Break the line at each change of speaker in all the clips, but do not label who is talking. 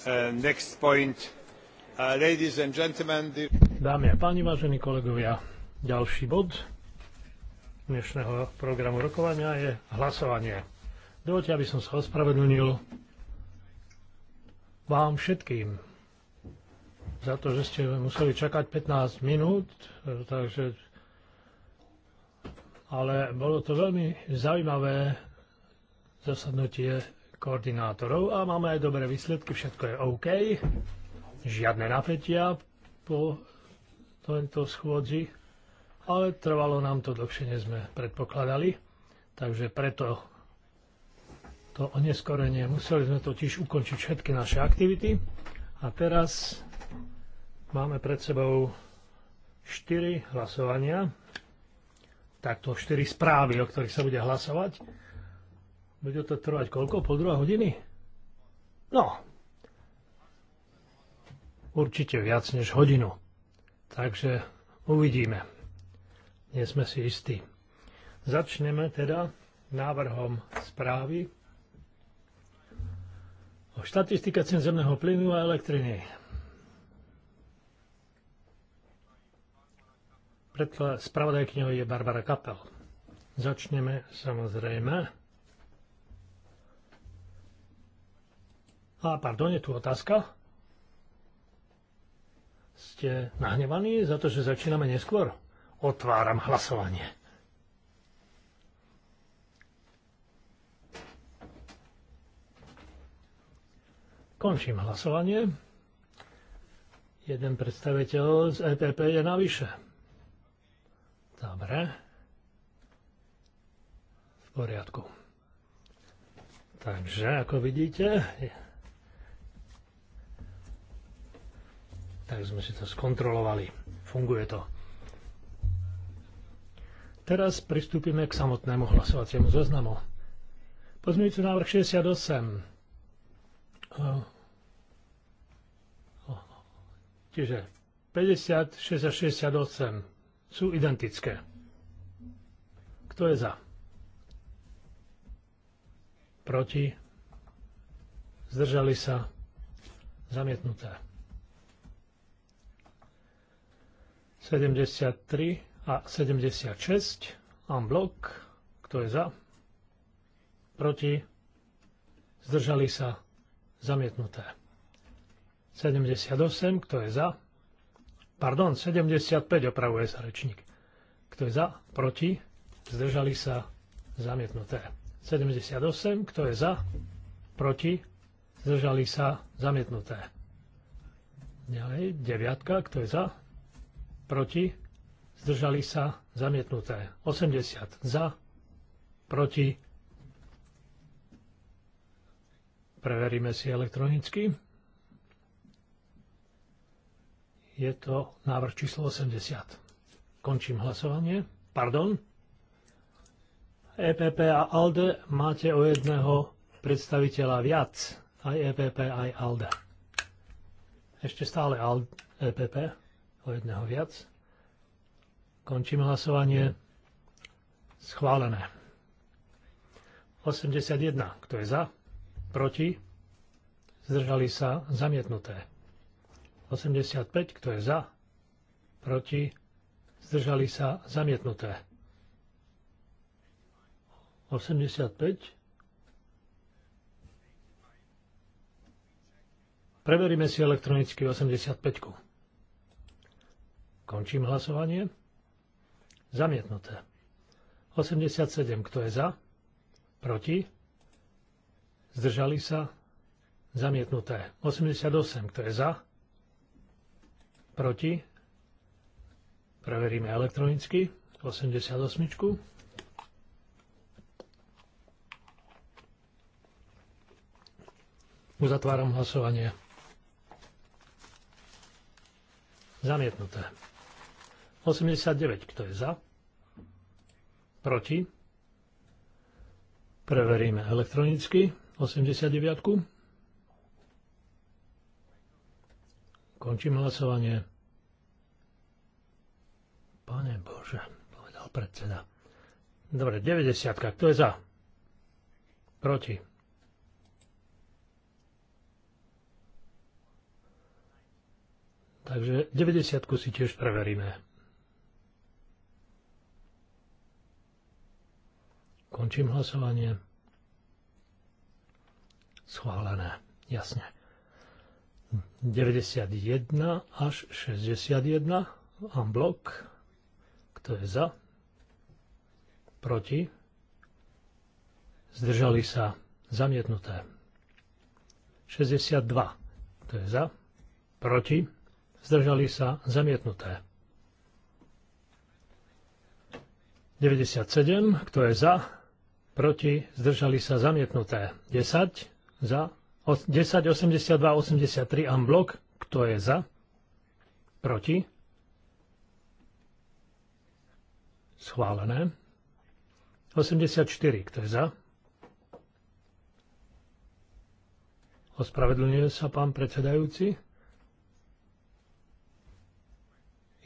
Uh, uh,
Dámy a páni, vážení kolegovia, ďalší bod dnešného programu rokovania je hlasovanie. Dovolte, aby som sa ospravedlnil vám všetkým za to, že ste museli čakať 15 minút, e, takže ale bolo to veľmi zaujímavé zasadnutie koordinátorov a máme aj dobré výsledky, všetko je OK. Žiadne napätia po tomto schôdzi, ale trvalo nám to dlhšie, než sme predpokladali, takže preto to oneskorenie. Museli sme totiž ukončiť všetky naše aktivity a teraz máme pred sebou 4 hlasovania, takto 4 správy, o ktorých sa bude hlasovať. Bude to trvať koľko? Po druhá hodiny? No, určite viac než hodinu. Takže uvidíme. Nie sme si istí. Začneme teda návrhom správy o štatistike cien zemného plynu a elektriny. Predklad spravodajkňou je Barbara Kapel. Začneme samozrejme No a pardon, je tu otázka. Ste nahnevaní za to, že začíname neskôr? Otváram hlasovanie. Končím hlasovanie. Jeden predstaviteľ z EPP je navyše. Dobre. V poriadku. Takže, ako vidíte, Takže sme si to skontrolovali. Funguje to. Teraz pristúpime k samotnému hlasovaciemu zoznamu. Pozmeňujúci návrh 68. Čiže 50, 68 sú identické. Kto je za? Proti? Zdržali sa? Zamietnuté. 73 a 76 en blok. Kto je za? Proti? Zdržali sa? Zamietnuté. 78, kto je za? Pardon, 75, opravuje sa rečník. Kto je za? Proti? Zdržali sa? Zamietnuté. 78, kto je za? Proti? Zdržali sa? Zamietnuté. Ďalej, deviatka, kto je za? proti, zdržali sa, zamietnuté. 80 za, proti, preveríme si elektronicky. Je to návrh číslo 80. Končím hlasovanie. Pardon. EPP a ALDE máte o jedného predstaviteľa viac. Aj EPP, aj ALDE. Ešte stále ALDE, EPP o jedného viac. Končím hlasovanie. Schválené. 81. Kto je za? Proti? Zdržali sa zamietnuté. 85. Kto je za? Proti? Zdržali sa zamietnuté. 85. Preveríme si elektronicky 85. Končím hlasovanie. Zamietnuté. 87. Kto je za? Proti? Zdržali sa? Zamietnuté. 88. Kto je za? Proti? Preveríme elektronicky. 88. Uzatváram hlasovanie. Zamietnuté. 89. Kto je za? Proti? Preveríme elektronicky 89. Končím hlasovanie. Pane Bože, povedal predseda. Dobre, 90. Kto je za? Proti? Takže 90 si tiež preveríme. Končím hlasovanie. Schválené. Jasne. 91 až 61 en blok. Kto je za? Proti? Zdržali sa. Zamietnuté. 62. Kto je za? Proti? Zdržali sa. Zamietnuté. 97. Kto je za? proti, zdržali sa zamietnuté. 10 za, 10, 82, 83 blok. kto je za, proti, schválené. 84, kto je za? Ospravedlňuje sa pán predsedajúci.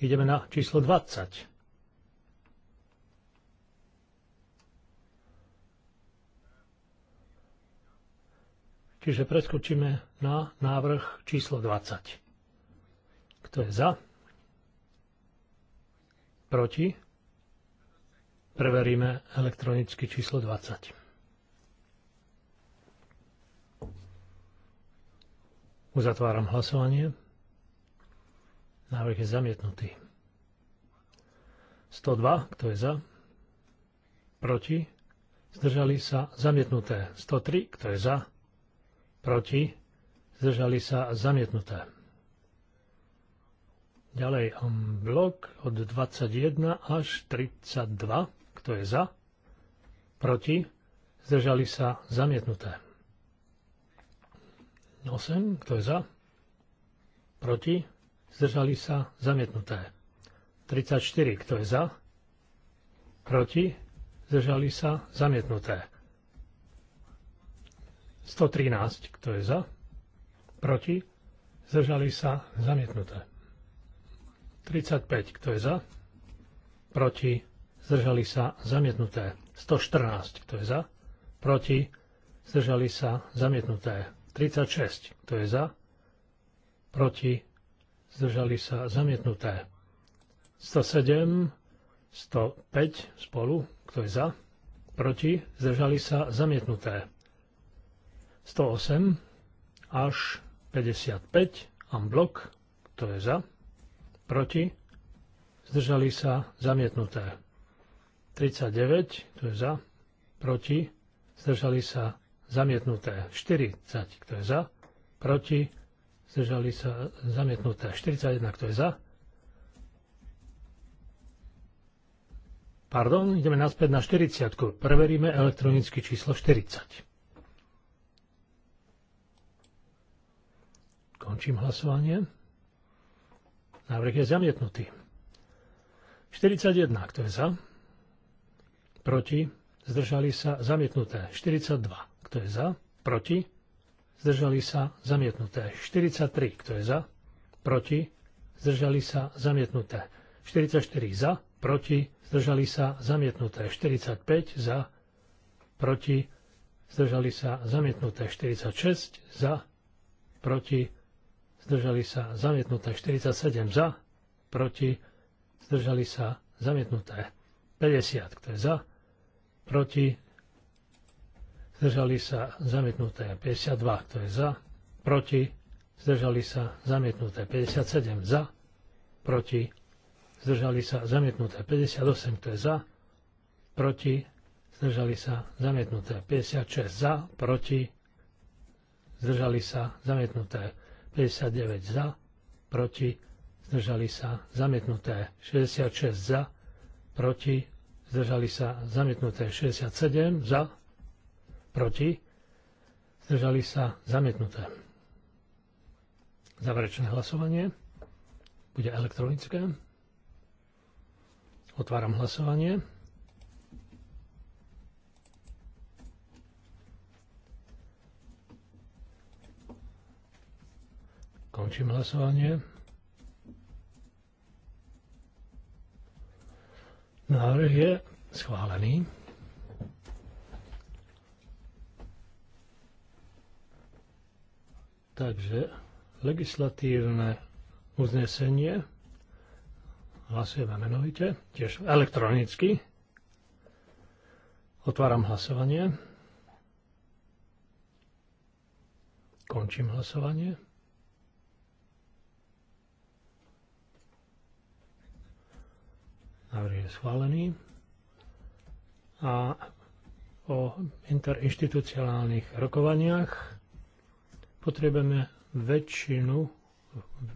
Ideme na číslo 20. Čiže preskočíme na návrh číslo 20. Kto je za? Proti? Preveríme elektronicky číslo 20. Uzatváram hlasovanie. Návrh je zamietnutý. 102, kto je za? Proti? Zdržali sa zamietnuté. 103, kto je za? proti, zdržali sa zamietnuté. Ďalej um, blok od 21 až 32, kto je za, proti, zdržali sa zamietnuté. 8, kto je za, proti, zdržali sa zamietnuté. 34, kto je za, proti, zdržali sa zamietnuté. 113, kto je za, proti, zdržali sa, zamietnuté. 35, kto je za, proti, zdržali sa, zamietnuté. 114, kto je za, proti, zdržali sa, zamietnuté. 36, kto je za, proti, zdržali sa, zamietnuté. 107, 105 spolu, kto je za, proti, zdržali sa, zamietnuté. 108 až 55 blok, to je za, proti, zdržali sa zamietnuté. 39, to je za, proti, zdržali sa zamietnuté. 40, kto je za, proti, zdržali sa zamietnuté. 41, to je za. Pardon, ideme naspäť na 40. Preveríme elektronicky číslo 40. Končím hlasovanie. Návrh je zamietnutý. 41, kto je za? Proti? Zdržali sa zamietnuté. 42, kto je za? Proti? Zdržali sa zamietnuté. 43, kto je za? Proti? Zdržali sa zamietnuté. 44 za, proti, zdržali sa zamietnuté. 45 za, proti, zdržali sa zamietnuté. 46 za, proti, zdržali sa zamietnuté 47 za, proti, zdržali sa zamietnuté 50, kto je za, proti, zdržali sa zamietnuté 52, kto je za, proti, zdržali sa zamietnuté 57 za, proti, zdržali sa zamietnuté 58, kto je za, proti, zdržali sa zamietnuté 56 za, proti, zdržali sa zamietnuté 59 za, proti, zdržali sa, zamietnuté 66 za, proti, zdržali sa, zamietnuté 67 za, proti, zdržali sa, zamietnuté. Záverečné hlasovanie bude elektronické. Otváram hlasovanie. Končím hlasovanie. Návrh je schválený. Takže legislatívne uznesenie hlasujeme menovite, tiež elektronicky. Otváram hlasovanie. Končím hlasovanie. Návrh je schválený. A o interinstitucionálnych rokovaniach potrebujeme väčšinu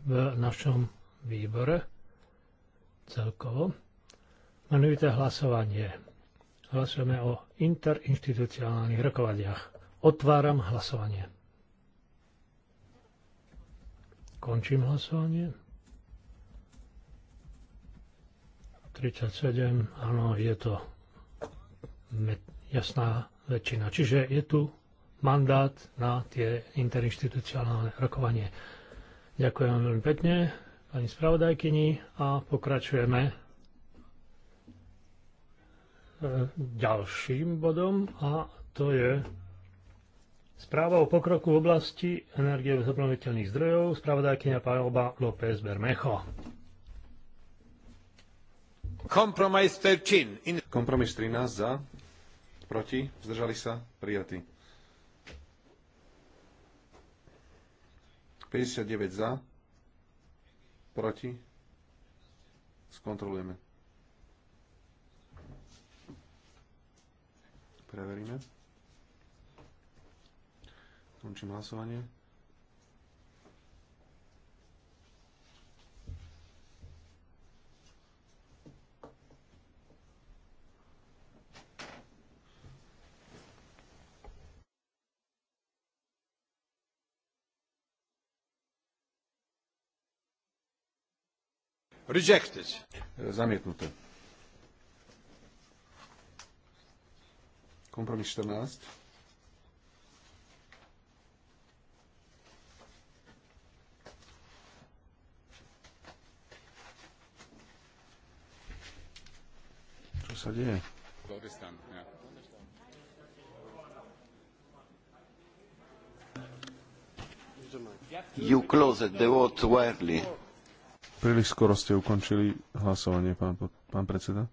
v našom výbore celkovo. Menovité hlasovanie. Hlasujeme o interinstitucionálnych rokovaniach. Otváram hlasovanie. Končím hlasovanie. 37, áno, je to jasná väčšina. Čiže je tu mandát na tie interinstitucionálne rokovanie. Ďakujem veľmi pekne pani spravodajkyni a pokračujeme e, ďalším bodom a to je správa o pokroku v oblasti energie z obnoviteľných zdrojov, spravodajkynia Pajoba López Bermecho.
Kompromis 13. za, proti, zdržali sa, prijatý. 59 za, proti, skontrolujeme. Preveríme. Končím hlasovanie. Rejected. Zamietnuté. Kompromis 14. Čo sa deje? You closed the vote widely. Príliš skoro ste ukončili hlasovanie, pán, pán predseda.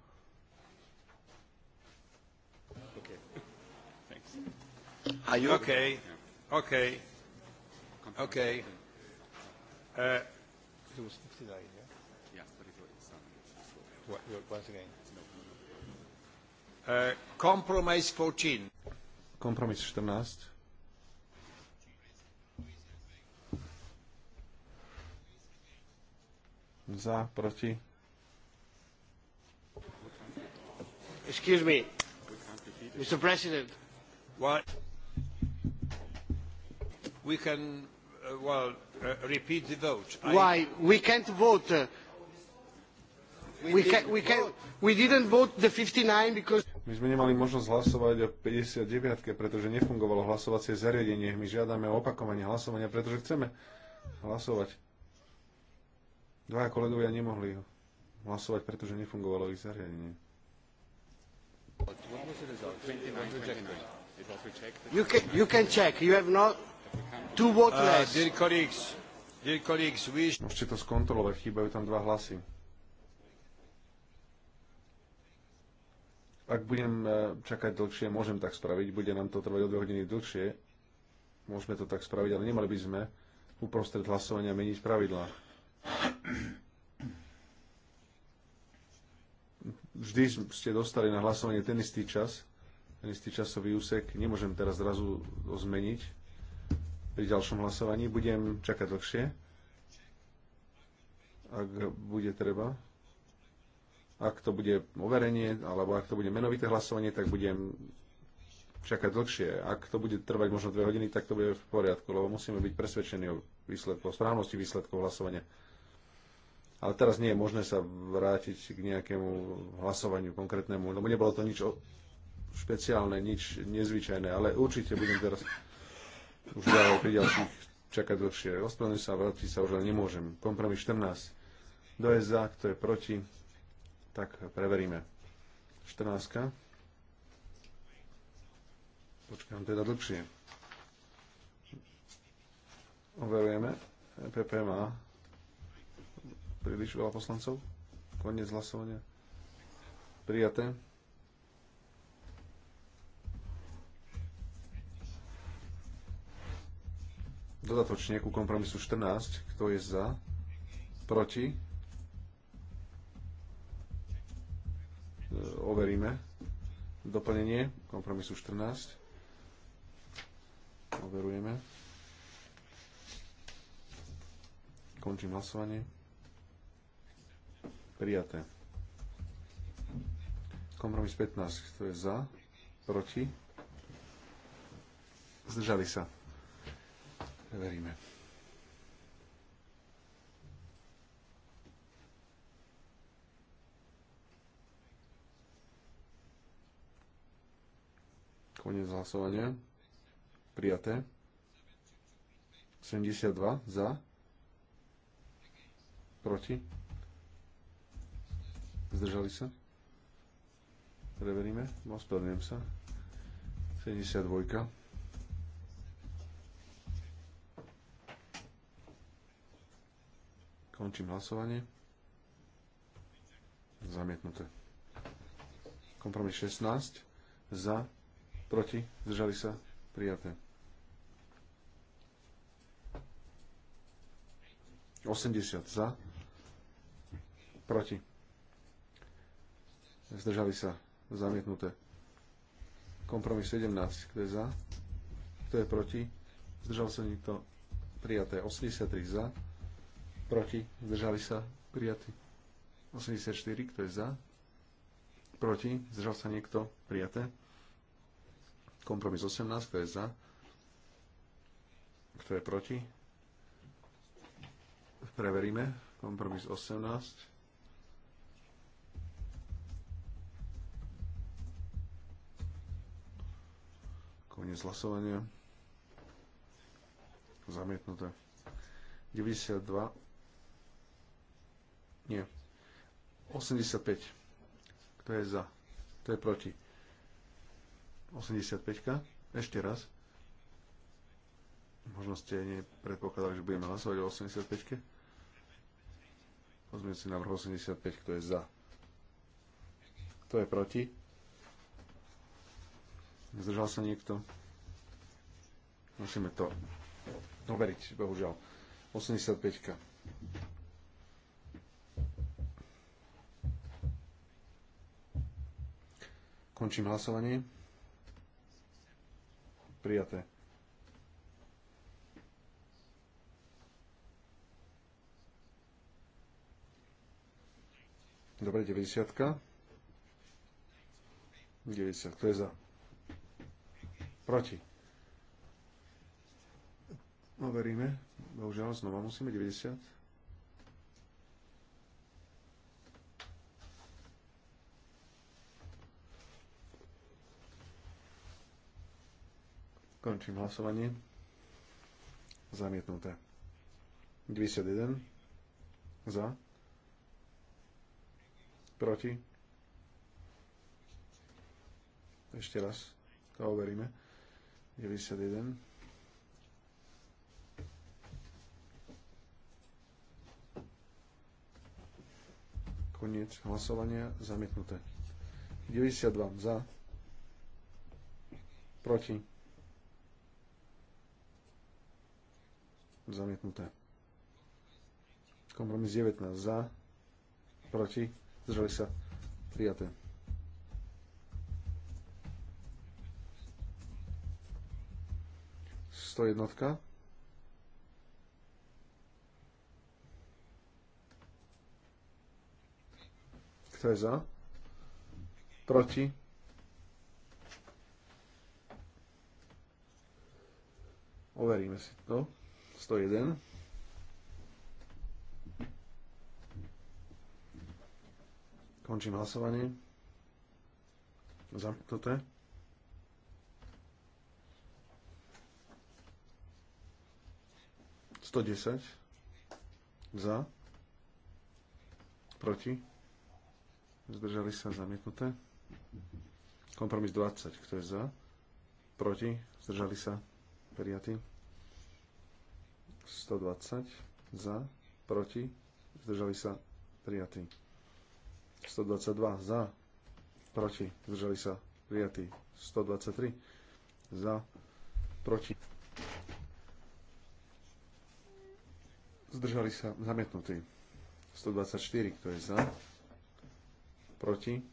Okay. You... Okay. Okay. Okay. Uh, uh Kompromis 14. Kompromis 14. Za, proti.
Excuse me. Mr.
President. What? We can, uh, well, uh, repeat the vote.
Why? We can't vote. Uh,
we, can, we, can, we didn't vote the 59 because... My sme nemali možnosť hlasovať o 59, pretože nefungovalo hlasovacie zariadenie. My žiadame o opakovanie hlasovania, pretože chceme hlasovať. Dvaja kolegovia nemohli hlasovať, pretože nefungovalo ich zariadenie. You can, you can check. You have not
two uh, less. Uh,
dear colleagues, dear colleagues, we... Môžete to skontrolovať, chýbajú tam dva hlasy. Ak budem uh, čakať dlhšie, môžem tak spraviť. Bude nám to trvať o dve hodiny dlhšie. Môžeme to tak spraviť, ale nemali by sme uprostred hlasovania meniť pravidlá. Vždy ste dostali na hlasovanie ten istý čas, ten istý časový úsek. Nemôžem teraz zrazu ho zmeniť pri ďalšom hlasovaní. Budem čakať dlhšie, ak bude treba. Ak to bude overenie, alebo ak to bude menovité hlasovanie, tak budem čakať dlhšie. Ak to bude trvať možno dve hodiny, tak to bude v poriadku, lebo musíme byť presvedčení o, výsledku, o správnosti výsledkov hlasovania ale teraz nie je možné sa vrátiť k nejakému hlasovaniu konkrétnemu, lebo nebolo to nič špeciálne, nič nezvyčajné, ale určite budem teraz už ďalej pri ďalších čakať dlhšie. Ospravedlňujem sa, vrátiť sa už len nemôžem. Kompromis 14. Kto je za, kto je proti, tak preveríme. 14. Počkám teda dlhšie. Overujeme. EPP má Príliš veľa poslancov. Koniec hlasovania. Prijaté. Dodatočne ku kompromisu 14. Kto je za? Proti? E, overíme. Doplnenie kompromisu 14. Overujeme. Končím hlasovanie. Prijaté. Kompromis 15. Kto je za? Proti? Zdržali sa. Veríme. Koniec hlasovania. Prijaté. 72 za. Proti. Zdržali sa? Preveríme. Ospravedlňujem sa. 72. Končím hlasovanie. Zamietnuté. Kompromis 16. Za. Proti. Zdržali sa. Prijaté. 80 za. Proti zdržali sa, zamietnuté. Kompromis 17, kto je za, kto je proti, zdržal sa nikto. prijaté 83 za, proti, zdržali sa, prijatí 84, kto je za, proti, zdržal sa niekto, prijaté. Kompromis 18, kto je za, kto je proti, preveríme, kompromis 18, koniec hlasovania. Zamietnuté. 92. Nie. 85. Kto je za? Kto je proti? 85. -ka. Ešte raz. Možno ste nepredpokladali, že budeme hlasovať o 85. -ke. si návrh 85, kto je za? Kto je proti? Zdržal sa niekto? Musíme to overiť, bohužiaľ. 85. -ka. Končím hlasovanie. Prijaté. Dobre, 90. 90. Kto je za? Proti. No veríme. Bohužiaľ, znova musíme 90. Končím hlasovanie. Zamietnuté. 91. Za. Proti. Ešte raz. To overíme. 91. Koniec hlasovania zamietnuté. 92 za. Proti. Zamietnuté. Kompromis 19 za. Proti. Zdržali sa. Prijaté. 101. Kto je za? Proti? Overíme si to. 101. Končím hlasovanie. Zamknuté. 110 za, proti, zdržali sa zamietnuté. Kompromis 20, kto je za, proti, zdržali sa prijatí. 120 za, proti, zdržali sa Prijatý. 122 za, proti, zdržali sa prijatí. 123 za, proti, Zdržali sa zamietnutí. 124, kto je za? Proti?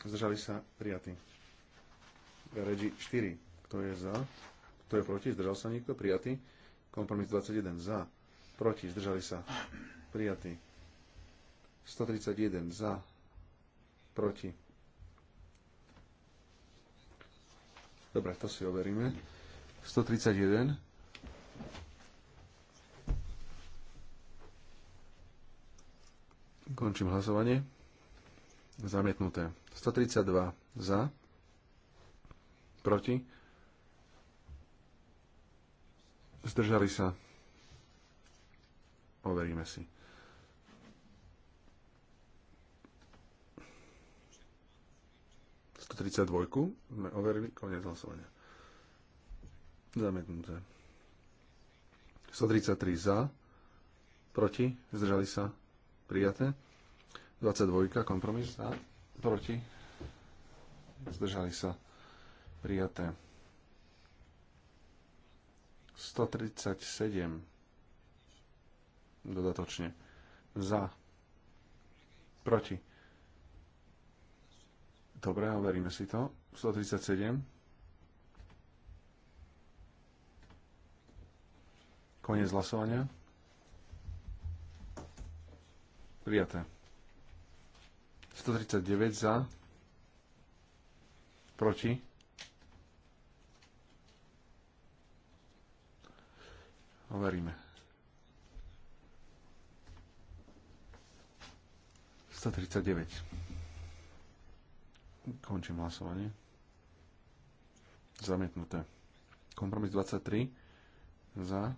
Zdržali sa prijatí. Regi 4, kto je za? Kto je proti? Zdržal sa nikto, Prijatý. Kompromis 21 za. Proti? Zdržali sa. Prijatý. 131 za. Proti. Dobre, to si overíme. 131 Končím hlasovanie. Zamietnuté. 132 za. Proti. Zdržali sa. Overíme si. dvojku sme overili, koniec hlasovania. Zamietnuté. 133 za, proti, zdržali sa, prijaté. 22, kompromis za, proti, zdržali sa, prijaté. 137 dodatočne za, proti. Dobre, overíme si to. 137 Koniec hlasovania. Prijaté. 139 za. Proti. Overíme. 139. Končím hlasovanie. Zamietnuté. Kompromis 23. Za.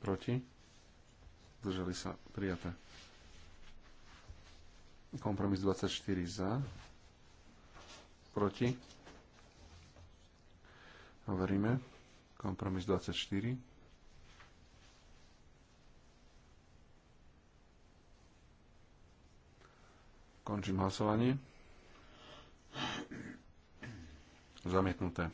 Proti. Zdržali sa. Prijaté. Kompromis 24 za. Proti. hovoríme Kompromis 24. Končím hlasovanie. Zamietnuté.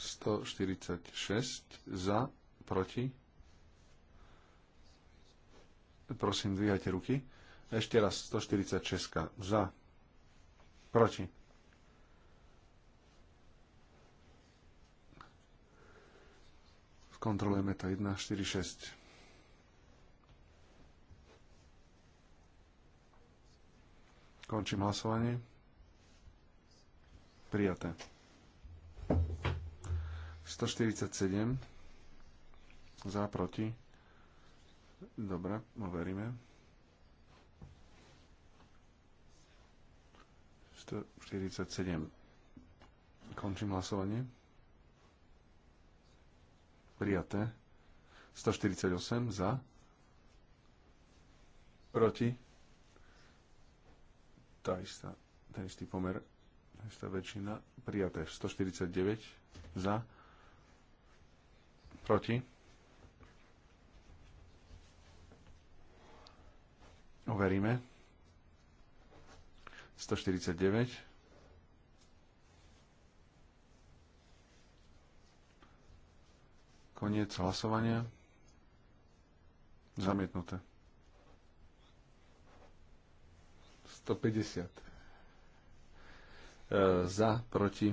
146 za, proti Prosím, dvíhajte ruky. Ešte raz 146 za. Proti. Kontrolujeme to 1, 4, 6. Končím hlasovanie. Prijaté. 147 za proti Dobre, overíme. 147. Končím hlasovanie. Prijaté. 148 za. Proti. Tá istá, ten istý pomer, tá istá väčšina. Prijaté. 149 za. Proti. Overíme. 149. Koniec hlasovania. Zamietnuté. 150. E, za, proti.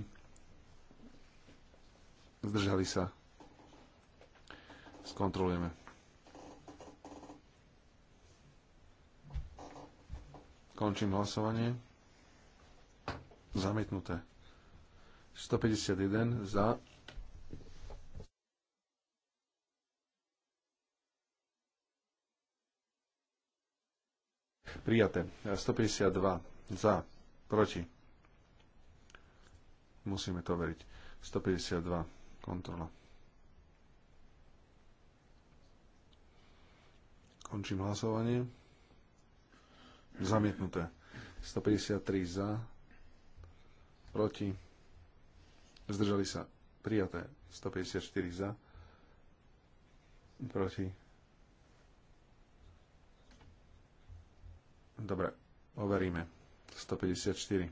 Zdržali sa. Skontrolujeme. Končím hlasovanie. Zamietnuté. 151 za. Prijaté. 152 za. Proti. Musíme to veriť. 152. Kontrola. Končím hlasovanie. Zamietnuté. 153 za. Proti. Zdržali sa. Prijaté. 154 za. Proti. Dobre. Overíme. 154.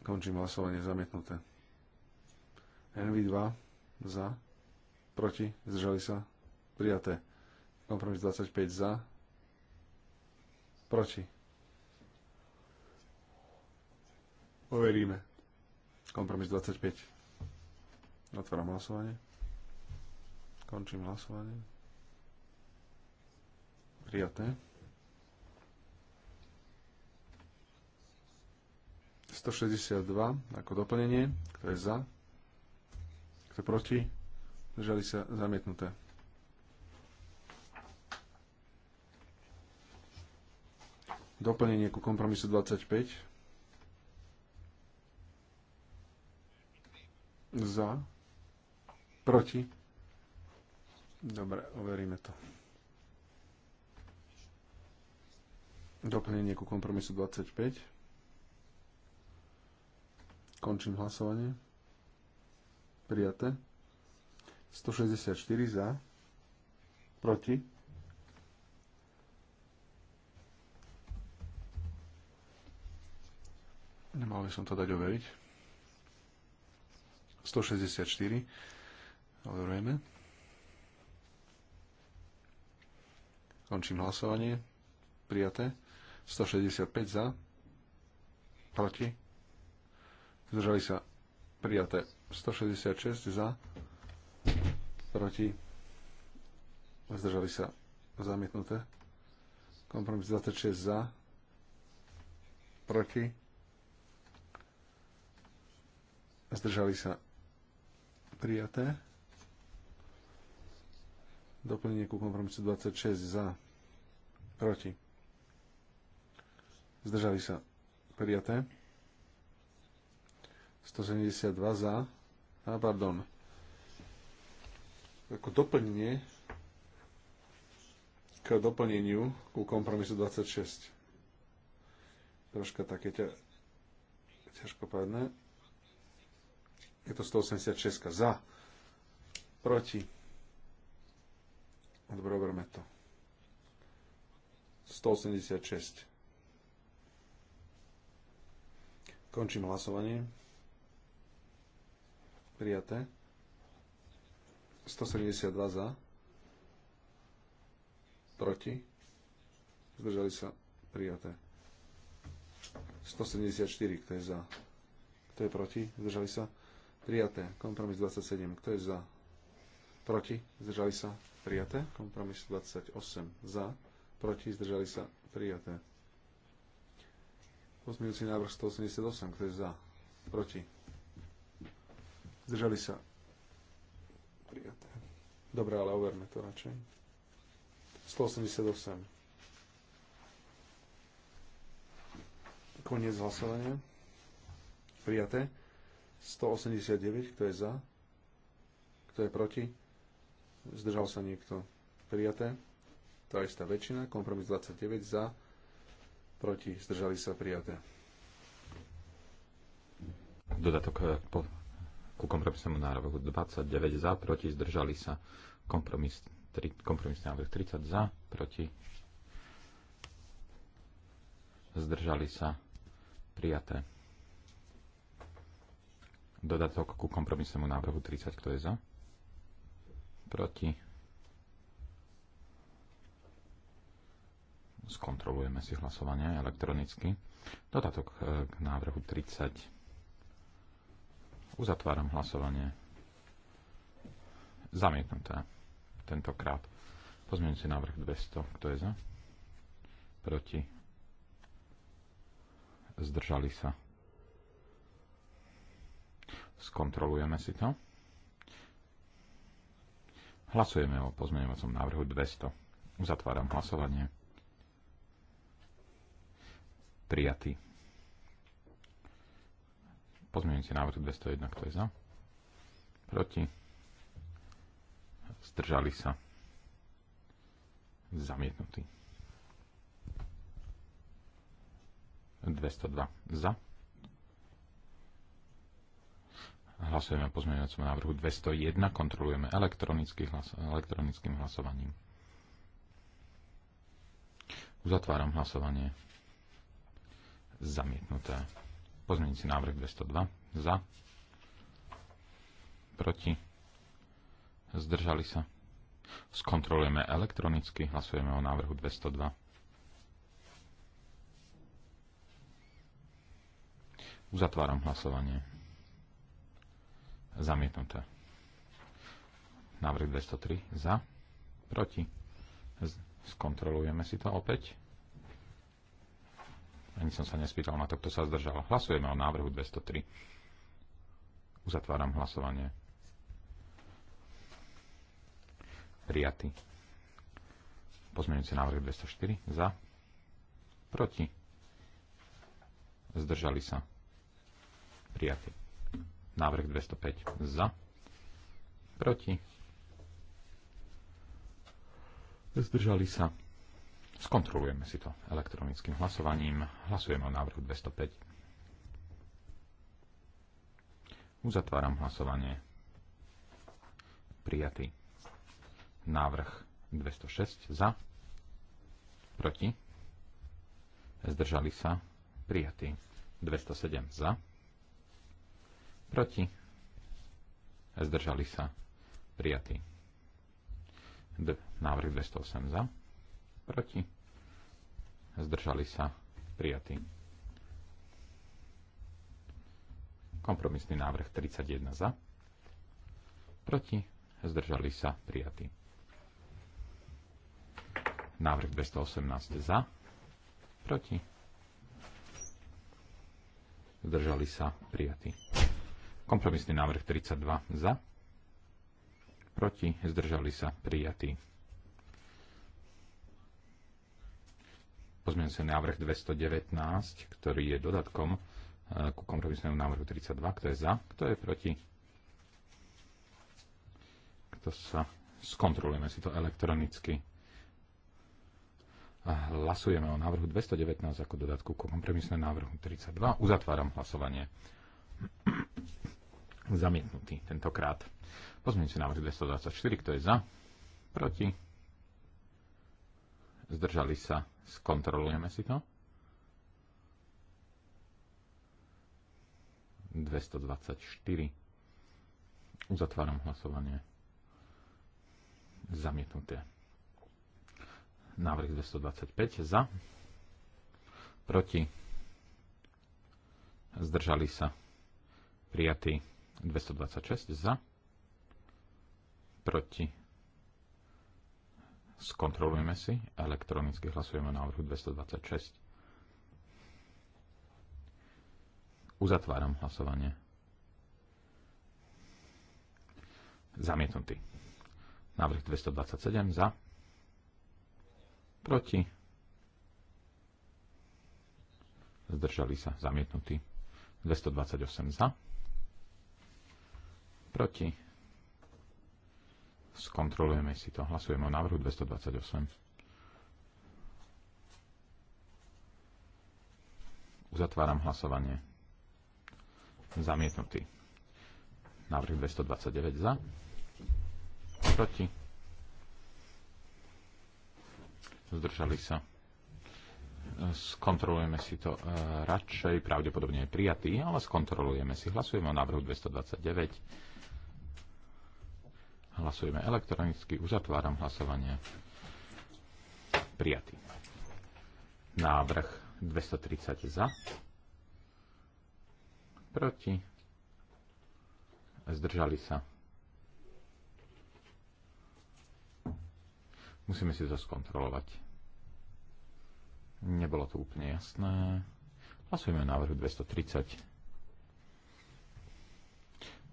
Končím hlasovanie zamietnuté. NV2 za, proti, zdržali sa, prijaté. Kompromis 25 za, proti. Overíme. Kompromis 25. Otváram hlasovanie. Končím hlasovanie. Prijaté. 162 ako doplnenie. Kto je za? Kto je proti? Držali sa zamietnuté. doplnenie ku kompromisu 25. Za. Proti. Dobre, overíme to. Doplnenie ku kompromisu 25. Končím hlasovanie. Prijaté. 164 za. Proti. Nemal by som to dať overiť. 164. Overujeme. Končím hlasovanie. Prijaté. 165 za. Proti. Zdržali sa. Prijaté. 166 za. Proti. Zdržali sa. Zamietnuté. Kompromis 26 za. Proti zdržali sa prijaté. Doplnenie ku kompromisu 26 za, proti. Zdržali sa prijaté. 172 za, a pardon, ako doplnenie k doplneniu ku kompromisu 26. Troška také ťa, ťažkopádne. Je to 186 za. Proti. Dobre, overme to. 186. Končím hlasovanie. Prijaté. 172 za. Proti. Zdržali sa. Prijaté. 174, kto je za. Kto je proti? Zdržali sa. Prijaté. Kompromis 27. Kto je za? Proti? Zdržali sa? Prijaté. Kompromis 28. Za? Proti? Zdržali sa? Prijaté. Pozmeňujúci návrh 188. Kto je za? Proti? Zdržali sa? Prijaté. Dobre, ale overme to radšej. 188. Koniec hlasovania. Prijaté. 189, kto je za? Kto je proti? Zdržal sa niekto? Prijaté. To Tá istá väčšina. Kompromis 29 za. Proti. Zdržali sa prijaté.
Dodatok eh, po, ku kompromisnému návrhu 29 za. Proti. Zdržali sa. Kompromis, tri, kompromisný návrh 30 za. Proti. Zdržali sa. Prijaté dodatok ku kompromisnému návrhu 30. Kto je za? Proti? Skontrolujeme si hlasovanie elektronicky. Dodatok e, k návrhu 30. Uzatváram hlasovanie. Zamietnuté. Tentokrát. si návrh 200. Kto je za? Proti? Zdržali sa Skontrolujeme si to. Hlasujeme o pozmeňovacom návrhu 200. Uzatváram hlasovanie. Prijatý. Pozmeňujúci návrh 201, kto je za? Proti? Zdržali sa. Zamietnutý. 202 za Hlasujeme o pozmeňovacom návrhu 201. Kontrolujeme elektronicky hlas, elektronickým hlasovaním. Uzatváram hlasovanie. Zamietnuté. Pozmeňujúci návrh 202. Za. Proti. Zdržali sa. Skontrolujeme elektronicky. Hlasujeme o návrhu 202. Uzatváram hlasovanie Zamietnuté. Návrh 203 za. Proti. Skontrolujeme si to opäť. Ani som sa nespýtal na to, kto sa zdržal. Hlasujeme o návrhu 203. Uzatváram hlasovanie. Prijatý. Pozmeňujúci návrh 204. Za. Proti. Zdržali sa. Prijatý. Návrh 205 za. Proti. Zdržali sa. Skontrolujeme si to elektronickým hlasovaním. Hlasujeme o návrhu 205. Uzatváram hlasovanie. Prijatý. Návrh 206 za. Proti. Zdržali sa. Prijatý. 207 za Proti. Zdržali sa. Prijatý. D- návrh 208 za. Proti. Zdržali sa. Prijatý. Kompromisný návrh 31 za. Proti. Zdržali sa. Prijatý. Návrh 218 za. Proti. Zdržali sa. Prijatý. Kompromisný návrh 32 za. Proti zdržali sa prijatí. sa návrh 219, ktorý je dodatkom e, ku kompromisnému návrhu 32. Kto je za? Kto je proti? Kto sa? Skontrolujeme si to elektronicky. Hlasujeme o návrhu 219 ako dodatku ku kompromisnému návrhu 32. Uzatváram hlasovanie. Zamietnutý tentokrát. si návrh 224, kto je za? Proti? Zdržali sa? Skontrolujeme si to. 224. Uzatváram hlasovanie. Zamietnuté. Návrh 225 za. Proti. Zdržali sa. Prijatý. 226 za. Proti. Skontrolujeme si. Elektronicky hlasujeme návrhu 226. Uzatváram hlasovanie. Zamietnutý. Návrh 227 za. Proti. Zdržali sa. Zamietnutý. 228 za Proti. Skontrolujeme si to. Hlasujeme o návrhu 228. Uzatváram hlasovanie. Zamietnutý. Návrh 229 za. Proti. Zdržali sa skontrolujeme si to e, radšej, pravdepodobne je prijatý, ale skontrolujeme si. Hlasujeme o návrhu 229. Hlasujeme elektronicky. Uzatváram hlasovanie. Prijatý. Návrh 230 za. Proti. Zdržali sa. Musíme si to skontrolovať. Nebolo to úplne jasné. Hlasujeme návrhu 230.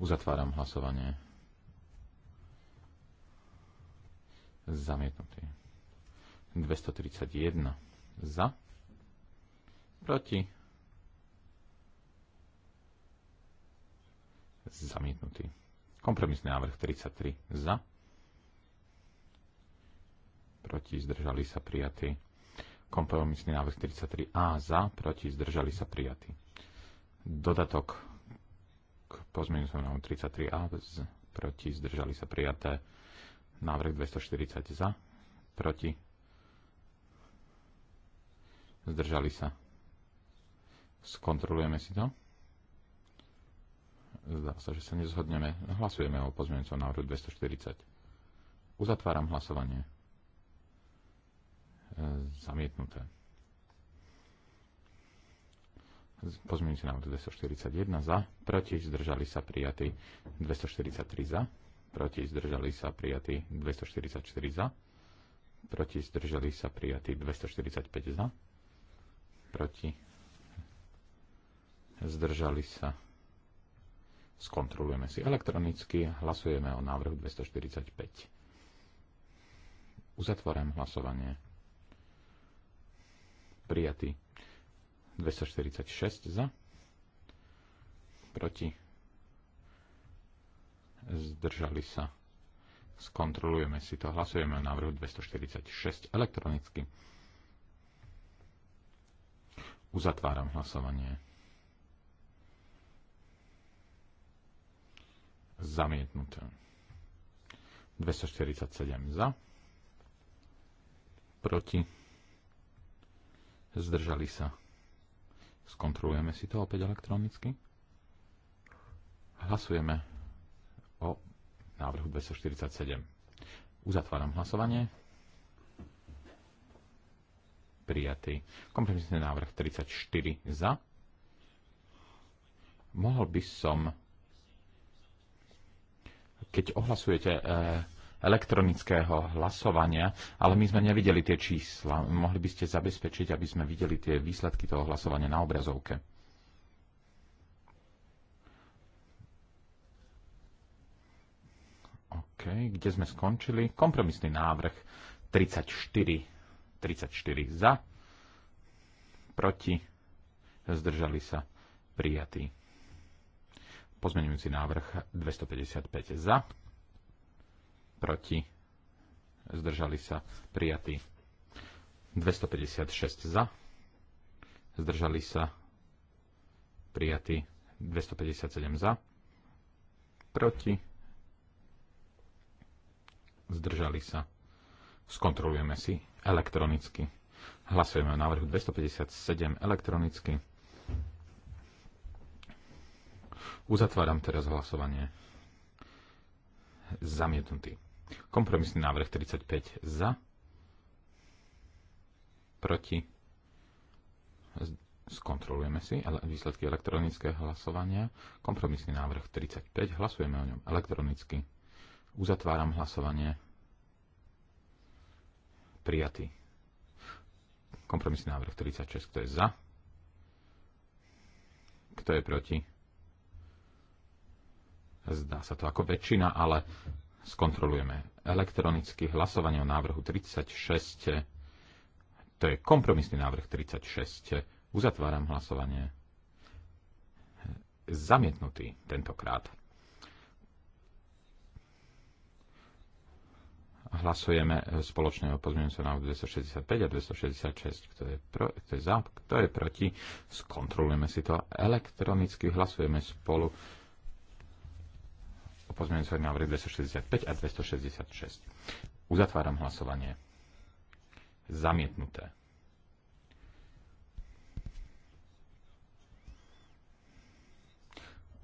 Uzatváram hlasovanie. Zamietnutý. 231 za. Proti. Zamietnutý. Kompromisný návrh 33 za. Proti. Zdržali sa prijatí. Kompromisný návrh 33a za. Proti. Zdržali sa prijatí. Dodatok k pozmeňujúcemu návrhu 33a z, proti. Zdržali sa prijaté. Návrh 240 za, proti, zdržali sa. Skontrolujeme si to. Zdá sa, že sa nezhodneme. Hlasujeme o pozmeňujúcom návrhu 240. Uzatváram hlasovanie. E, zamietnuté. Pozmeňujúci návrh 241 za, proti, zdržali sa prijatí 243 za, proti zdržali sa prijatí 244 za, proti zdržali sa prijatí 245 za, proti zdržali sa. Skontrolujeme si elektronicky, hlasujeme o návrhu 245. Uzatvorem hlasovanie. Prijatý 246 za, proti zdržali sa. Skontrolujeme si to. Hlasujeme o návrhu 246 elektronicky. Uzatváram hlasovanie. Zamietnuté. 247 za. Proti. Zdržali sa. Skontrolujeme si to opäť elektronicky. Hlasujeme návrhu 247. Uzatváram hlasovanie. Prijatý. Kompromisný návrh 34 za. Mohol by som, keď ohlasujete e, elektronického hlasovania, ale my sme nevideli tie čísla. Mohli by ste zabezpečiť, aby sme videli tie výsledky toho hlasovania na obrazovke. OK, kde sme skončili? Kompromisný návrh 34. 34 za, proti, zdržali sa, prijatý. Pozmenujúci návrh 255 za, proti, zdržali sa, prijatý. 256 za, zdržali sa, prijatý. 257 za, proti, zdržali sa. Skontrolujeme si elektronicky. Hlasujeme o návrhu 257 elektronicky. Uzatváram teraz hlasovanie. Zamietnutý. Kompromisný návrh 35 za. Proti. Skontrolujeme si výsledky elektronického hlasovania. Kompromisný návrh 35. Hlasujeme o ňom elektronicky. Uzatváram hlasovanie. Prijatý. Kompromisný návrh 36. Kto je za? Kto je proti? Zdá sa to ako väčšina, ale skontrolujeme elektronicky hlasovanie o návrhu 36. To je kompromisný návrh 36. Uzatváram hlasovanie. Zamietnutý tentokrát. Hlasujeme e, spoločne o na návrhu 265 a 266. Kto je, pro, kto je za, kto je proti? Skontrolujeme si to elektronicky. Hlasujeme spolu o pozmeňujúcom na 265 a 266. Uzatváram hlasovanie. Zamietnuté.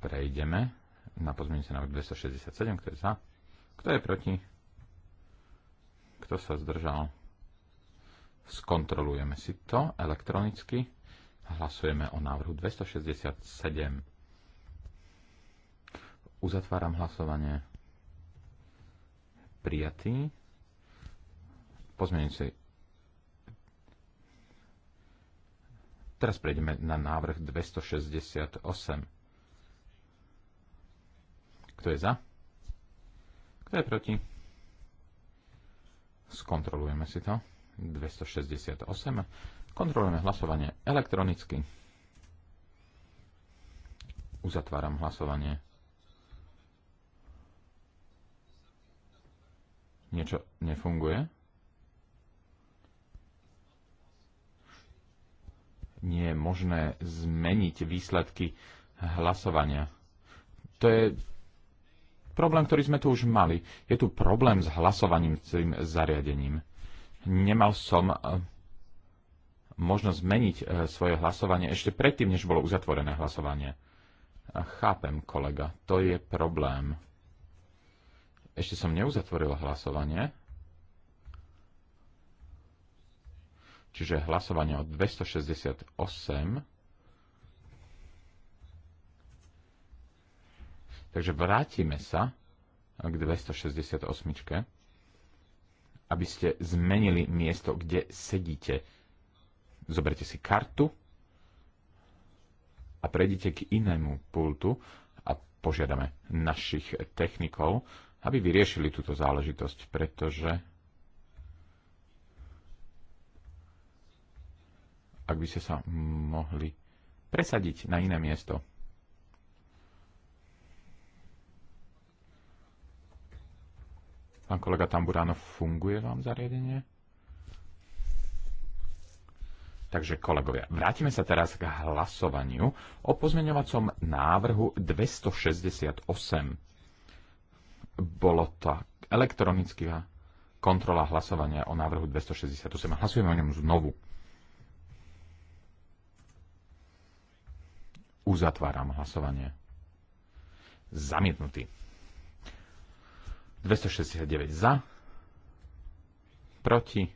Prejdeme na pozmeňujúci na 267. Kto je za? Kto je proti? Kto sa zdržal? Skontrolujeme si to elektronicky. Hlasujeme o návrhu 267. Uzatváram hlasovanie. Prijatý. Pozmeňujúci. Teraz prejdeme na návrh 268. Kto je za? Kto je proti? Skontrolujeme si to. 268. Kontrolujeme hlasovanie elektronicky. Uzatváram hlasovanie. Niečo nefunguje? Nie je možné zmeniť výsledky hlasovania. To je problém, ktorý sme tu už mali. Je tu problém s hlasovaním tým zariadením. Nemal som eh, možnosť zmeniť eh, svoje hlasovanie ešte predtým, než bolo uzatvorené hlasovanie. Chápem, kolega, to je problém. Ešte som neuzatvoril hlasovanie. Čiže hlasovanie o 268 Takže vrátime sa k 268, aby ste zmenili miesto, kde sedíte. Zoberte si kartu a prejdite k inému pultu a požiadame našich technikov, aby vyriešili túto záležitosť, pretože ak by ste sa mohli presadiť na iné miesto. Pán kolega Tamburáno, funguje vám zariadenie? Takže kolegovia, vrátime sa teraz k hlasovaniu o pozmeňovacom návrhu 268. Bolo to elektronická kontrola hlasovania o návrhu 268. Hlasujeme o ňom znovu. Uzatváram hlasovanie. Zamietnutý. 269 za, proti,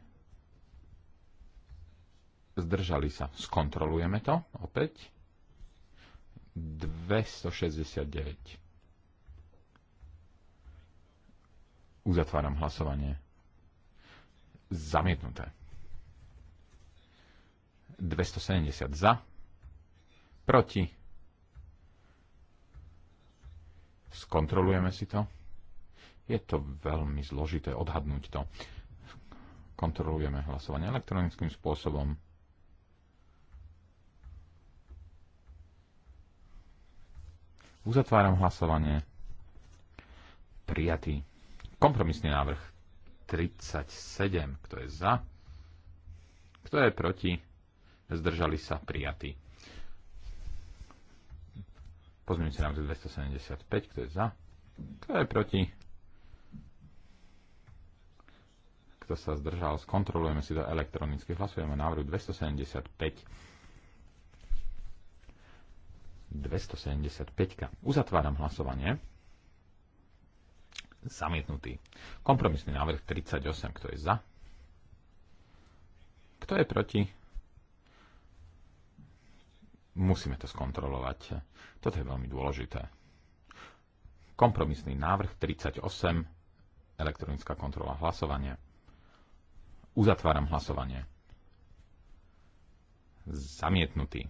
zdržali sa. Skontrolujeme to opäť. 269. Uzatváram hlasovanie. Zamietnuté. 270 za. Proti. Skontrolujeme si to. Je to veľmi zložité odhadnúť to. Kontrolujeme hlasovanie elektronickým spôsobom. Uzatváram hlasovanie. Prijatý. Kompromisný návrh 37. Kto je za? Kto je proti? Zdržali sa prijatí. si návrh 275. Kto je za? Kto je proti? Kto sa zdržal? Skontrolujeme si to elektronicky. Hlasujeme návrh 275. 275. Uzatváram hlasovanie. Zamietnutý. Kompromisný návrh 38. Kto je za? Kto je proti? Musíme to skontrolovať. Toto je veľmi dôležité. Kompromisný návrh 38. Elektronická kontrola hlasovania. Uzatváram hlasovanie. Zamietnutý.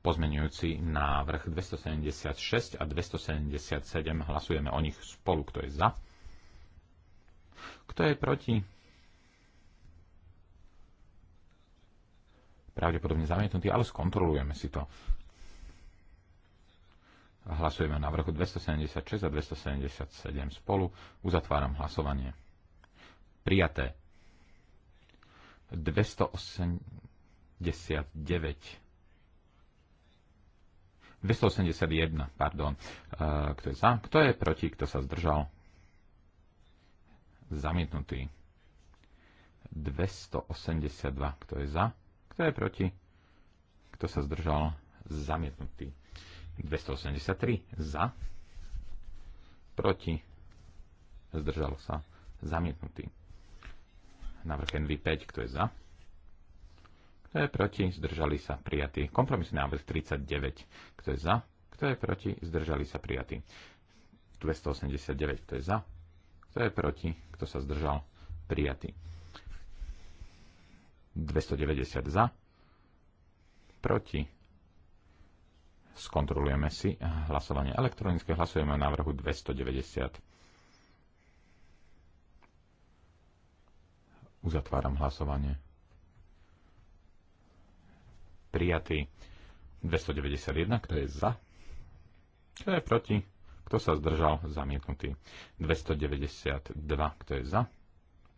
Pozmenujúci návrh 276 a 277. Hlasujeme o nich spolu. Kto je za? Kto je proti? Pravdepodobne zamietnutý, ale skontrolujeme si to. Hlasujeme o návrhu 276 a 277 spolu. Uzatváram hlasovanie. Prijaté 289 281, pardon. E, kto je za? Kto je proti? Kto sa zdržal? Zamietnutý. 282. Kto je za? Kto je proti? Kto sa zdržal? Zamietnutý. 283. Za? Proti? Zdržal sa? Zamietnutý. Návrh NV5, kto je za? Kto je proti? Zdržali sa prijatí. Kompromisný návrh 39, kto je za? Kto je proti? Zdržali sa prijatí. 289, kto je za? Kto je proti? Kto sa zdržal? Prijatý. 290 za. Proti. Skontrolujeme si hlasovanie elektronické. Hlasujeme o návrhu 290. Uzatváram hlasovanie. Prijatý 291, kto je za? Kto je proti? Kto sa zdržal? Zamietnutý. 292, kto je za?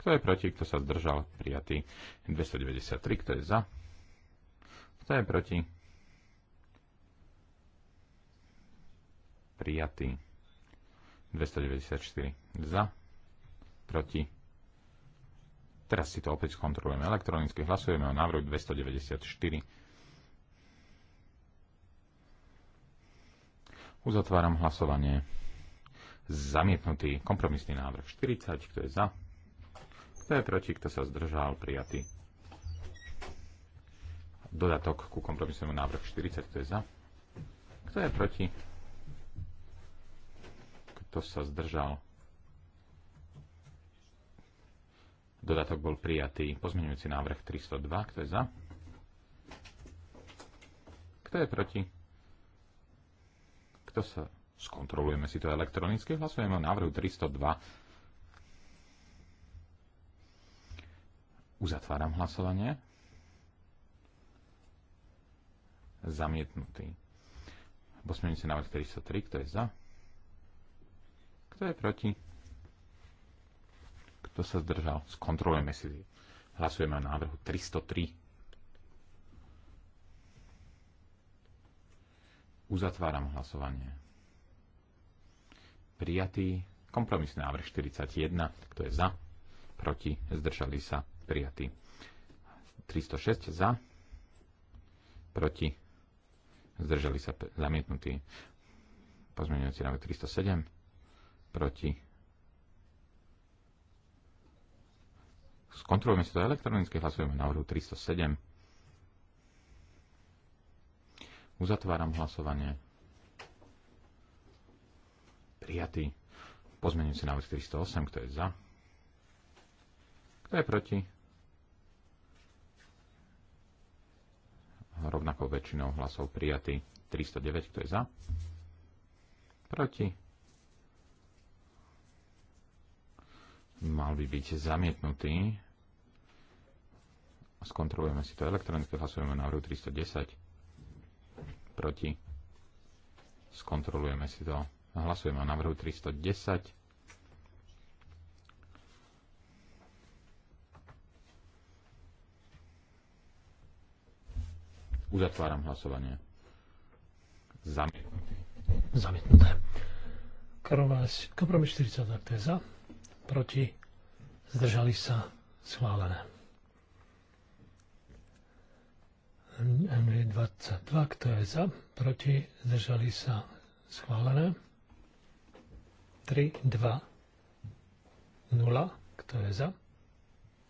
Kto je proti? Kto sa zdržal? Prijatý. 293, kto je za? Kto je proti? Prijatý. 294 za, proti, Teraz si to opäť skontrolujeme elektronicky. Hlasujeme o návrhu 294. Uzatváram hlasovanie. Zamietnutý kompromisný návrh 40. Kto je za? Kto je proti? Kto sa zdržal? Prijatý. Dodatok ku kompromisnému návrhu 40. Kto je za? Kto je proti? Kto sa zdržal? Dodatok bol prijatý. Pozmeňujúci návrh 302. Kto je za? Kto je proti? Kto sa... Skontrolujeme si to elektronicky. Hlasujeme o návrhu 302. Uzatváram hlasovanie. Zamietnutý. Posmeňujúci návrh 303, kto je za? Kto je proti? Kto sa zdržal? Skontrolujeme si. Hlasujeme o návrhu 303. Uzatváram hlasovanie. Prijatý kompromisný návrh 41. Kto je za? Proti? Zdržali sa? Prijatý. 306 za? Proti? Zdržali sa? Zamietnutý. Pozmeňujúci návrh 307. Proti? skontrolujeme si to elektronicky, hlasujeme návrhu 307. Uzatváram hlasovanie. Prijatý. Pozmením si návrh 308, kto je za. Kto je proti? Rovnako väčšinou hlasov prijatý. 309, kto je za. Proti. Mal by byť zamietnutý. Skontrolujeme si to elektronicky, hlasujeme na hru 310. Proti. Skontrolujeme si to. Hlasujeme na hru 310. Uzatváram hlasovanie. Zamietnuté. Zamietnuté.
Kompromis 40, tak to je za. Proti. Zdržali sa. Schválené. NV22, e kto je za, proti, zdržali sa schválené. 3, 2, 0, kto je za,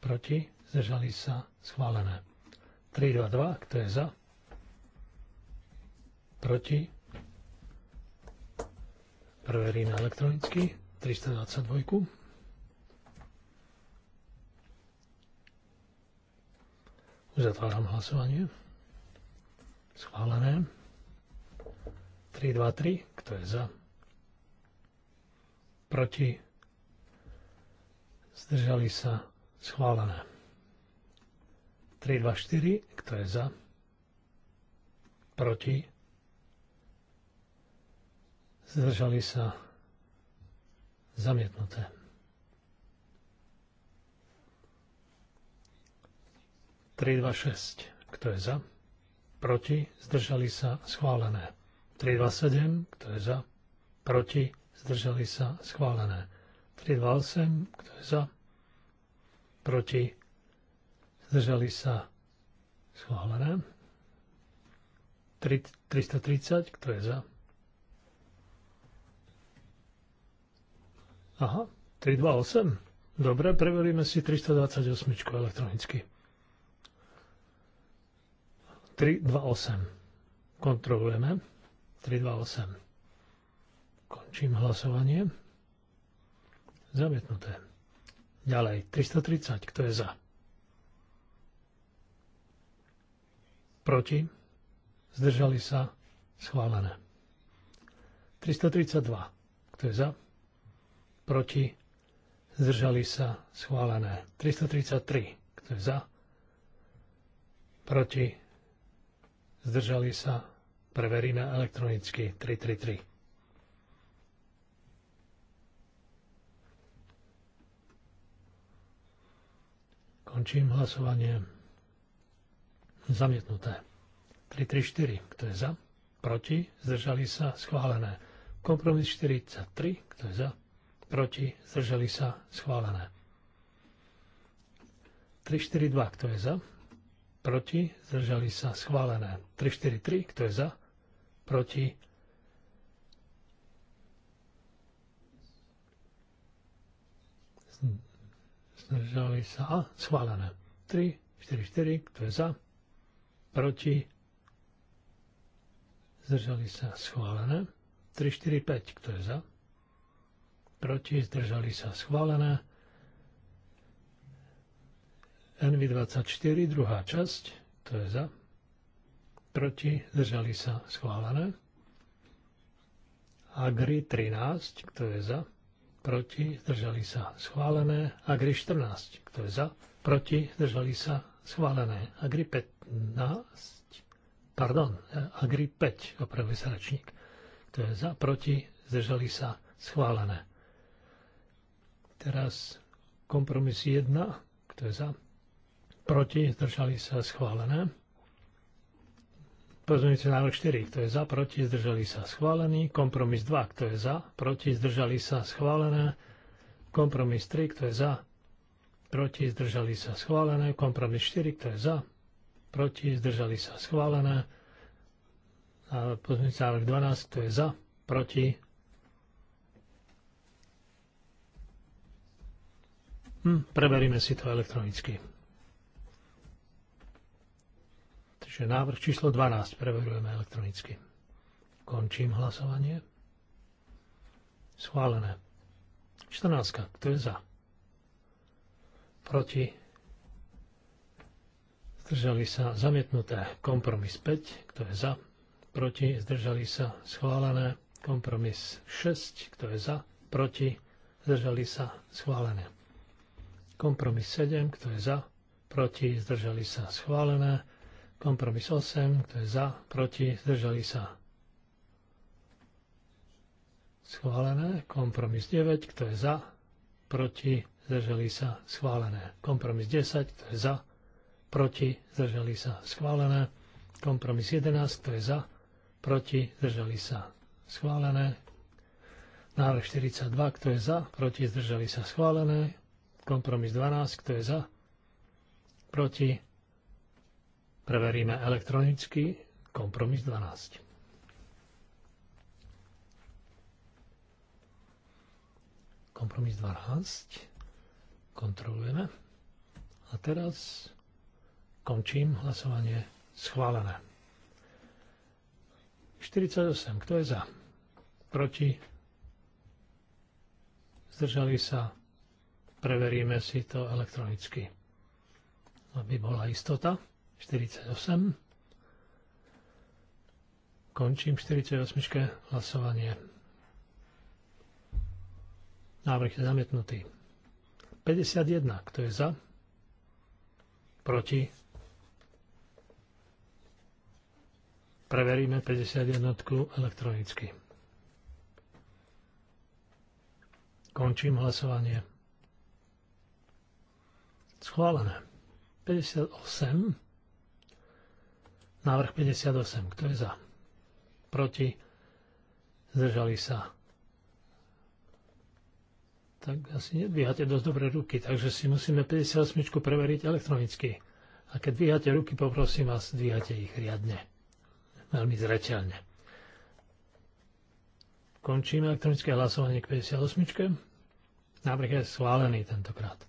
proti, zdržali sa schválené. 3, 2, 2, kto je za, proti, preveríme elektronicky, 322. Uzatváram hlasovanie. Schválené. 3, 2, 3. Kto je za? Proti? Zdržali sa? Schválené. 3, 2, 4. Kto je za? Proti? Zdržali sa? Zamietnuté. Tri, dva, šesť. Kto je za? proti, zdržali sa, schválené. 327, kto je za, proti, zdržali sa, schválené. 328, kto je za, proti, zdržali sa, schválené. 330, kto je za? Aha, 328. Dobre, preveríme si 328 elektronicky. 328. Kontrolujeme. 328. Končím hlasovanie. Zamietnuté. Ďalej. 330. Kto je za? Proti? Zdržali sa? Schválené. 332. Kto je za? Proti? Zdržali sa? Schválené. 333. Kto je za? Proti? zdržali sa, preveríme elektronicky 333. Končím hlasovanie. Zamietnuté. 334. Kto je za? Proti? Zdržali sa? Schválené. Kompromis 43. Kto je za? Proti? Zdržali sa? Schválené. 342. Kto je za? proti, zdržali sa schválené. 3 3. kto je za, proti, zdržali sa a, schválené. 3, 4, 4, kto je za, proti, zdržali sa schválené. 3, 4, 5, kto je za, proti, zdržali sa schválené. NV24, druhá časť, to je za, proti, zdržali sa, schválené. Agri 13, kto je za, proti, zdržali sa, schválené. Agri 14, kto je za, proti, zdržali sa, schválené. Agri 15, pardon, Agri 5, opravuje sa rečník, kto je za, proti, zdržali sa, schválené. Teraz kompromis 1, kto je za, proti, zdržali sa schválené. Pozmeňujúci návrh 4, kto je za, proti, zdržali sa schválený. Kompromis 2, kto je za, proti, zdržali sa schválené. Kompromis 3, kto je za, proti, zdržali sa schválené. Kompromis 4, kto je za, proti, zdržali sa schválené. A pozmeňujúci návrh 12, kto je za, proti. Hm, preberíme si to elektronicky. Čiže návrh číslo 12 preverujeme elektronicky. Končím hlasovanie. Schválené. 14. Kto je za? Proti? Zdržali sa zamietnuté. Kompromis 5. Kto je za? Proti? Zdržali sa schválené. Kompromis 6. Kto je za? Proti? Zdržali sa schválené. Kompromis 7. Kto je za? Proti? Zdržali sa schválené. Kompromis 8, kto je za, proti, zdržali sa. Schválené. Kompromis 9, kto je za, proti, zdržali sa. Schválené. Kompromis 10, kto je za, proti, zdržali sa. Schválené. Kompromis 11, kto je za, proti, zdržali sa. Schválené. Návrh 42, kto je za, proti, zdržali sa. Schválené. Kompromis 12, kto je za, proti, Preveríme elektronicky kompromis 12. Kompromis 12. Kontrolujeme. A teraz končím hlasovanie schválené. 48. Kto je za? Proti? Zdržali sa? Preveríme si to elektronicky, aby bola istota. 48. Končím 48. hlasovanie. Návrh je zamietnutý. 51. Kto je za? Proti? Preveríme 51 elektronicky. Končím hlasovanie. Schválené. 58. Návrh 58. Kto je za? Proti? Zdržali sa. Tak asi nedvíhate dosť dobre ruky, takže si musíme 58 preveriť elektronicky. A keď dvíhate ruky, poprosím vás, dvíhate ich riadne. Veľmi zreteľne. Končíme elektronické hlasovanie k 58. Návrh je schválený tentokrát.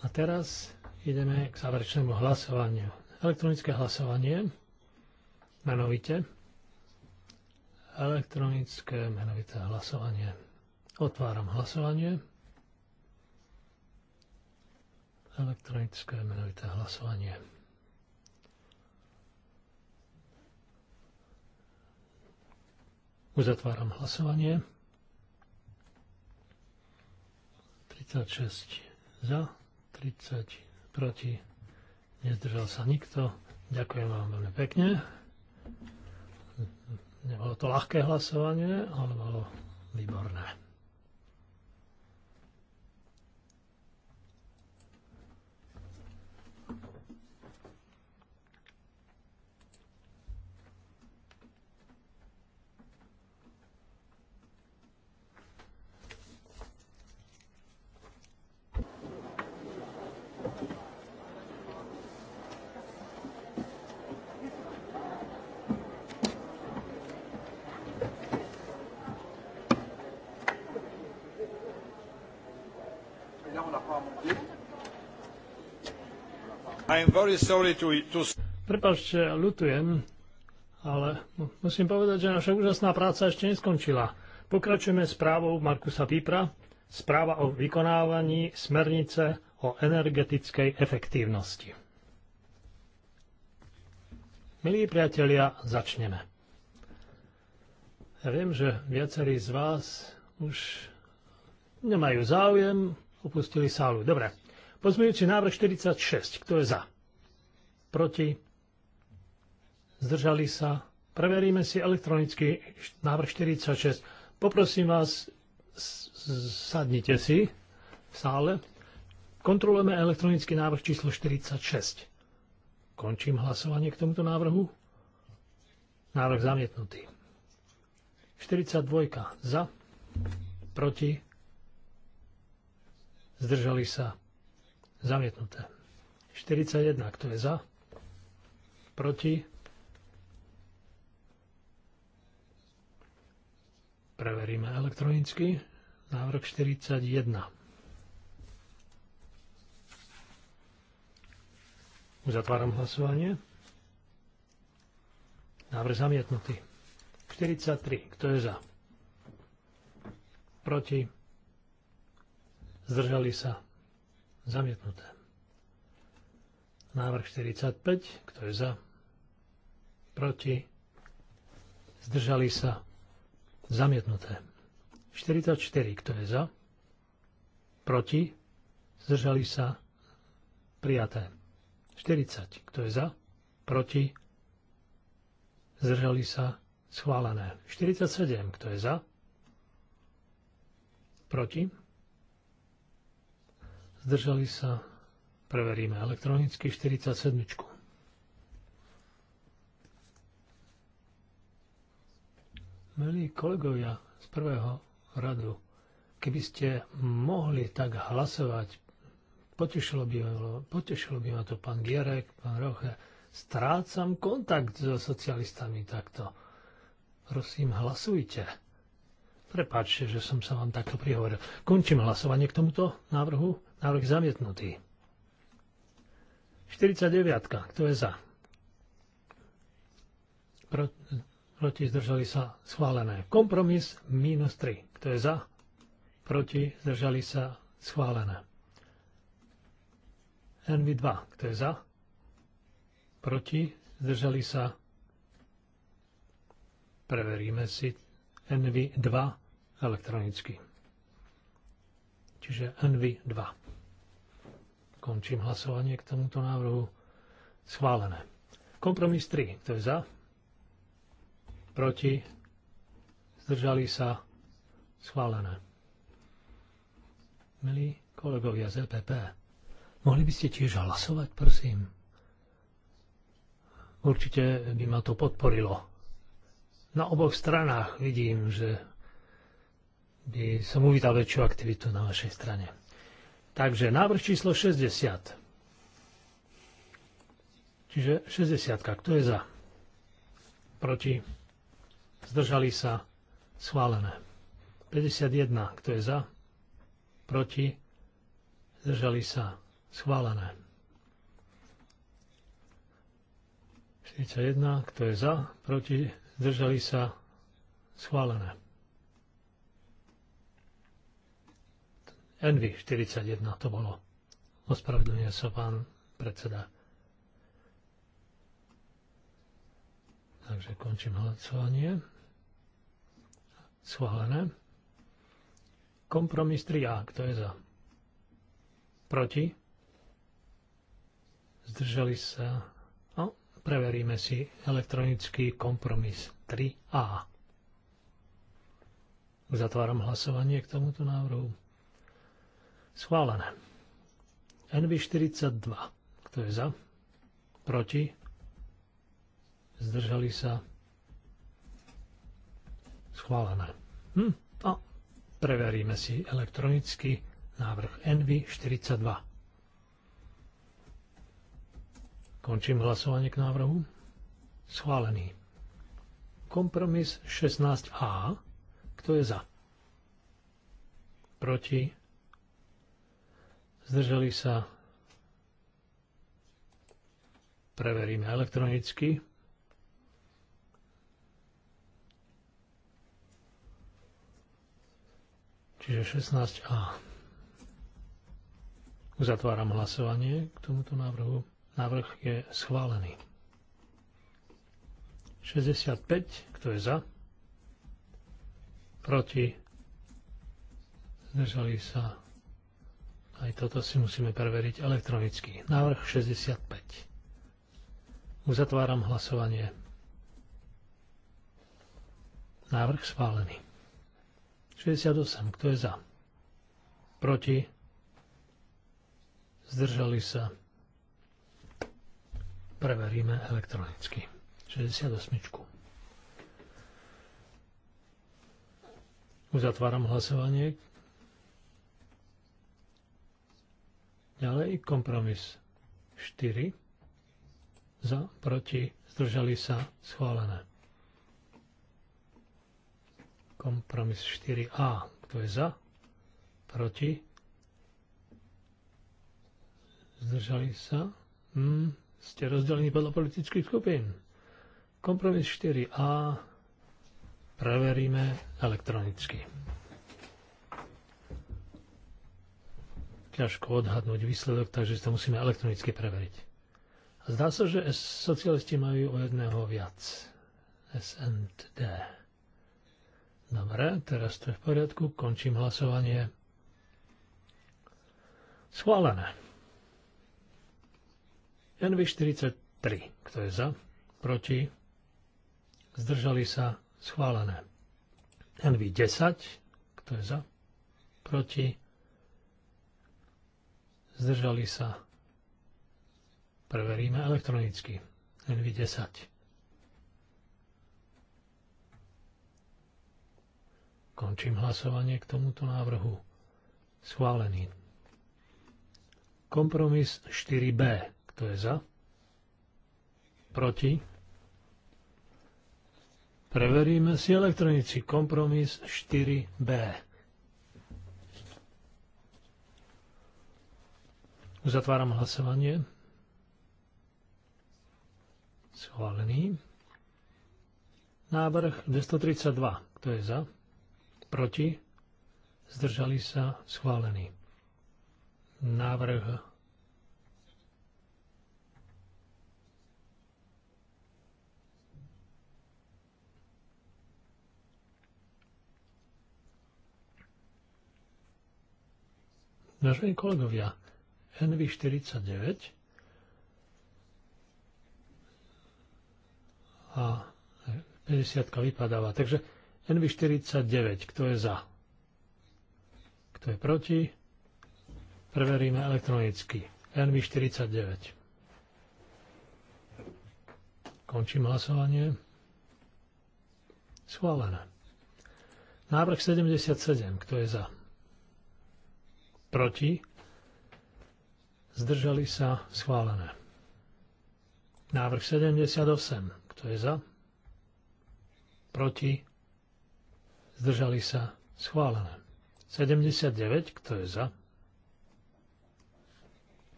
A teraz ideme k záverečnému hlasovaniu. Elektronické hlasovanie, menovite. Elektronické menovité hlasovanie. Otváram hlasovanie. Elektronické menovité hlasovanie. Uzatváram hlasovanie. 36 za, 30 proti Nezdržal sa nikto. Ďakujem vám veľmi pekne. Nebolo to ľahké hlasovanie, ale bolo výborné. Prepašte, ľutujem, ale musím povedať, že naša úžasná práca ešte neskončila. Pokračujeme správou Markusa Pípra, správa o vykonávaní smernice o energetickej efektívnosti. Milí priatelia, začneme. Ja viem, že viacerí z vás už nemajú záujem, opustili sálu. Dobre, Pozmeňujúci návrh 46. Kto je za? Proti? Zdržali sa? Preveríme si elektronicky návrh 46. Poprosím vás, sadnite si v sále. Kontrolujeme elektronický návrh číslo 46. Končím hlasovanie k tomuto návrhu. Návrh zamietnutý. 42 za, proti, zdržali sa Zamietnuté. 41. Kto je za? Proti? Preveríme elektronicky. Návrh 41. Uzatváram hlasovanie. Návrh zamietnutý. 43. Kto je za? Proti? Zdržali sa. Zamietnuté. Návrh 45. Kto je za? Proti? Zdržali sa? Zamietnuté. 44. Kto je za? Proti? Zdržali sa? Prijaté. 40. Kto je za? Proti? Zdržali sa? Schválené. 47. Kto je za? Proti? Zdržali sa? Preveríme elektronicky 47. Milí kolegovia z prvého radu, keby ste mohli tak hlasovať, potešilo by, potešilo by ma to pán Gierek, pán Roche, strácam kontakt so socialistami takto. Prosím, hlasujte. Prepáčte, že som sa vám takto prihovoril. Končím hlasovanie k tomuto návrhu. Návrh zamietnutý. 49. Kto je za? Proti zdržali sa schválené. Kompromis minus 3. Kto je za? Proti zdržali sa schválené. NV2. Kto je za? Proti zdržali sa. Preveríme si. NV2 elektronicky. Čiže NV 2. Končím hlasovanie k tomuto návrhu. Schválené. Kompromis 3. Kto je za? Proti? Zdržali sa? Schválené. Milí kolegovia z EPP, mohli by ste tiež hlasovať, prosím? Určite by ma to podporilo. Na oboch stranách vidím, že by som uvítal väčšiu aktivitu na vašej strane. Takže návrh číslo 60. Čiže 60. Kto je za? Proti? Zdržali sa? Schválené. 51. Kto je za? Proti? Zdržali sa? Schválené. 41. Kto je za? Proti? Zdržali sa? Schválené. Envy 41 to bolo. Ospravedlňuje sa pán predseda. Takže končím hlasovanie. Schválené. Kompromis 3A. Kto je za? Proti? Zdržali sa? No, preveríme si elektronický kompromis 3A. Zatváram hlasovanie k tomuto návrhu. Schválené. nb 42 Kto je za? Proti? Zdržali sa? Schválené. Hm. No, preveríme si elektronicky návrh NV42. Končím hlasovanie k návrhu. Schválený. Kompromis 16a. Kto je za? Proti? zdržali sa, preveríme elektronicky. Čiže 16a. Uzatváram hlasovanie k tomuto návrhu. Návrh je schválený. 65, kto je za? Proti? Zdržali sa aj toto si musíme preveriť elektronicky. Návrh 65. Uzatváram hlasovanie. Návrh schválený. 68. Kto je za? Proti? Zdržali sa? Preveríme elektronicky. 68. Uzatváram hlasovanie. Ďalej kompromis 4. Za, proti, zdržali sa, schválené. Kompromis 4a. Kto je za? Proti? Zdržali sa? Hm, ste rozdelení podľa politických skupín. Kompromis 4a preveríme elektronicky. ťažko odhadnúť výsledok, takže to musíme elektronicky preveriť. A zdá sa, že socialisti majú o jedného viac. SND. Dobre, teraz to je v poriadku, končím hlasovanie. Schválené. NV43. Kto je za? Proti? Zdržali sa? Schválené. NV10. Kto je za? Proti? zdržali sa. Preveríme elektronicky. NV10. Končím hlasovanie k tomuto návrhu. Schválený. Kompromis 4B. Kto je za? Proti? Preveríme si elektronici kompromis 4B. Uzatváram hlasovanie. Schválený. Návrh 232. Kto je za? Proti? Zdržali sa? Schválený. Návrh Vážení kolegovia, NV49 a 50 vypadáva. Takže NV49, kto je za? Kto je proti? Preveríme elektronicky. NV49. Končím hlasovanie. Schválené. Návrh 77. Kto je za? Proti? zdržali sa, schválené. Návrh 78, kto je za, proti, zdržali sa, schválené. 79, kto je za,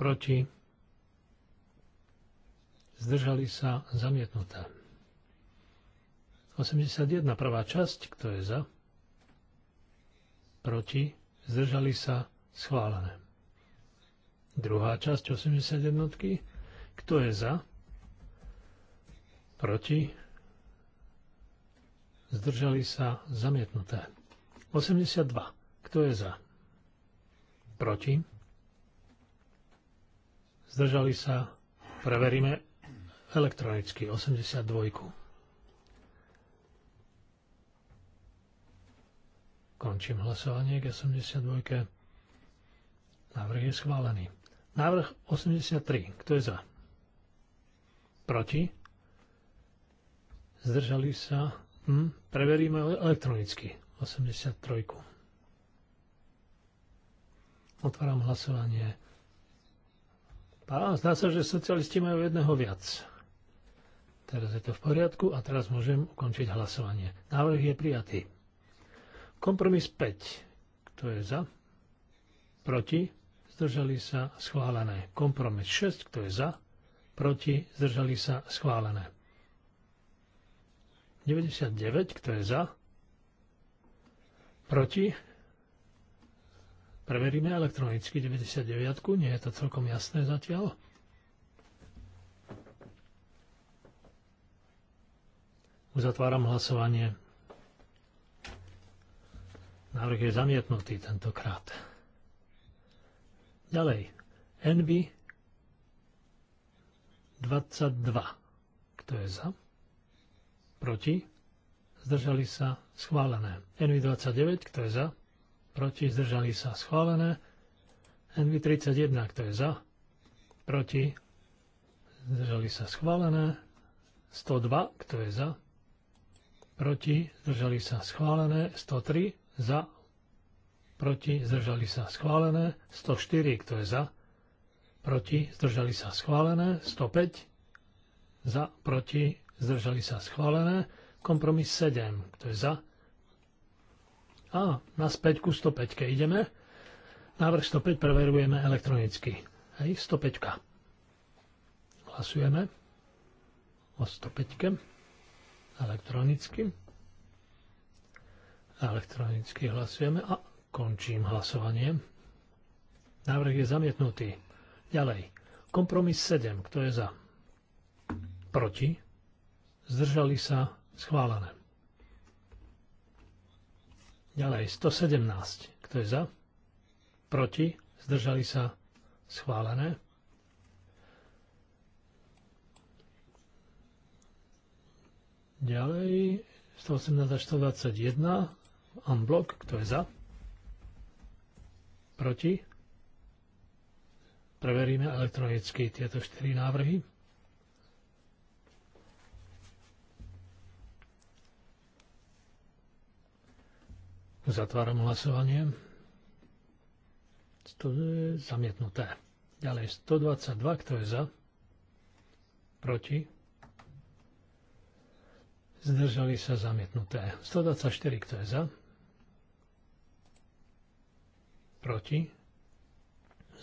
proti, zdržali sa, zamietnuté. 81, prvá časť, kto je za, proti, zdržali sa, schválené. Druhá časť 81. Kto je za? Proti? Zdržali sa zamietnuté. 82. Kto je za? Proti? Zdržali sa. Preveríme elektronicky 82. Končím hlasovanie k 82. Návrh je schválený. Návrh 83. Kto je za? Proti? Zdržali sa? Hm? Preveríme elektronicky. 83. Otváram hlasovanie. Pá, zdá sa, že socialisti majú jedného viac. Teraz je to v poriadku a teraz môžem ukončiť hlasovanie. Návrh je prijatý. Kompromis 5. Kto je za? Proti? zdržali sa schválené. Kompromis 6, kto je za, proti, zdržali sa schválené. 99, kto je za, proti, preveríme elektronicky 99, nie je to celkom jasné zatiaľ. Uzatváram hlasovanie. Návrh je zamietnutý tentokrát. Ďalej. Envy 22. Kto je za? Proti? Zdržali sa schválené. Envy 29. Kto je za? Proti? Zdržali sa schválené. Envy 31. Kto je za? Proti? Zdržali sa schválené. 102. Kto je za? Proti? Zdržali sa schválené. 103. Za? proti, zdržali sa schválené, 104, kto je za, proti, zdržali sa schválené, 105, za, proti, zdržali sa schválené, kompromis 7, kto je za. A na ku 105 ideme. Návrh 105 preverujeme elektronicky. Hej, 105. -ka. Hlasujeme o 105 elektronicky. Elektronicky hlasujeme a Končím hlasovanie. Návrh je zamietnutý. Ďalej. Kompromis 7. Kto je za? Proti? Zdržali sa? Schválené. Ďalej. 117. Kto je za? Proti? Zdržali sa? Schválené. Ďalej 118 až 121 unblock, kto je za, Proti? Preveríme elektronicky tieto štyri návrhy. Zatváram hlasovanie. To je zamietnuté. Ďalej 122, kto je za? Proti? Zdržali sa zamietnuté. 124, kto je za? proti,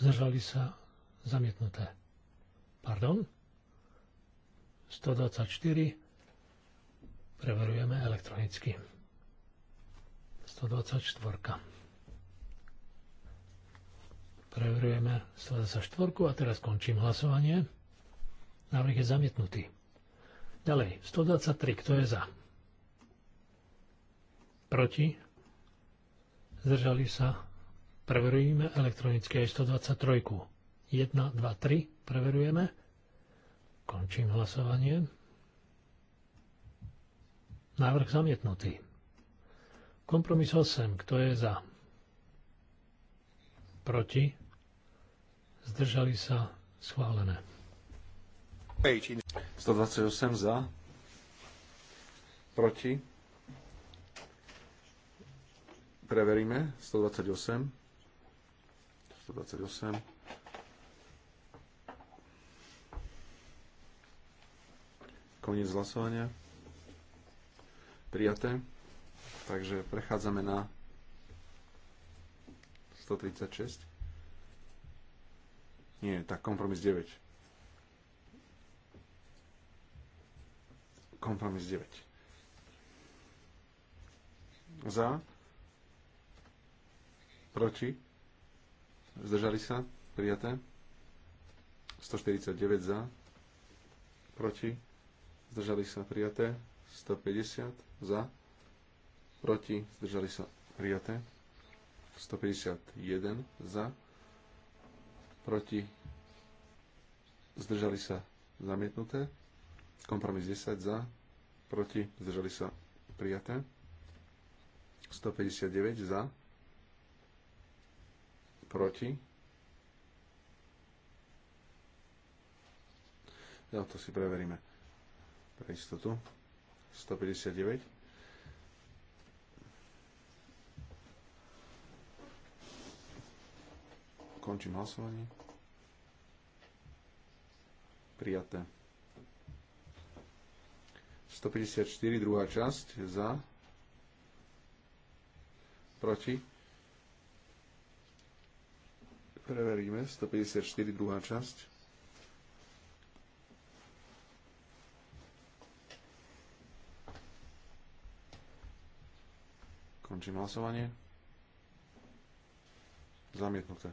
zdržali sa zamietnuté. Pardon? 124 preverujeme elektronicky. 124. Preverujeme 124 a teraz končím hlasovanie. Návrh je zamietnutý. Ďalej, 123, kto je za? Proti? Zdržali sa Preverujeme elektronické 123. 1, 2, 3. Preverujeme. Končím hlasovanie. Návrh zamietnutý. Kompromis 8. Kto je za? Proti? Zdržali sa? Schválené.
128 za. Proti? Preveríme. 128. 128. Koniec hlasovania. Prijaté. Takže prechádzame na 136. Nie, tak kompromis 9. Kompromis 9. Za. Proti. Zdržali sa? Prijaté. 149 za. Proti. Zdržali sa? Prijaté. 150 za. Proti. Zdržali sa? Prijaté. 151 za. Proti. Zdržali sa? Zamietnuté. Kompromis 10 za. Proti. Zdržali sa? Prijaté. 159 za proti. Ja no, to si preveríme pre istotu. 159. Končím hlasovanie. Prijaté. 154, druhá časť, za, proti Preveríme. 154, druhá časť. Končím hlasovanie. Zamietnuté.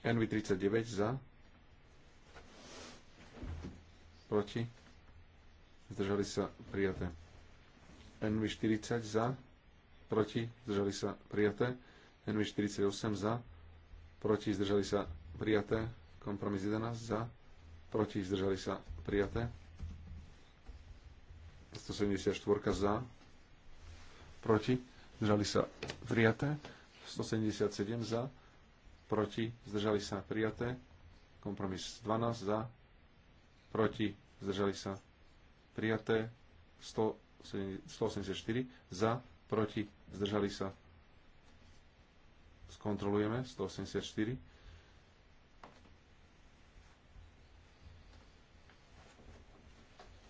NV39 za. Proti. Zdržali sa prijaté. NV40 za. Proti. Zdržali sa prijaté. Henry 48 za, proti zdržali sa prijaté, kompromis 11 za, proti zdržali sa prijaté, 174 za, proti zdržali sa prijaté, 177 za, proti zdržali sa prijaté, kompromis 12 za, proti zdržali sa prijaté, 184 za, proti zdržali sa prijaté skontrolujeme, 184.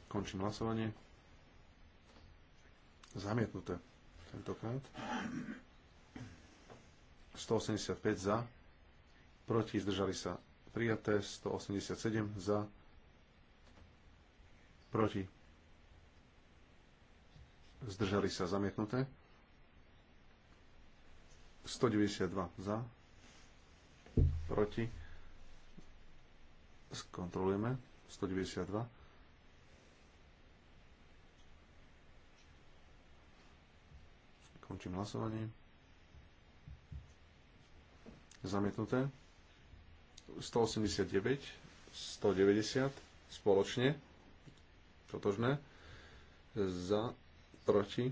Končím hlasovanie. Zamietnuté tentokrát. 185 za, proti zdržali sa prijaté, 187 za, proti zdržali sa zamietnuté. 192 za, proti, skontrolujeme, 192. Končím hlasovanie. Zamietnuté. 189, 190 spoločne, totožné, za, proti,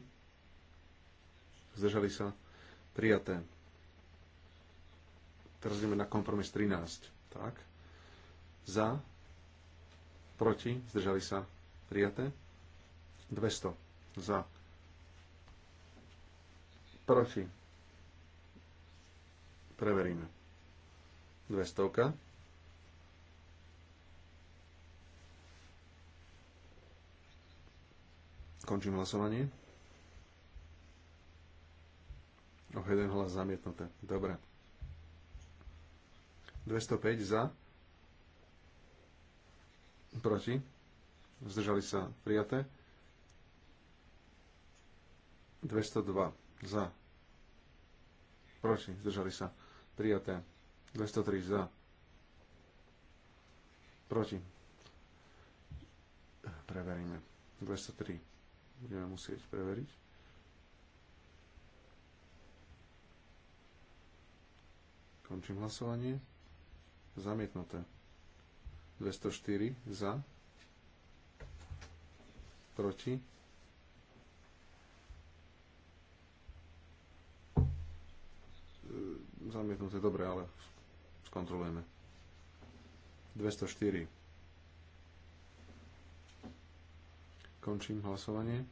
zdržali sa Prijaté. Teraz ideme na kompromis 13. Tak. Za. Proti. Zdržali sa. Prijaté. 200. Za. Proti. Preveríme. 200. Končím hlasovanie. O jeden hlas zamietnuté. Dobre. 205 za. Proti. Zdržali sa prijaté. 202 za. Proti. Zdržali sa prijaté. 203 za. Proti. Preveríme. 203 budeme musieť preveriť. Končím hlasovanie. Zamietnuté. 204 za. Proti. E, zamietnuté, dobre, ale skontrolujeme. 204. Končím hlasovanie.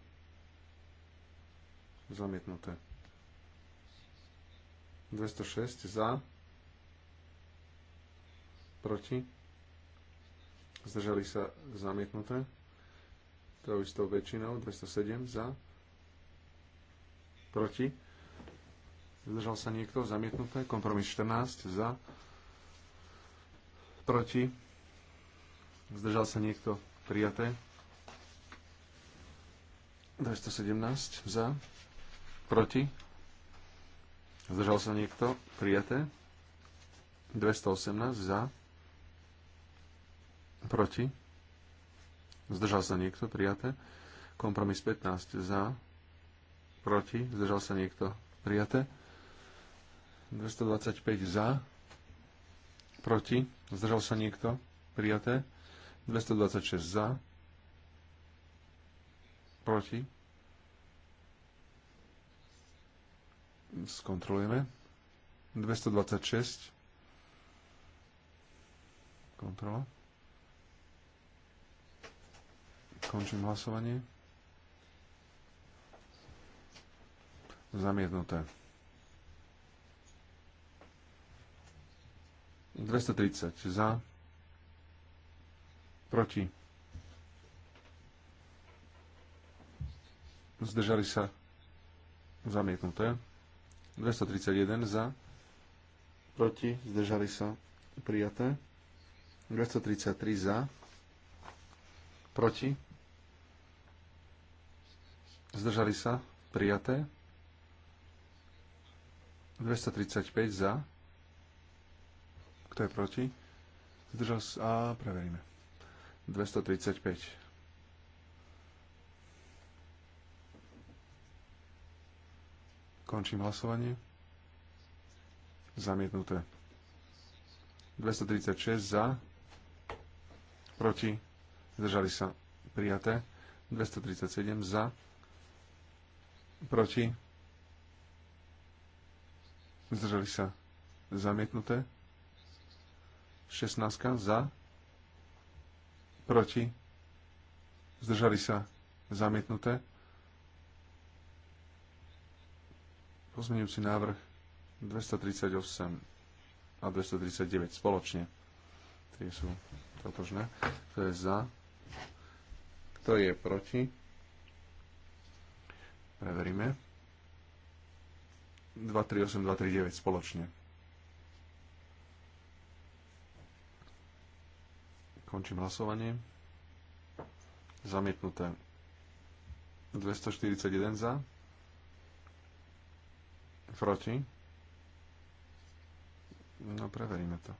Zamietnuté. 206 za proti, zdržali sa zamietnuté, to istou väčšinou, 207 za, proti, zdržal sa niekto, zamietnuté, kompromis 14 za, proti, zdržal sa niekto, prijaté, 217 za, proti, zdržal sa niekto, prijaté, 218 za, Proti? Zdržal sa niekto? Prijaté. Kompromis 15 za. Proti? Zdržal sa niekto? Prijaté. 225 za. Proti? Zdržal sa niekto? Prijaté. 226 za. Proti? Skontrolujeme. 226. Kontrola. Končím hlasovanie. Zamietnuté. 230 za, proti. Zdržali sa zamietnuté. 231 za, proti, zdržali sa prijaté. 233 za, proti, Zdržali sa? Prijaté. 235 za. Kto je proti? Zdržal sa... A preveríme. 235. Končím hlasovanie. Zamietnuté. 236 za. Proti. Zdržali sa. Prijaté. 237 za Proti? Zdržali sa. Zamietnuté. 16. Za. Proti? Zdržali sa. Zamietnuté. Pozmeňujúci návrh 238 a 239 spoločne. Tie sú totožné. Kto je za? Kto je proti? Preveríme. 238, 239 spoločne. Končím hlasovanie. Zamietnuté. 241 za. Proti. No, preveríme to.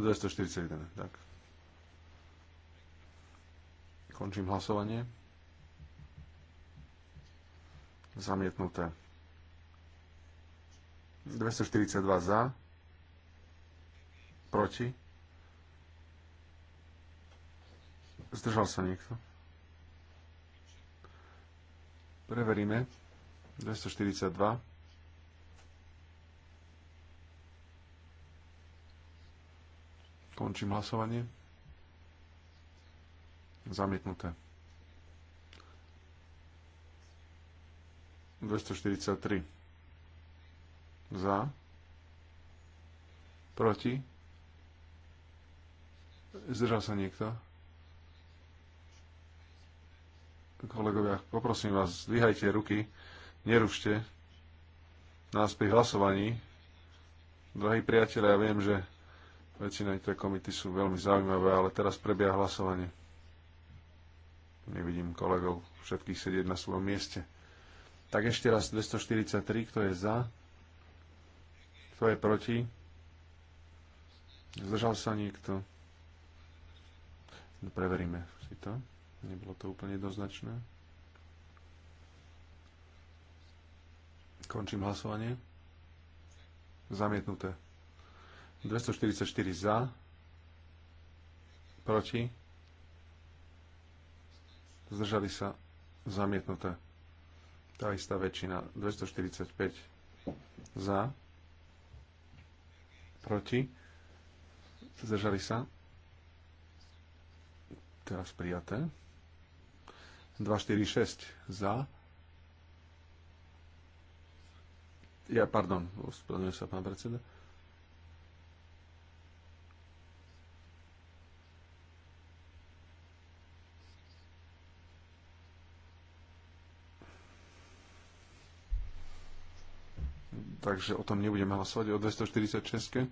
241, tak. Končím hlasovanie zamietnuté. 242 za, proti, zdržal sa niekto. Preveríme. 242. Končím hlasovanie. Zamietnuté. 243. Za. Proti. Zdržal sa niekto? Kolegovia, poprosím vás, zdvíhajte ruky, nerušte nás pri hlasovaní. Drahí priatelia, ja viem, že väčšina tej komity sú veľmi zaujímavé, ale teraz prebieha hlasovanie. Nevidím kolegov, všetkých sedieť na svojom mieste. Tak ešte raz 243, kto je za, kto je proti. Zdržal sa niekto. No, preveríme si to. Nebolo to úplne jednoznačné. Končím hlasovanie. Zamietnuté. 244 za. Proti. Zdržali sa. Zamietnuté. Tá istá väčšina. 245 za. Proti. Zdržali sa. Teraz prijaté. 246 za. Ja, pardon, ospravedlňujem sa, pán predseda. takže o tom nebudeme hlasovať, o 246.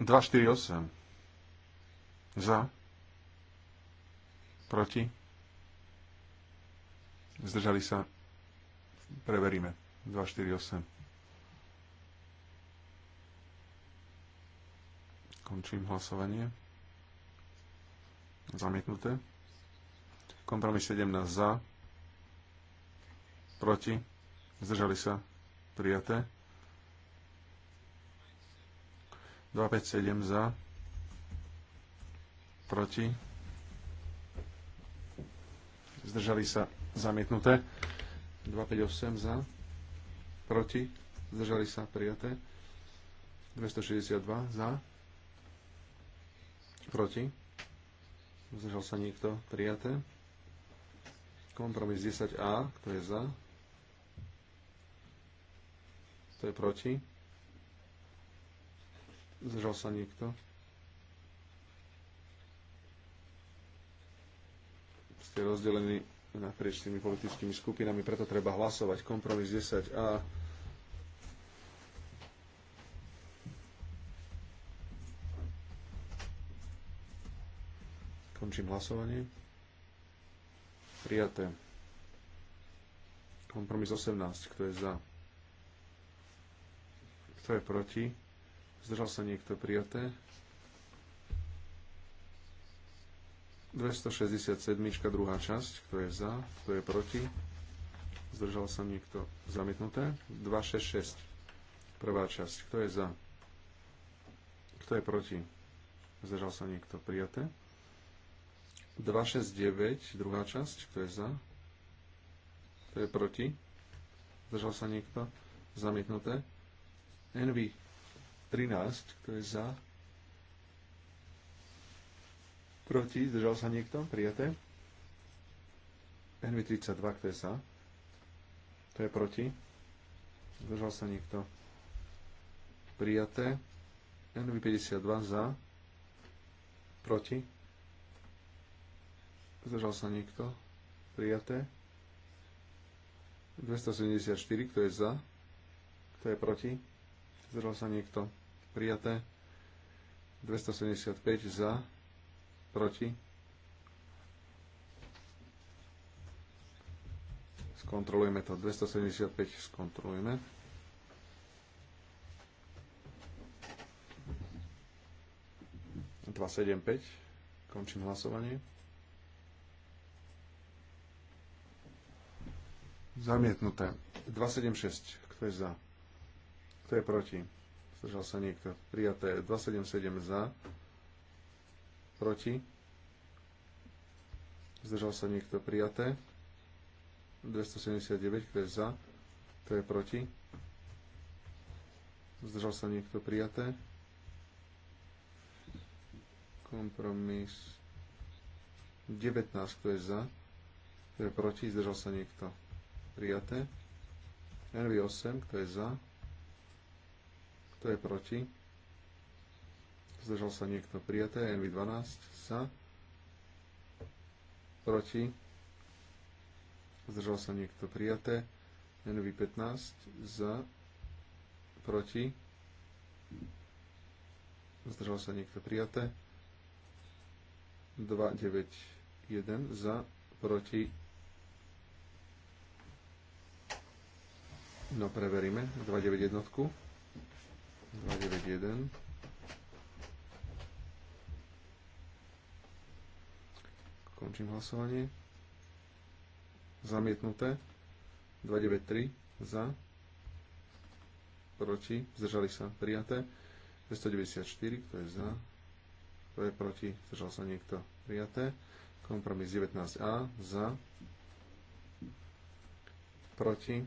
248. Za. Proti. Zdržali sa. Preveríme. 248. Končím hlasovanie. Zamietnuté. Kompromis 17 za, proti, zdržali sa, prijaté. 257 za, proti, zdržali sa, zamietnuté. 258 za, proti, zdržali sa, prijaté. 262 za, proti, zdržal sa niekto, prijaté. Kompromis 10a, kto je za, kto je proti? Zdržal sa niekto? Ste rozdelení naprieč tými politickými skupinami, preto treba hlasovať. Kompromis 10a. Končím hlasovanie. Prijaté. Kompromis 18. Kto je za? Kto je proti? Zdržal sa niekto prijaté? 267. druhá časť. Kto je za? Kto je proti? Zdržal sa niekto zamietnuté? 266. Prvá časť. Kto je za? Kto je proti? Zdržal sa niekto prijaté? 269. Druhá časť. Kto je za? Kto je proti? Zdržal sa niekto? Zamietnuté. Envy 13, kto je za? Proti, zdržal sa niekto? Prijaté. Envy 32, kto je za? To je proti? Zdržal sa niekto? Prijaté. Envy 52 za? Proti? Zdržal sa niekto? Prijaté. 274, kto je za? Kto je proti? Zdržal sa niekto? Prijaté. 275 za. Proti. Skontrolujeme to. 275 skontrolujeme. Dva sedem päť. Končím hlasovanie. Zamietnuté. 276. Kto je za? Kto je proti? Zdržal sa niekto. Prijaté 277 za. Proti. Zdržal sa niekto. Prijaté. 279, kto je za. Kto je proti? Zdržal sa niekto. Prijaté. Kompromis 19, kto je za. Kto je proti? Zdržal sa niekto. Prijaté. NV8, kto je za kto je proti? Zdržal sa niekto prijaté. NV12 sa. Proti. Zdržal sa niekto prijaté. NV15 za. Proti. Zdržal sa niekto prijaté. 291 za. Proti. No preveríme. 291. 291. Končím hlasovanie. Zamietnuté. 293 za. Proti. Zdržali sa. Prijaté. 294, kto je za. Kto je proti. Zdržal sa niekto. Prijaté. Kompromis 19a za. Proti.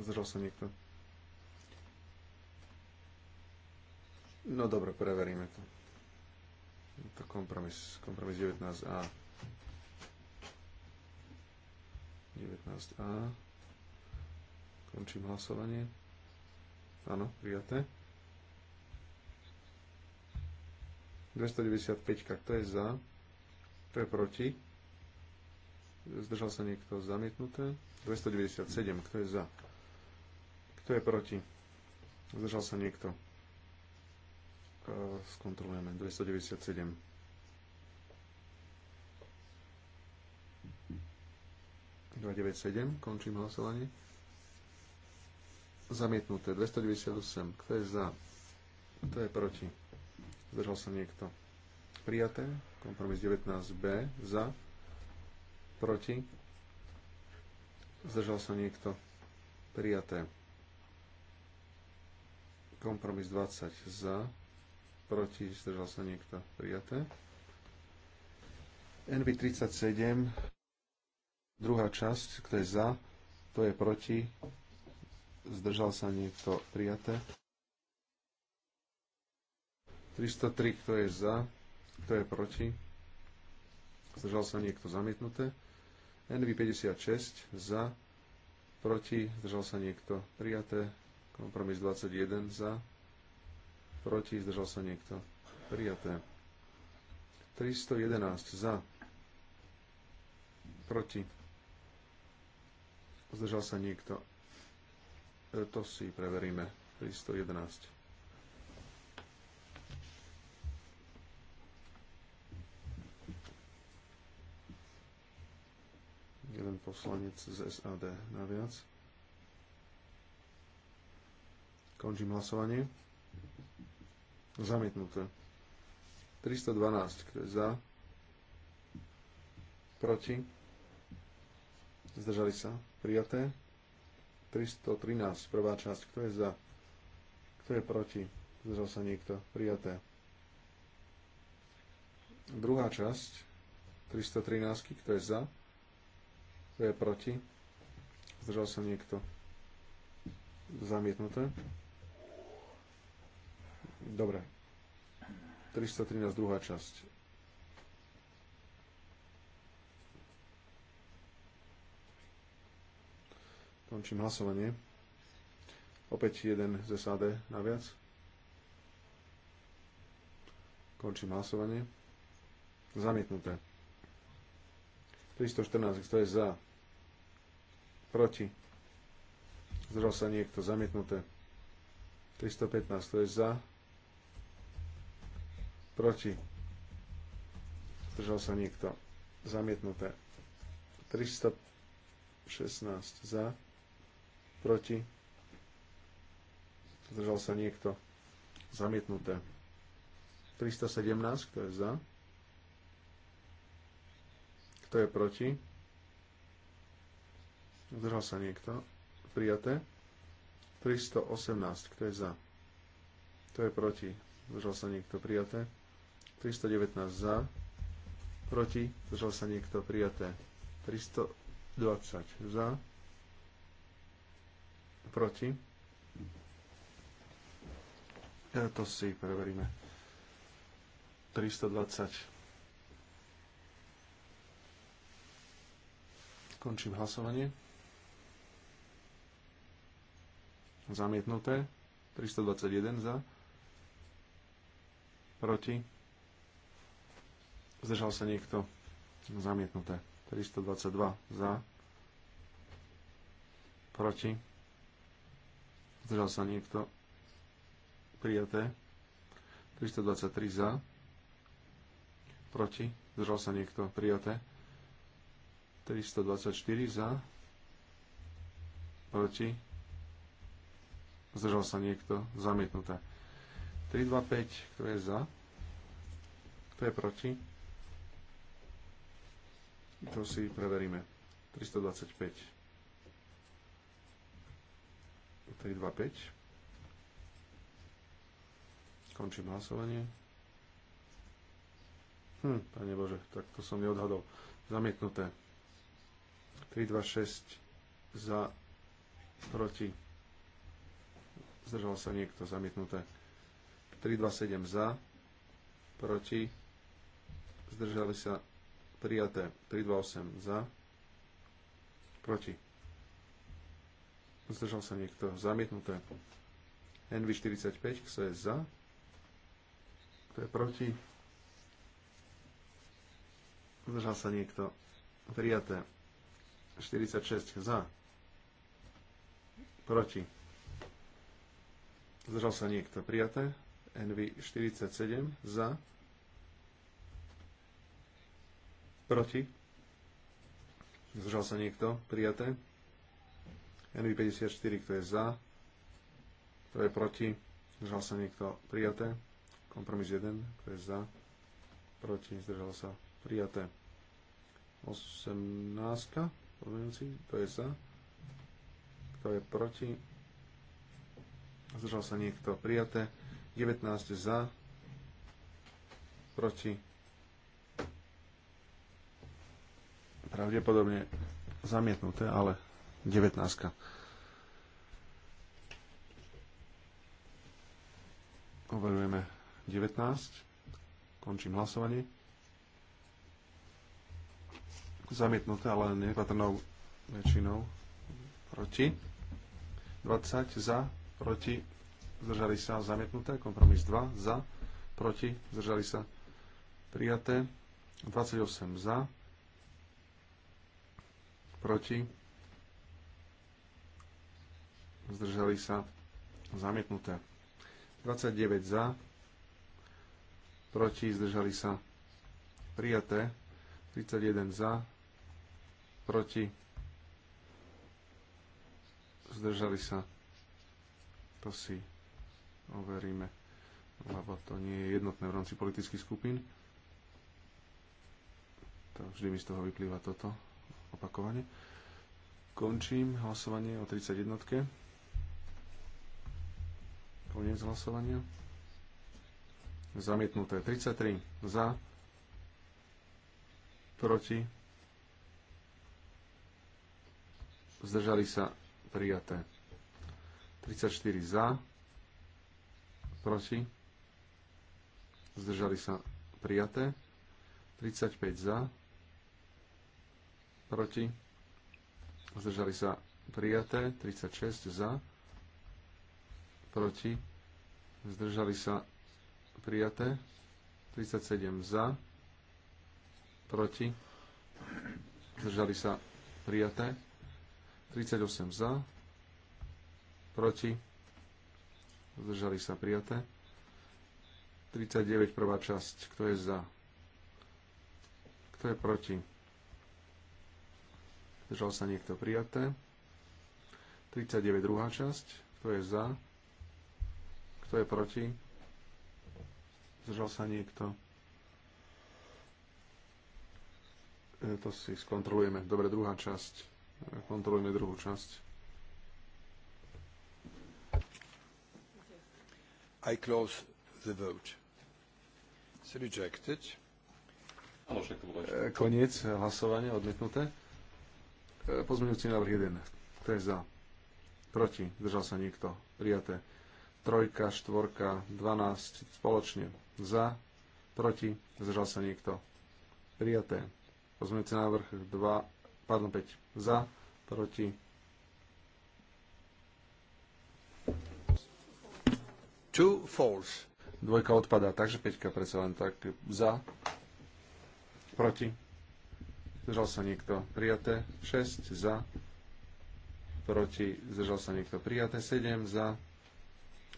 Zdržal sa niekto. No dobre, preveríme to. Je to kompromis, kompromis 19a. 19a. Končím hlasovanie. Áno, prijaté. 295, kto je za? Kto je proti? Zdržal sa niekto zamietnuté? 297, kto je za? Kto je proti? Zdržal sa niekto? E, skontrolujeme 297. 297, končím hlasovanie. Zamietnuté 298. Kto je za? Kto je proti? Zdržal sa niekto. Prijaté. Kompromis 19b. Za. Proti. Zdržal sa niekto. Prijaté kompromis 20 za, proti, zdržal sa niekto, prijaté. NB37, druhá časť, kto je za, kto je proti, zdržal sa niekto, prijaté. 303, kto je za, kto je proti, zdržal sa niekto, zamietnuté. NV56, za, proti, zdržal sa niekto, prijaté. Kompromis 21, za, proti, zdržal sa niekto. Prijaté. 311 za, proti, zdržal sa niekto. E, to si preveríme. 311. jeden poslanec z SAD naviac. Končím hlasovanie. Zamietnuté. 312, kto je za? Proti? Zdržali sa? Prijaté. 313, prvá časť, kto je za? Kto je proti? Zdržal sa niekto? Prijaté. Druhá časť, 313, kto je za? Kto je proti? Zdržal sa niekto? Zamietnuté. Dobre. 313, druhá časť. Končím hlasovanie. Opäť jeden z SAD naviac. Končím hlasovanie. Zamietnuté. 314, kto je za? Proti? Zdrav sa niekto, zamietnuté. 315, kto je za? Proti. Zdržal sa niekto. Zamietnuté. 316 za. Proti. Zdržal sa niekto. Zamietnuté. 317, kto je za? Kto je proti? Zdržal sa niekto. Prijaté. 318, kto je za? Kto je proti? Zdržal sa niekto. Prijaté. 319 za, proti, zdržal sa niekto, prijaté. 320 za, proti. Ja e, to si preveríme. 320. Končím hlasovanie. Zamietnuté. 321 za. Proti Zdržal sa niekto? Zamietnuté. 322 za. Proti. Zdržal sa niekto? Prijaté. 323 za. Proti. Zdržal sa niekto? Prijaté. 324 za. Proti. Zdržal sa niekto? Zamietnuté. 325, kto je za? Kto je proti? To si preveríme. 325. 325. Končím hlasovanie. Hm, pane Bože, tak to som neodhadol. Zamietnuté. 326 za, proti. Zdržal sa niekto, zamietnuté. 327 za, proti. Zdržali sa prijaté. 328 za, proti. Zdržal sa niekto. Zamietnuté. NV45, kto je za? Kto je proti? Zdržal sa niekto. Prijaté. 46 za. Proti. Zdržal sa niekto. Prijaté. NV47 za. Proti? Zdržal sa niekto? Prijaté. NV54, kto je za? Kto je proti? Zdržal sa niekto? Prijaté. Kompromis 1, kto je za? Proti? Zdržal sa? Prijaté. 18, podmienujúci, kto je za? Kto je proti? Zdržal sa niekto? Prijaté. 19 za? Proti? pravdepodobne zamietnuté, ale 19. Overujeme 19. Končím hlasovanie. Zamietnuté, ale nepatrnou väčšinou proti. 20 za, proti, zdržali sa, zamietnuté. Kompromis 2 za, proti, zdržali sa, prijaté. 28 za, proti, zdržali sa, zamietnuté. 29 za, proti, zdržali sa, prijaté. 31 za, proti, zdržali sa. To si overíme, lebo to nie je jednotné v rámci politických skupín. To vždy mi z toho vyplýva toto opakovane. Končím hlasovanie o 31. Koniec hlasovania. Zamietnuté 33 za, proti, zdržali sa prijaté. 34 za, proti, zdržali sa prijaté. 35 za, proti, zdržali sa prijaté, 36 za, proti, zdržali sa prijaté, 37 za, proti, zdržali sa prijaté, 38 za, proti, zdržali sa prijaté, 39 prvá časť, kto je za, kto je proti, Zdržal sa niekto prijaté. 39. druhá časť. Kto je za? Kto je proti? Zdržal sa niekto? E, to si skontrolujeme. Dobre, druhá časť. E, kontrolujeme druhú časť. I close the vote. It's rejected. E, koniec hlasovania odmietnuté. Pozmeňujúci návrh 1. Kto je za? Proti. Zdržal sa niekto. Prijaté. Trojka, štvorka, 12 spoločne. Za. Proti. Zdržal sa niekto. Prijaté. Pozmeňujúci návrh 2, pardon 5. Za. Proti. Two false. Dvojka odpadá, takže peťka predsa len tak za, proti zdržal sa niekto prijaté, 6 za, proti, zdržal sa niekto prijaté, 7 za,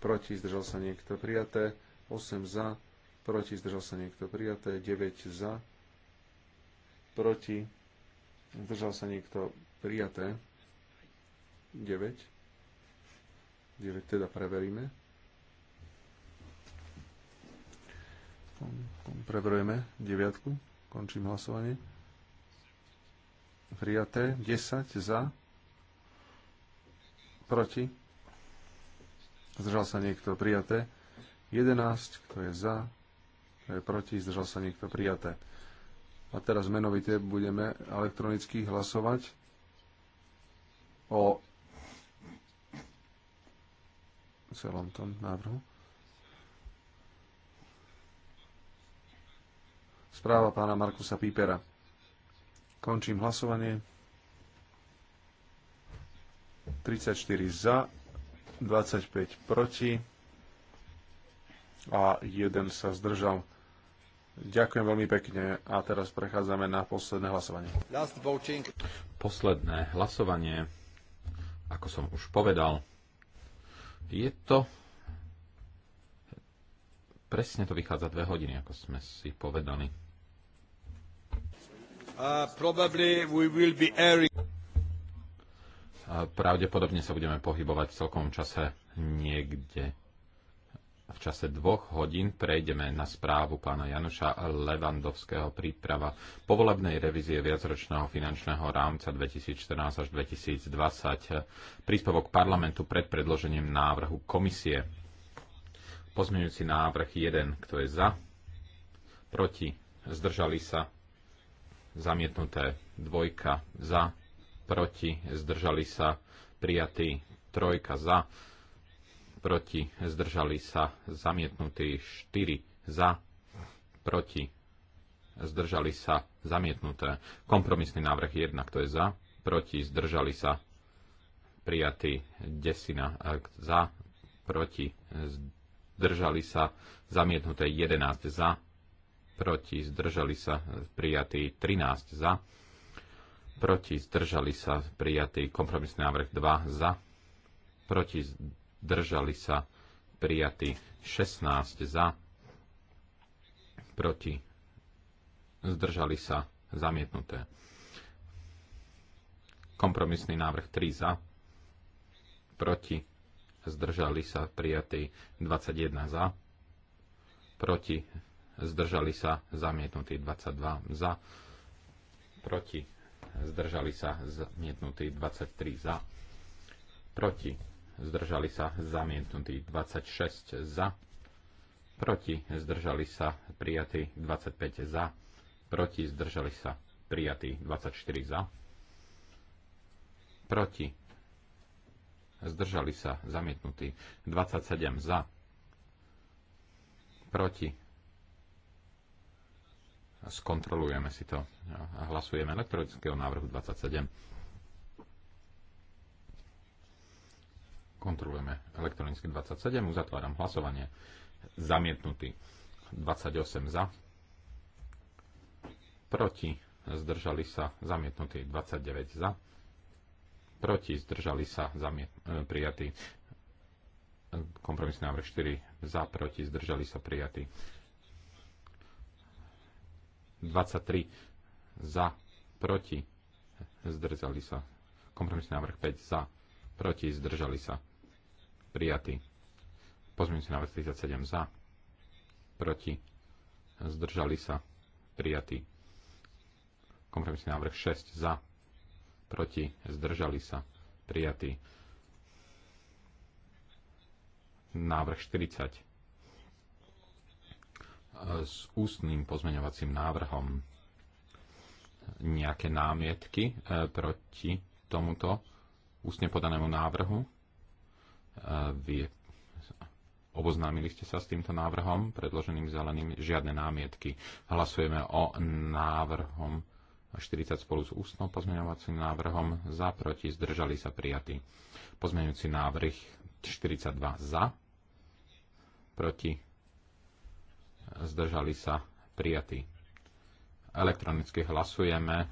proti, zdržal sa niekto prijaté, 8 za, proti, zdržal sa niekto prijaté, 9 za, proti, zdržal sa niekto prijaté, 9, 9 teda preveríme. Preverujeme 9, končím hlasovanie prijaté, 10 za, proti, zdržal sa niekto, prijaté, 11, kto je za, kto je proti, zdržal sa niekto, prijaté. A teraz menovite budeme elektronicky hlasovať o celom tom návrhu. Správa pána Markusa Pípera. Končím hlasovanie. 34 za, 25 proti a jeden sa zdržal. Ďakujem veľmi pekne a teraz
prechádzame na posledné hlasovanie. Posledné hlasovanie, ako som už povedal, je to presne to vychádza dve hodiny, ako sme si povedali. Uh, pravdepodobne sa budeme pohybovať v celkom čase niekde. V čase dvoch hodín prejdeme na správu pána Januša Levandovského príprava povolebnej revízie viacročného finančného rámca 2014 až 2020. Príspevok parlamentu pred predložením návrhu komisie. Pozmeňujúci návrh 1. Kto je za? Proti? Zdržali sa? zamietnuté dvojka za, proti, zdržali sa, prijatý trojka za, proti, zdržali sa, zamietnutí. Štyri za, proti, zdržali sa, zamietnuté. Kompromisný návrh 1, kto je za, proti, zdržali sa, prijatý desina e, za, proti, zdržali sa, zamietnuté 11 za, proti, zdržali sa, prijatý 13 za, proti, zdržali sa, prijatý kompromisný návrh 2 za, proti, zdržali sa, prijatý 16 za, proti, zdržali sa, zamietnuté. Kompromisný návrh 3 za, proti, zdržali sa, prijatý 21 za, proti, zdržali sa, zamietnutí 22 za, proti, zdržali sa, zamietnutí 23 za, proti, zdržali sa, zamietnutí 26 za, proti, zdržali sa, prijatí 25 za, proti, zdržali sa, prijatí 24 za, proti, zdržali sa, zamietnutí 27 za, proti, skontrolujeme si to a hlasujeme elektronického návrhu 27. Kontrolujeme elektronicky 27, uzatváram hlasovanie. Zamietnutý 28 za, proti zdržali sa zamietnutí 29 za, proti zdržali sa zamiet, e, prijatí kompromisný návrh 4 za, proti zdržali sa prijatí 23 za, proti, zdržali sa. Kompromisný návrh 5 za, proti, zdržali sa. Prijatý. si návrh 37 za, proti, zdržali sa. Prijatý. Kompromisný návrh 6 za, proti, zdržali sa. Prijatý. Návrh 40 s ústnym pozmeňovacím návrhom nejaké námietky e, proti tomuto ústne podanému návrhu. E, vy oboznámili ste sa s týmto návrhom, predloženým zeleným, žiadne námietky. Hlasujeme o návrhom 40 spolu s ústnou pozmeňovacím návrhom za, proti, zdržali sa prijatí. Pozmeňujúci návrh 42 za, proti, zdržali sa prijatí. Elektronicky hlasujeme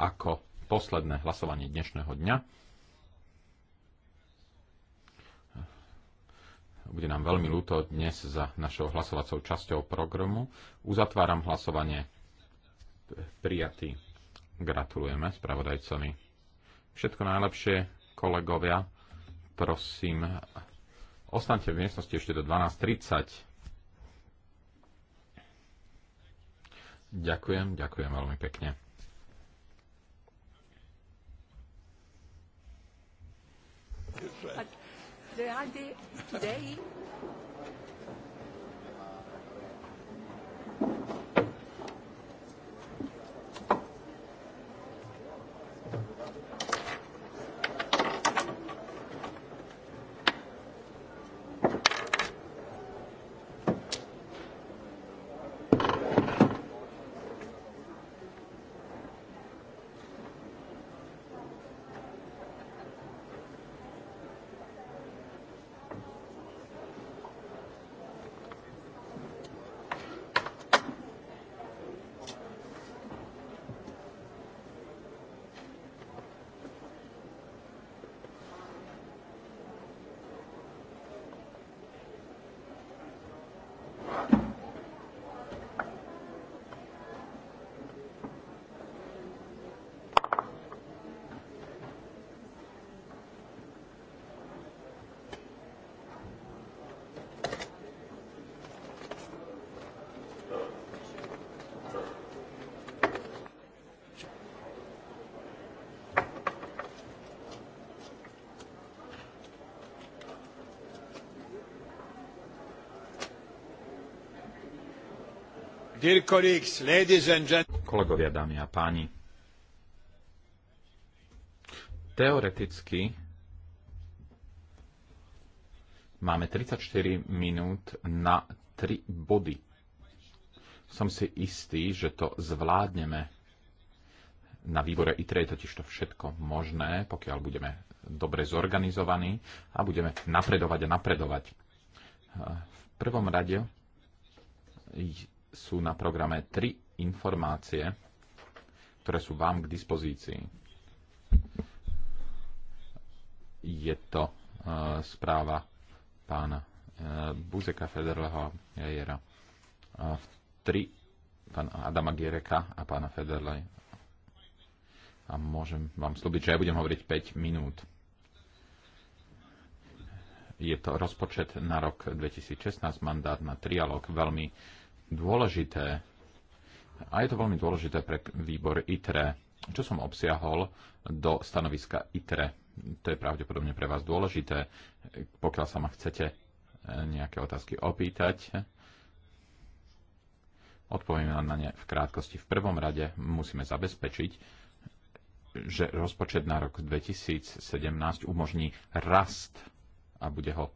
ako posledné hlasovanie dnešného dňa. Bude nám veľmi ľúto dnes za našou hlasovacou časťou programu. Uzatváram hlasovanie prijatý. Gratulujeme spravodajcovi. Všetko najlepšie, kolegovia. Prosím, ostaňte v miestnosti ešte do 12.30. Ďakujem, ďakujem veľmi pekne. But today Kolegovia, dámy a páni, teoreticky máme 34 minút na 3 body. Som si istý, že to zvládneme. Na výbore ITRE je totiž to všetko možné, pokiaľ budeme dobre zorganizovaní a budeme napredovať a napredovať. V prvom rade sú na programe tri informácie, ktoré sú vám k dispozícii. Je to e, správa pána e, Buzeka Federleho Jajera. E, tri pána Adama Giereka a pána Federle. A môžem vám slúbiť, že ja budem hovoriť 5 minút. Je to rozpočet na rok 2016, mandát na trialog, veľmi uh, dôležité, a je to veľmi dôležité pre výbor ITRE, čo som obsiahol do stanoviska ITRE. To je pravdepodobne pre vás dôležité, pokiaľ sa ma chcete eh, nejaké otázky opýtať. Odpoviem na ne v krátkosti. V prvom rade musíme zabezpečiť, že rozpočet na rok 2017 umožní rast a bude ho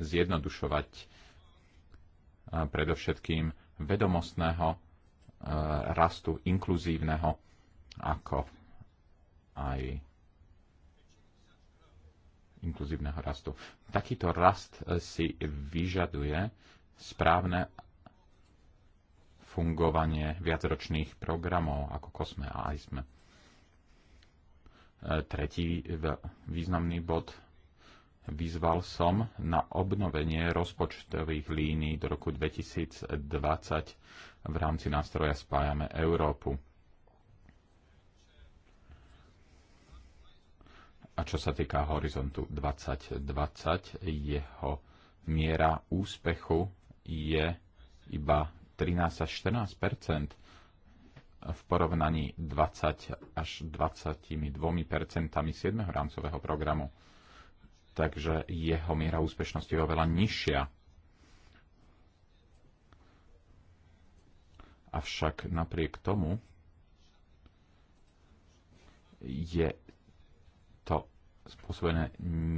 zjednodušovať eh, predovšetkým vedomostného e, rastu, inkluzívneho, ako aj inkluzívneho rastu. Takýto rast e, si vyžaduje správne fungovanie viacročných programov ako COSME a ISME. E, tretí významný bod Vyzval som na obnovenie rozpočtových línií do roku 2020 v rámci nástroja Spájame Európu. A čo sa týka horizontu 2020, jeho miera úspechu je iba 13 až 14 v porovnaní 20 až 22 7. rámcového programu takže jeho miera úspešnosti je oveľa nižšia. Avšak napriek tomu je to spôsobené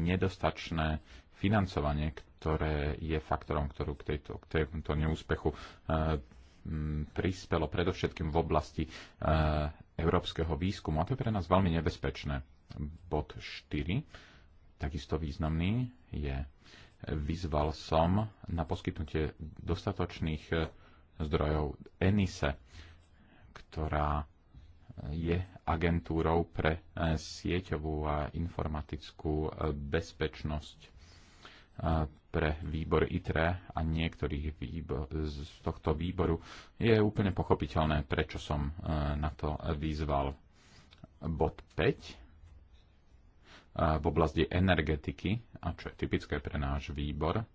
nedostačné financovanie, ktoré je faktorom, ktorú k, tejto, k tejto neúspechu e, m, prispelo predovšetkým v oblasti e, európskeho výskumu. A to je pre nás veľmi nebezpečné. Bod 4 Takisto významný je, vyzval som na poskytnutie dostatočných e, zdrojov ENISE, ktorá je agentúrou pre e, sieťovú a informatickú e, bezpečnosť pre výbor ITRE a niektorých výbor, z tohto výboru je úplne pochopiteľné, prečo som na to vyzval. Bod 5 v oblasti energetiky, a čo je typické pre náš výbor,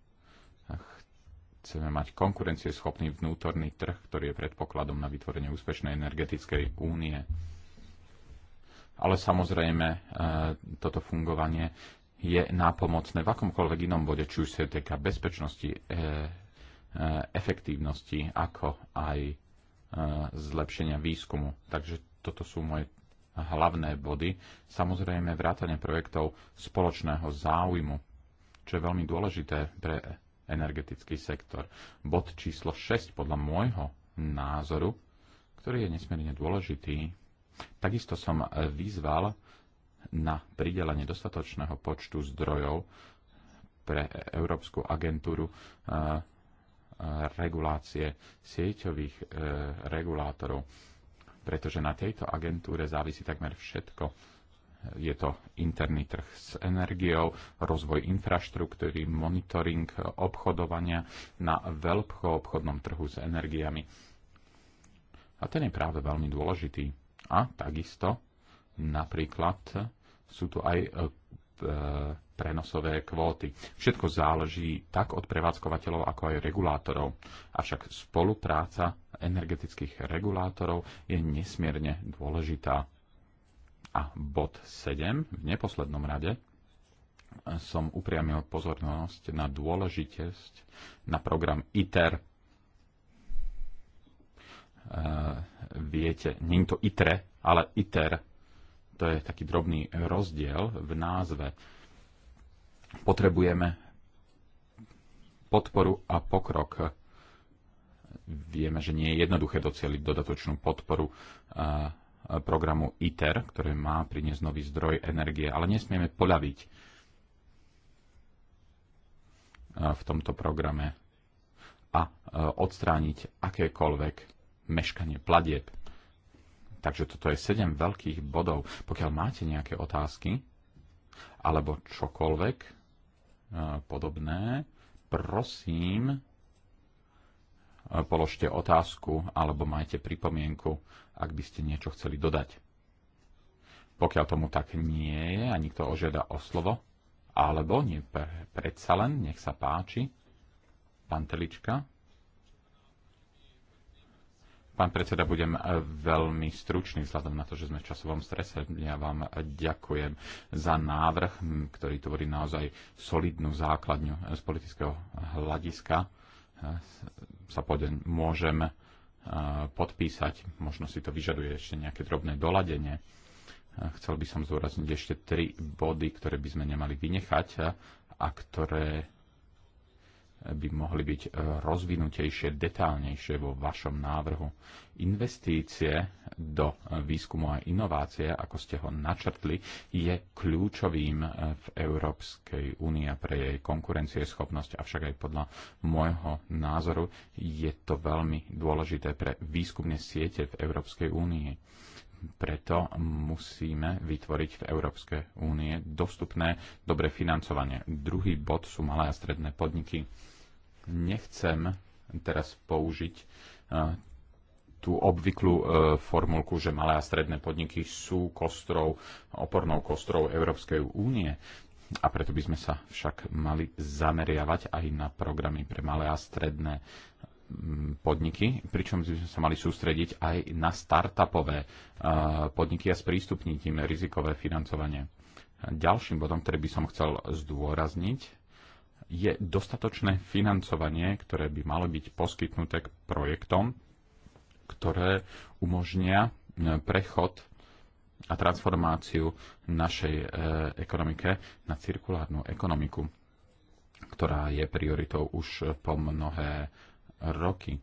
chceme mať konkurencieschopný vnútorný trh, ktorý je predpokladom na vytvorenie úspešnej energetickej únie. Ale samozrejme, e, toto fungovanie je nápomocné v akomkoľvek inom bode, či už sa týka bezpečnosti, e, e, efektívnosti, ako aj zlepšenia výskumu. Takže toto sú moje hlavné body, samozrejme vrátane projektov spoločného záujmu, čo je veľmi dôležité pre energetický sektor. Bod číslo 6 podľa môjho názoru, ktorý je nesmierne dôležitý, takisto som vyzval na pridelenie dostatočného počtu zdrojov pre Európsku agentúru eh, eh, regulácie sieťových eh, regulátorov pretože na tejto agentúre závisí takmer všetko. Je to interný trh s energiou, rozvoj infraštruktúry, monitoring obchodovania na obchodnom trhu s energiami. A ten je práve veľmi dôležitý. A takisto napríklad sú tu aj E, prenosové kvóty. Všetko záleží tak od prevádzkovateľov, ako aj regulátorov. Avšak spolupráca energetických regulátorov je nesmierne dôležitá. A bod 7 v neposlednom rade som upriamil pozornosť na dôležitosť na program ITER. E, viete, nie je to ITRE, ale ITER to je taký drobný rozdiel v názve. Potrebujeme podporu a pokrok. Vieme, že nie je jednoduché docieliť dodatočnú podporu programu ITER, ktorý má priniesť nový zdroj energie, ale nesmieme poľaviť v tomto programe a odstrániť akékoľvek meškanie platieb. Takže toto je 7 veľkých bodov. Pokiaľ máte nejaké otázky alebo čokoľvek e, podobné, prosím, e, položte otázku alebo majte pripomienku, ak by ste niečo chceli dodať. Pokiaľ tomu tak nie je a nikto ožiada o slovo, alebo nie, pre, predsa len, nech sa páči, pán Telička. Pán predseda, budem e, veľmi stručný vzhľadom na to, že sme v časovom strese. Ja vám ďakujem za návrh, ktorý tvorí naozaj solidnú základňu e, z politického hľadiska. E, sa poďme, môžem podpísať, možno si to vyžaduje ešte nejaké drobné doladenie. Chcel by som zdôrazniť ešte tri body, ktoré by sme nemali vynechať a ktoré by mohli byť e, rozvinutejšie, detálnejšie vo vašom návrhu. Investície do e, výskumu a inovácie, ako ste ho načrtli, je kľúčovým e, v Európskej únii a pre jej konkurencieschopnosť, avšak aj podľa môjho názoru je to veľmi dôležité pre výskumné siete v Európskej únii preto musíme vytvoriť v Európskej únie dostupné, dobre financovanie. Druhý bod sú malé a stredné podniky nechcem teraz použiť e, tú obvyklú e, formulku, že malé a stredné podniky sú kostrou, opornou kostrou Európskej únie. A preto by sme sa však mali zameriavať aj na programy pre malé a stredné podniky, pričom by sme sa mali sústrediť aj na startupové e, podniky a sprístupniť im rizikové financovanie. Ďalším bodom, ktorý by som chcel zdôrazniť, je dostatočné financovanie, ktoré by malo byť poskytnuté k projektom, ktoré umožnia e, prechod a transformáciu našej e, ekonomike na cirkulárnu ekonomiku, ktorá je prioritou už po mnohé roky.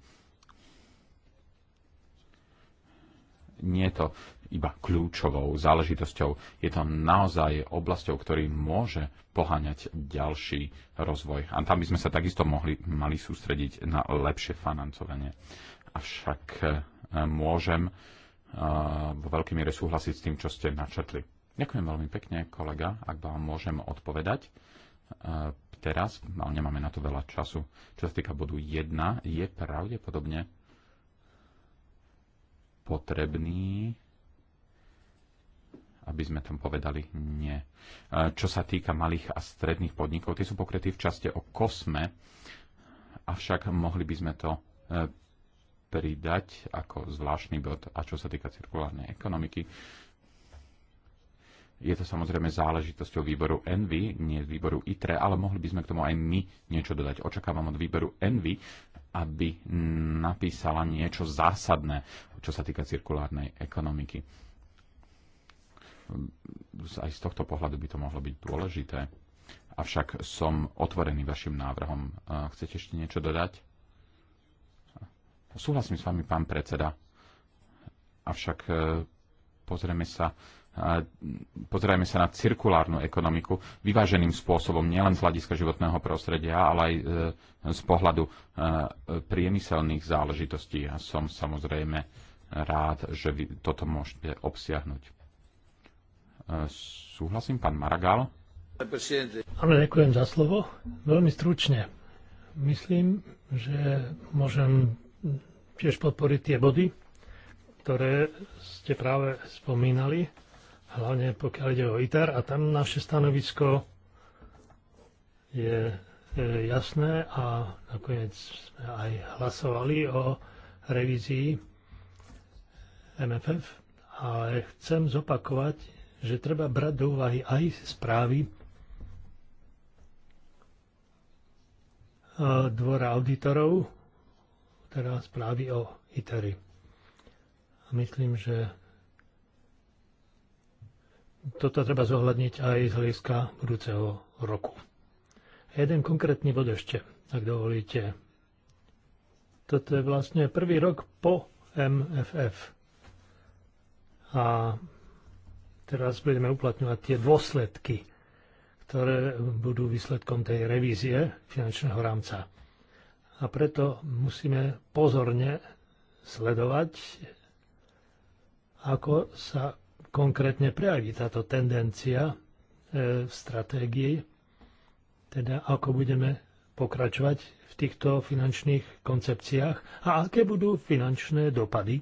Nie je to iba kľúčovou záležitosťou. Je to naozaj oblasťou, ktorý môže poháňať ďalší rozvoj. A tam by sme sa takisto mohli, mali sústrediť na lepšie financovanie. Avšak e, môžem e, vo veľkej miere súhlasiť s tým, čo ste načetli. Ďakujem veľmi pekne, kolega, ak vám môžem odpovedať e, teraz, ale no, nemáme na to veľa času. Čo sa týka bodu 1, je pravdepodobne potrebný aby sme tam povedali nie. E, čo sa týka malých a stredných podnikov, tie sú pokrytí v časte o kosme, avšak mohli by sme to e, pridať ako zvláštny bod. A čo sa týka cirkulárnej ekonomiky, je to samozrejme záležitosťou výboru Envy, nie výboru ITRE, ale mohli by sme k tomu aj my niečo dodať. Očakávam od výboru Envy, aby napísala niečo zásadné, čo sa týka cirkulárnej ekonomiky aj z tohto pohľadu by to mohlo byť dôležité. Avšak som otvorený vašim návrhom. Chcete ešte niečo dodať? Súhlasím s vami, pán predseda. Avšak e, pozrieme sa, e, pozrieme sa na cirkulárnu ekonomiku vyváženým spôsobom, nielen z hľadiska životného prostredia, ale aj e, z pohľadu priemyselných záležitostí. Ja som samozrejme rád, že vy toto môžete obsiahnuť. E, súhlasím, pán Maragal.
Áno, ďakujem za slovo. Veľmi stručne. Myslím, že môžem tiež podporiť tie body, ktoré ste práve spomínali, hlavne pokiaľ ide o ITER. A tam naše stanovisko je e, jasné a nakoniec sme aj hlasovali o revízii MFF, ale chcem zopakovať že treba brať do úvahy aj správy e, dvora auditorov, teda správy o iteri. A myslím, že toto treba zohľadniť aj z hľadiska budúceho roku. Jeden konkrétny bod ešte, ak dovolíte. Toto je vlastne prvý rok po MFF. A teraz budeme uplatňovať tie dôsledky, ktoré budú výsledkom tej revízie finančného rámca. A preto musíme pozorne sledovať, ako sa konkrétne prejaví táto tendencia e, v stratégii, teda ako budeme pokračovať v týchto finančných koncepciách a aké budú finančné dopady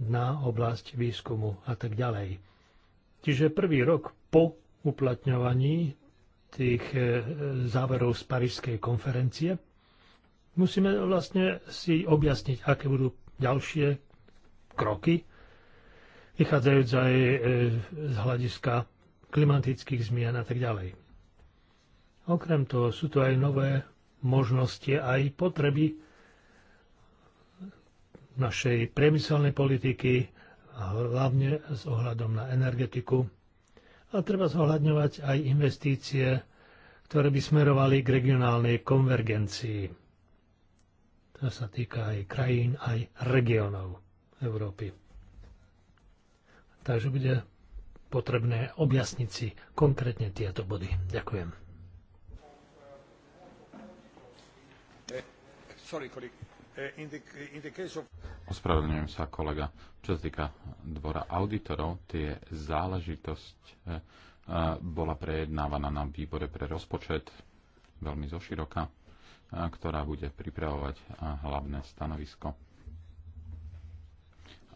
na oblasť výskumu a tak ďalej. Čiže prvý rok po uplatňovaní tých e, záverov z Parížskej konferencie musíme vlastne si objasniť, aké budú ďalšie kroky, vychádzajúc aj e, z hľadiska klimatických zmien a tak ďalej. Okrem toho sú tu aj nové možnosti, aj potreby našej priemyselnej politiky, hlavne s ohľadom na energetiku. A treba zohľadňovať aj investície, ktoré by smerovali k regionálnej konvergencii. To sa týka aj krajín, aj regionov Európy. Takže bude potrebné objasniť si konkrétne tieto body. Ďakujem.
Eh, sorry, kolik.
Ospravedlňujem sa, kolega. Čo sa týka dvora auditorov, tie záležitosť e, e, bola prejednávaná na výbore pre rozpočet veľmi zoširoka, e, ktorá bude pripravovať hlavné stanovisko.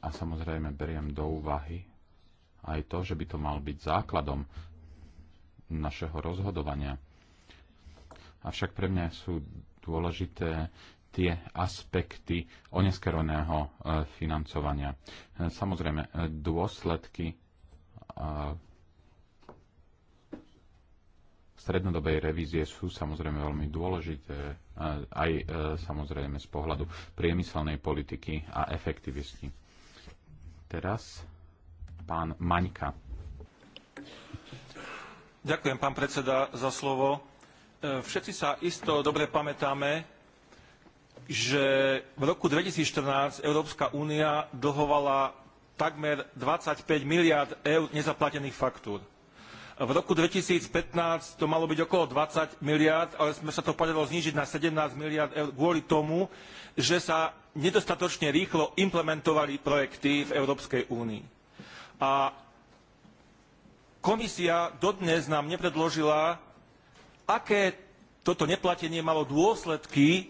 A samozrejme beriem do úvahy aj to, že by to mal byť základom našeho rozhodovania. Avšak pre mňa sú dôležité tie aspekty oneskeroného e, financovania. E, samozrejme, e, dôsledky strednodobej revízie sú samozrejme veľmi dôležité aj samozrejme z pohľadu priemyselnej politiky a efektivisti. Teraz pán Maňka.
Ďakujem, pán predseda, za slovo. Všetci sa isto dobre pamätáme, že v roku 2014 Európska únia dlhovala takmer 25 miliard eur nezaplatených faktúr. V roku 2015 to malo byť okolo 20 miliard, ale sme sa to podarilo znížiť na 17 miliard eur kvôli tomu, že sa nedostatočne rýchlo implementovali projekty v Európskej únii. A komisia dodnes nám nepredložila, aké toto neplatenie malo dôsledky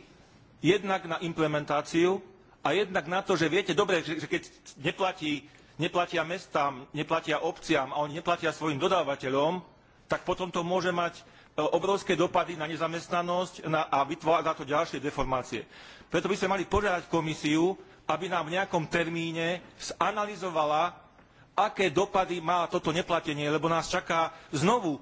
jednak na implementáciu a jednak na to, že viete dobre, že, keď neplatí, neplatia mestám, neplatia obciam a oni neplatia svojim dodávateľom, tak potom to môže mať e, obrovské dopady na nezamestnanosť a vytvára to ďalšie deformácie. Preto by sme mali požiadať komisiu, aby nám v nejakom termíne zanalizovala, aké dopady má toto neplatenie, lebo nás čaká znovu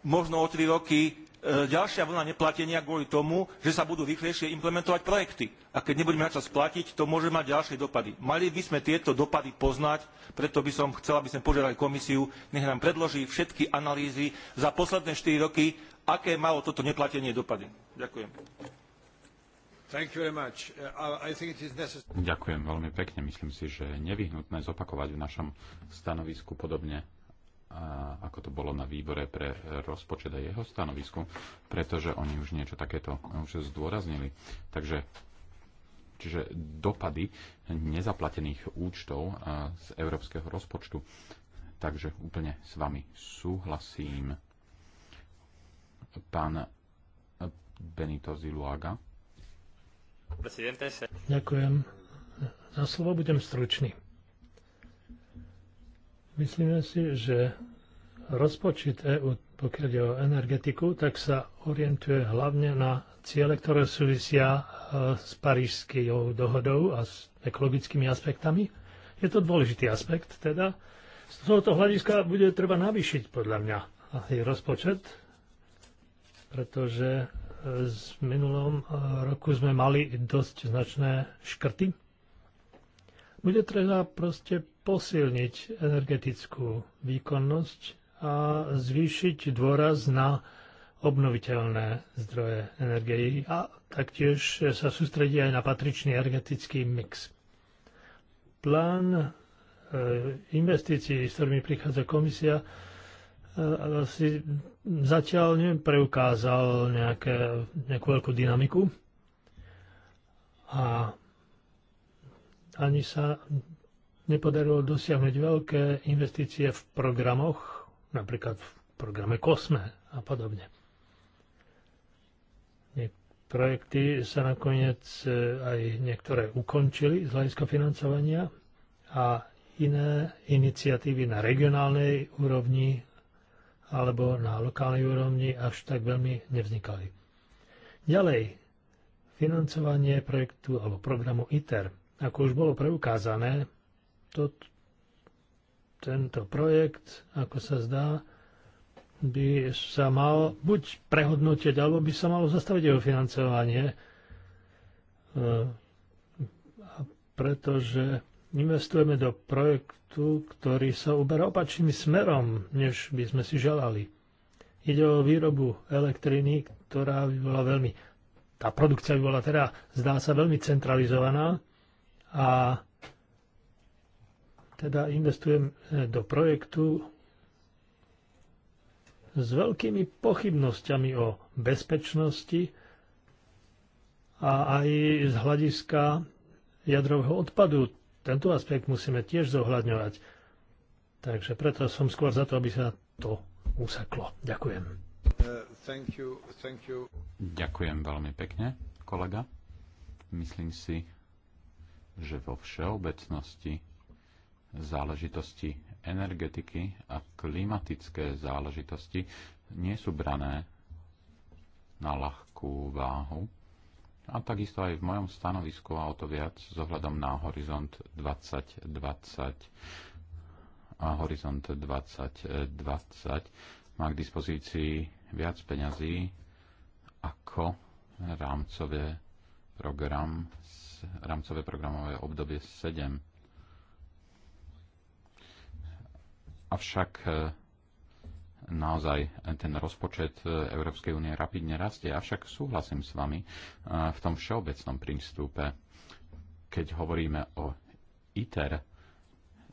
možno o tri roky E, ďalšia vlna neplatenia kvôli tomu, že sa budú rýchlejšie implementovať projekty. A keď nebudeme na čas platiť, to môže mať ďalšie dopady. Mali by sme tieto dopady poznať, preto by som chcel, aby sme požiadali komisiu, nech nám predloží všetky analýzy za posledné štyri roky, aké malo toto neplatenie dopady. Ďakujem.
Ďakujem veľmi pekne. Myslím si, že je nevyhnutné zopakovať v našom stanovisku podobne ako to bolo na výbore pre rozpočet a jeho stanovisku, pretože oni už niečo takéto už zdôraznili. Takže čiže dopady nezaplatených účtov z európskeho rozpočtu. Takže úplne s vami súhlasím. Pán Benito Ziluaga. Ďakujem.
Za slovo budem stručný. Myslíme si, že rozpočet EU, pokiaľ je o energetiku, tak sa orientuje hlavne na ciele, ktoré súvisia e, s parížskou dohodou a s ekologickými aspektami. Je to dôležitý aspekt, teda. Z tohoto hľadiska bude treba navýšiť, podľa mňa, aj rozpočet, pretože v e, minulom e, roku sme mali dosť značné škrty bude treba proste posilniť energetickú výkonnosť a zvýšiť dôraz na obnoviteľné zdroje energie a taktiež sa sústredí aj na patričný energetický mix. Plán e, investícií, s ktorými prichádza komisia, e, si zatiaľ nepreukázal nejaké, nejakú veľkú dynamiku. A ani sa nepodarilo dosiahnuť veľké investície v programoch, napríklad v programe Kosme a podobne. Projekty sa nakoniec e, aj niektoré ukončili z hľadiska financovania a iné iniciatívy na regionálnej úrovni alebo na lokálnej úrovni až tak veľmi nevznikali. Ďalej, financovanie projektu alebo programu ITER – ako už bolo preukázané, to, tento projekt, ako sa zdá, by sa mal buď prehodnotiť, alebo by sa malo zastaviť jeho financovanie, e, pretože investujeme do projektu, ktorý sa uberá opačným smerom, než by sme si želali. Ide o výrobu elektriny, ktorá by bola veľmi... Tá produkcia by bola teda, zdá sa, veľmi centralizovaná a teda investujem eh, do projektu s veľkými pochybnosťami o bezpečnosti a aj z hľadiska jadrového odpadu. Tento aspekt musíme tiež zohľadňovať. Takže preto som skôr za to, aby sa to úseklo. Ďakujem. Uh,
thank you, thank you. Ďakujem veľmi pekne, kolega. Myslím si, že vo všeobecnosti záležitosti energetiky a klimatické záležitosti nie sú brané na ľahkú váhu. A takisto aj v mojom stanovisku a o to viac s ohľadom na horizont 2020 a horizont 2020 má k dispozícii viac peňazí ako rámcové program, rámcové programové obdobie 7. Avšak e, naozaj ten rozpočet e, Európskej únie rapidne rastie. Avšak súhlasím s vami e, v tom všeobecnom prístupe. Keď hovoríme o ITER,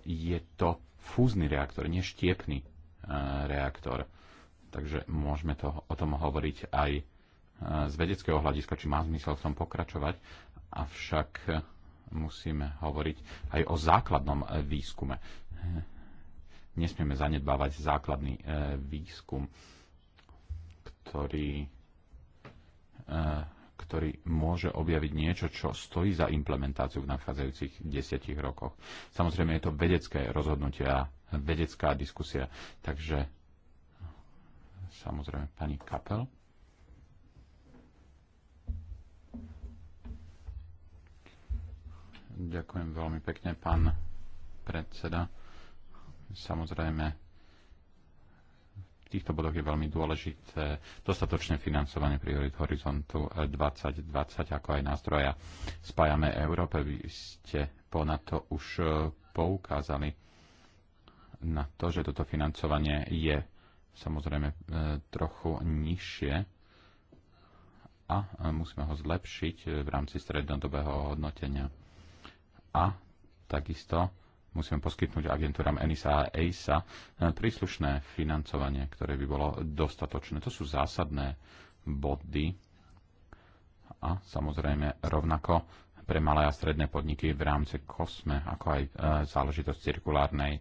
je to fúzny reaktor, nie štiepný reaktor. Takže môžeme to, o tom hovoriť aj z vedeckého hľadiska, či má zmysel v tom pokračovať, avšak musíme hovoriť aj o základnom e, výskume. Nesmieme zanedbávať základný e, výskum, ktorý, e, ktorý môže objaviť niečo, čo stojí za implementáciu v nadchádzajúcich desiatich rokoch. Samozrejme je to vedecké rozhodnutie a vedecká diskusia, takže samozrejme pani Kapel. Ďakujem veľmi pekne, pán predseda. Samozrejme, v týchto bodoch je veľmi dôležité dostatočné financovanie priorit Horizontu 2020, eh, ako aj nástroja Spájame Európe. Vy ste ponad to už eh, poukázali na to, že toto financovanie je samozrejme eh, trochu nižšie a musíme ho zlepšiť v rámci strednodobého hodnotenia a takisto musíme poskytnúť agentúram NISA a EISA e, príslušné financovanie, ktoré by bolo dostatočné. To sú zásadné body a samozrejme rovnako pre malé a stredné podniky v rámci COSME, ako aj e, záležitosť cirkulárnej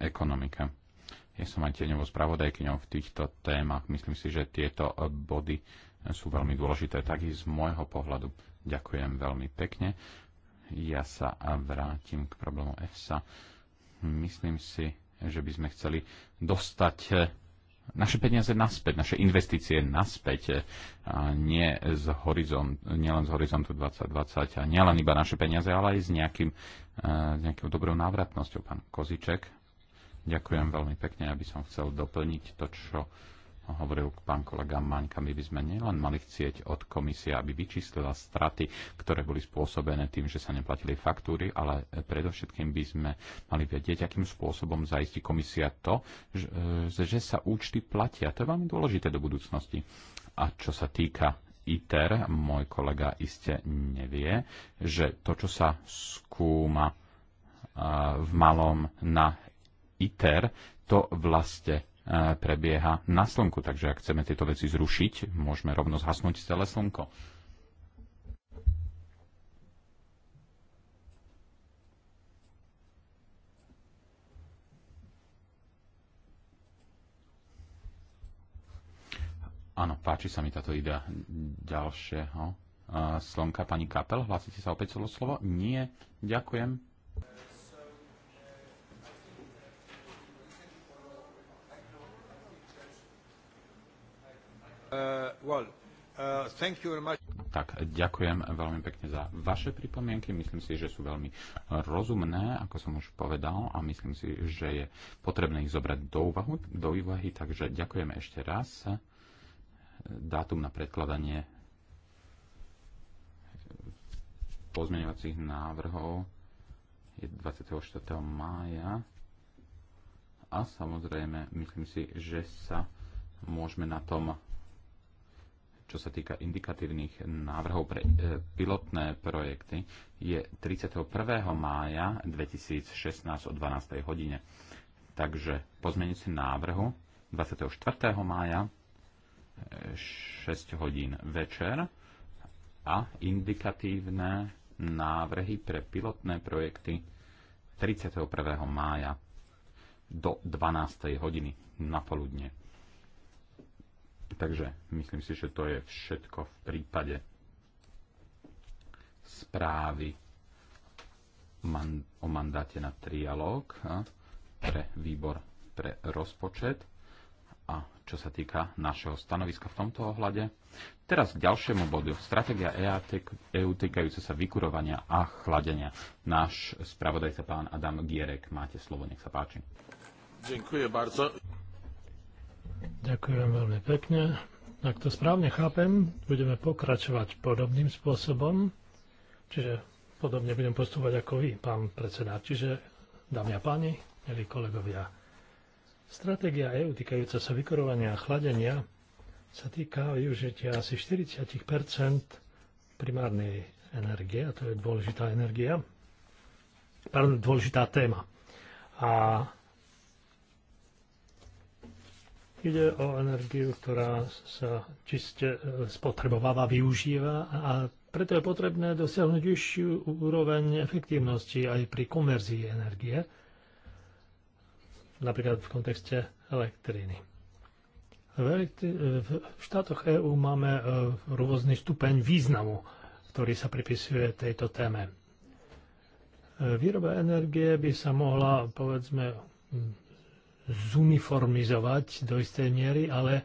ekonomike. Ja som aj tieňovou spravodajkyňou v týchto témach. Myslím si, že tieto e, body sú veľmi dôležité, tak i z môjho pohľadu. Ďakujem veľmi pekne ja sa vrátim k problému EFSA. Myslím si, že by sme chceli dostať eh, naše peniaze naspäť, naše investície naspäť, eh, a nie, z horizont, nielen z horizontu 2020 a nielen iba naše peniaze, ale aj s nejakým, eh, s nejakou dobrou návratnosťou. Pán Koziček, ďakujem veľmi pekne, aby som chcel doplniť to, čo hovoril pán kolega Maňka, my by sme nielen mali chcieť od komisie, aby vyčíslila straty, ktoré boli spôsobené tým, že sa neplatili faktúry, ale predovšetkým by sme mali vedieť, akým spôsobom zaistí komisia to, že, e, že sa účty platia. To je veľmi dôležité do budúcnosti. A čo sa týka ITER, môj kolega iste nevie, že to, čo sa skúma e, v malom na ITER, to vlastne prebieha na slnku. Takže ak chceme tieto veci zrušiť, môžeme rovno zhasnúť celé slnko. Áno, páči sa mi táto idea ďalšieho slnka. Pani Kapel, hlásite sa opäť slovo? Nie, ďakujem.
Uh, uh,
tak, ďakujem veľmi pekne za vaše pripomienky. Myslím si, že sú veľmi rozumné, ako som už povedal, a myslím si, že je potrebné ich zobrať do, úvahu, do úvahy. Takže ďakujem ešte raz. Dátum na predkladanie pozmeňovacích návrhov je 24. mája a samozrejme myslím si, že sa môžeme na tom čo sa týka indikatívnych návrhov pre e, pilotné projekty, je 31. mája 2016 o 12. hodine. Takže pozmeniť si návrhu 24. mája 6 e, hodín večer a indikatívne návrhy pre pilotné projekty 31. mája do 12. hodiny na poludne. Takže myslím si, že to je všetko v prípade správy man- o mandáte na trialóg pre výbor pre rozpočet a čo sa týka našeho stanoviska v tomto ohľade. Teraz k ďalšiemu bodu. Stratégia EU e týkajúca sa vykurovania a chladenia. Náš spravodajca pán Adam Gierek, máte slovo, nech sa páči. Ďakujem bardzo.
Ďakujem veľmi pekne. Ak to správne chápem, budeme pokračovať podobným spôsobom, čiže podobne budem postupovať ako vy, pán predseda. Čiže, dámy a páni, milí kolegovia, stratégia EU týkajúca sa vykorovania a chladenia sa týka využitia asi 40 primárnej energie, a to je dôležitá energia, pardon, dôležitá téma. A Ide o energiu, ktorá sa čiste e, spotrebováva, využíva a preto je potrebné dosiahnuť vyššiu úroveň efektívnosti aj pri konverzii energie, napríklad v kontexte elektriny. V štátoch EÚ máme e, rôzny stupeň významu, ktorý sa pripisuje tejto téme. E, výroba energie by sa mohla, povedzme, zuniformizovať do istej miery, ale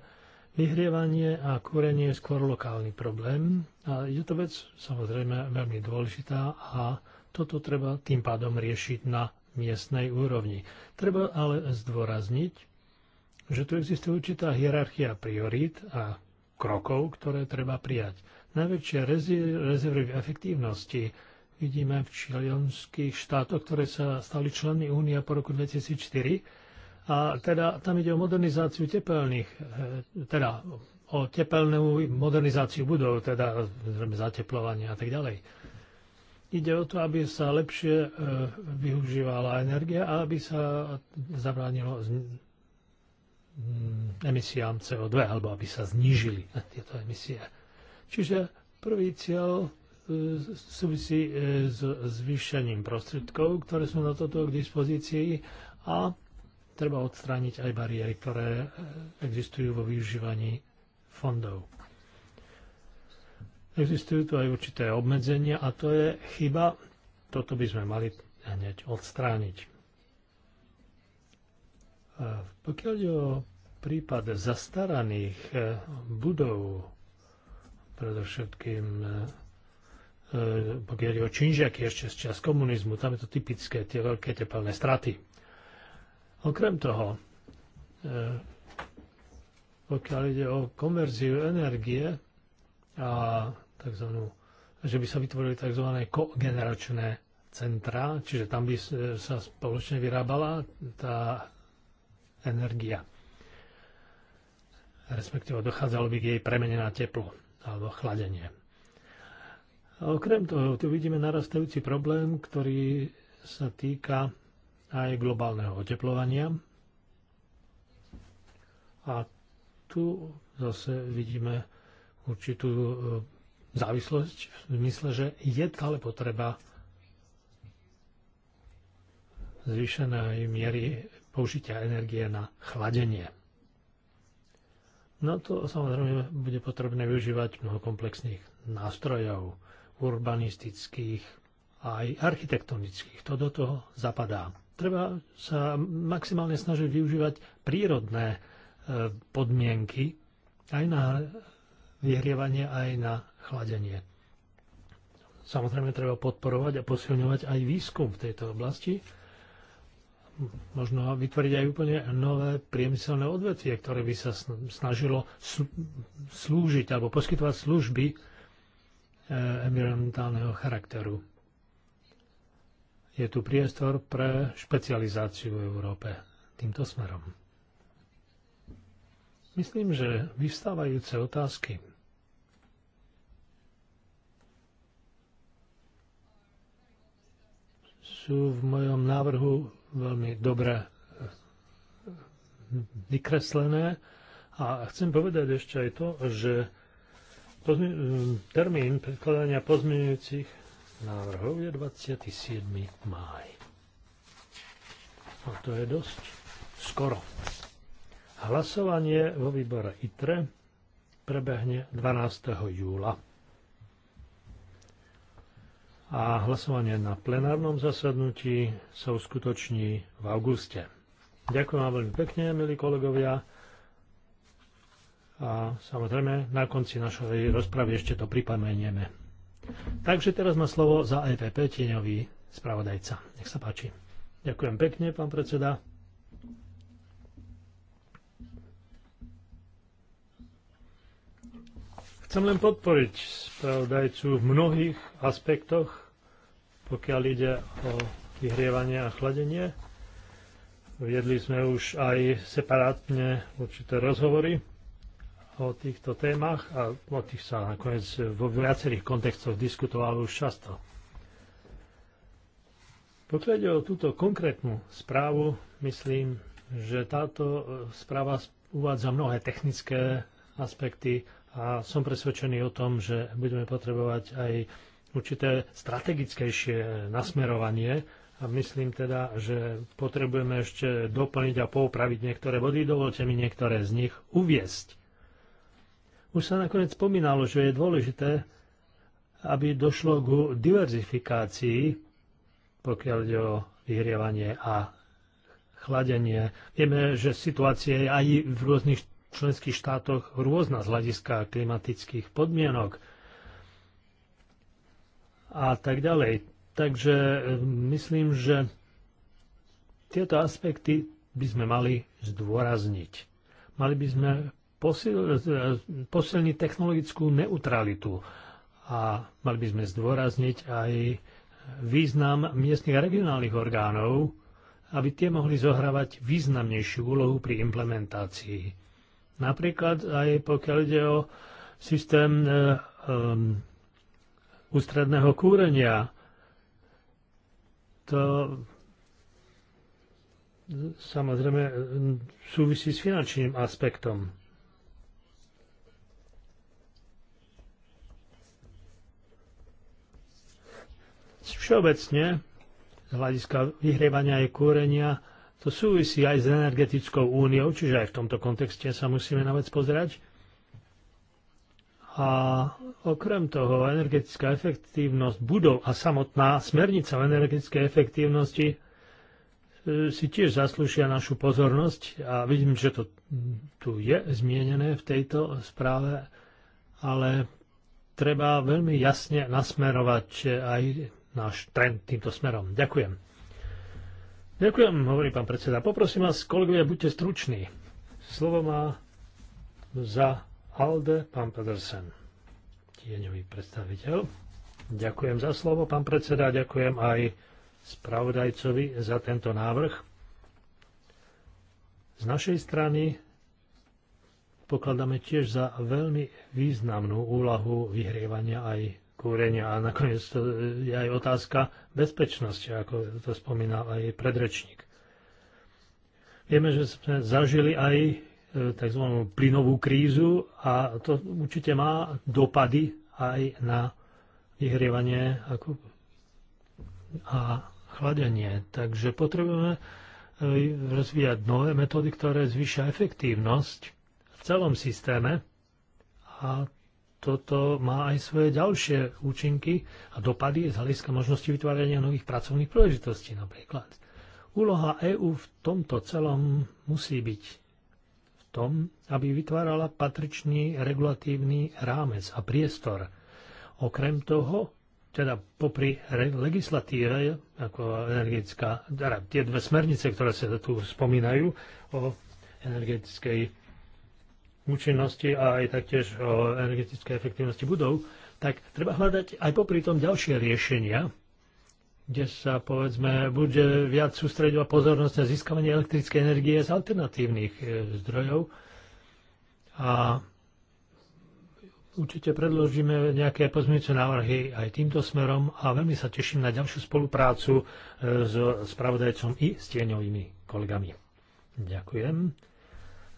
vyhrievanie a kúrenie je skôr lokálny problém. A je to vec samozrejme veľmi dôležitá a toto treba tým pádom riešiť na miestnej úrovni. Treba ale zdôrazniť, že tu existuje určitá hierarchia priorít a krokov, ktoré treba prijať. Najväčšie rezervy v efektívnosti vidíme v členských štátoch, ktoré sa stali členmi únia po roku 2004 a teda tam ide o modernizáciu tepelných, eh, teda o tepelnú modernizáciu budov, teda zateplovanie a tak ďalej. Ide o to, aby sa lepšie eh, využívala energia a aby sa zabránilo mm, emisiám CO2, alebo aby sa znížili tieto emisie. Čiže prvý cieľ eh, súvisí s zvýšením prostriedkov, ktoré sú na toto k dispozícii a treba odstrániť aj bariéry, ktoré e, existujú vo využívaní fondov. Existujú tu aj určité obmedzenia a to je chyba. Toto by sme mali hneď odstrániť. E, pokiaľ je o prípad zastaraných e, budov, predovšetkým pokiaľ je o činžiaky ešte z čas komunizmu, tam je to typické, tie veľké tepelné straty Okrem toho, e, pokiaľ ide o komerziu energie a tzv. že by sa vytvorili tzv. kogeneračné centra, čiže tam by e, sa spoločne vyrábala tá energia. Respektíve dochádzalo by k jej premene na teplo alebo chladenie. A okrem toho, tu vidíme narastajúci problém, ktorý sa týka aj globálneho oteplovania. A tu zase vidíme určitú e, závislosť v zmysle, že je ale potreba zvýšenej miery použitia energie na chladenie. No to samozrejme bude potrebné využívať mnoho komplexných nástrojov, urbanistických a aj architektonických. To do toho zapadá treba sa maximálne snažiť využívať prírodné e, podmienky aj na vyhrievanie, aj na chladenie. Samozrejme treba podporovať a posilňovať aj výskum v tejto oblasti. Možno vytvoriť aj úplne nové priemyselné odvetvie, ktoré by sa snažilo slúžiť alebo poskytovať služby e, environmentálneho charakteru je tu priestor pre špecializáciu v Európe týmto smerom. Myslím, že vyvstávajúce otázky sú v mojom návrhu veľmi dobre eh, vykreslené a chcem povedať ešte aj to, že eh, termín predkladania pozmeňujúcich návrhov je 27. máj. A to je dosť skoro. Hlasovanie vo výbore ITRE prebehne 12. júla. A hlasovanie na plenárnom zasadnutí sa uskutoční v auguste. Ďakujem vám veľmi pekne, milí kolegovia. A samozrejme, na konci našej rozpravy ešte to pripomenieme. Takže teraz má slovo za EPP tieňový spravodajca. Nech sa páči. Ďakujem pekne, pán predseda. Chcem len podporiť spravodajcu v mnohých aspektoch, pokiaľ ide o vyhrievanie a chladenie. Viedli sme už aj separátne určité rozhovory o týchto témach a o tých sa nakoniec vo viacerých kontextoch diskutovalo už často. Pokiaľ ide o túto konkrétnu správu, myslím, že táto e, správa uvádza mnohé technické aspekty a som presvedčený o tom, že budeme potrebovať aj určité strategickejšie nasmerovanie a myslím teda, že potrebujeme ešte doplniť a poupraviť niektoré body. Dovolte mi niektoré z nich uviesť. Už sa nakoniec spomínalo, že je dôležité, aby došlo k diverzifikácii, pokiaľ ide o vyhrievanie a chladenie. Vieme, že situácia je aj v rôznych členských štátoch rôzna z hľadiska klimatických podmienok a tak ďalej. Takže eh, myslím, že tieto aspekty by sme mali zdôrazniť. Mali by sme posil, posilniť technologickú neutralitu a mali by sme zdôrazniť aj význam miestnych a regionálnych orgánov, aby tie mohli zohrávať významnejšiu úlohu pri implementácii. Napríklad aj pokiaľ ide o systém e, ústredného kúrenia, to samozrejme súvisí s finančným aspektom Všeobecne, z hľadiska vyhrievania aj kúrenia, to súvisí aj s energetickou úniou, čiže aj v tomto kontexte sa musíme na vec pozerať. A okrem toho energetická efektívnosť budov a samotná smernica o energetickej efektívnosti e, si tiež zaslúšia našu pozornosť a vidím, že to tu je zmienené v tejto správe, ale treba veľmi jasne nasmerovať aj náš trend týmto smerom. Ďakujem. Ďakujem, hovorí pán predseda. Poprosím vás, kolegovia, buďte struční. Slovo má za Alde pán Pedersen, tieňový predstaviteľ. Ďakujem za slovo, pán predseda. Ďakujem aj spravodajcovi za tento návrh. Z našej strany pokladáme tiež za veľmi významnú úlahu vyhrievania aj kúrenia. A nakoniec to je aj otázka bezpečnosti, ako to spomínal aj predrečník. Vieme, že sme zažili aj e, tzv. plynovú krízu a to určite má dopady aj na vyhrievanie a chladenie. Takže potrebujeme e, rozvíjať nové metódy, ktoré zvyšia efektívnosť v celom systéme a toto má aj svoje ďalšie účinky a dopady z hľadiska možnosti vytvárania nových pracovných príležitostí napríklad. Úloha EÚ v tomto celom musí byť v tom, aby vytvárala patričný regulatívny rámec a priestor. Okrem toho, teda popri legislatíve, ako energetická, teda tie dve smernice, ktoré sa tu spomínajú o energetickej účinnosti a aj taktiež o energetickej efektivnosti budov, tak treba hľadať aj popri tom ďalšie riešenia, kde sa povedzme bude viac sústredovať pozornosť na získavanie elektrickej energie z alternatívnych e, zdrojov a určite predložíme nejaké pozmeňujúce návrhy aj týmto smerom a veľmi sa teším na ďalšiu spoluprácu e, s spravodajcom i s tieňovými kolegami. Ďakujem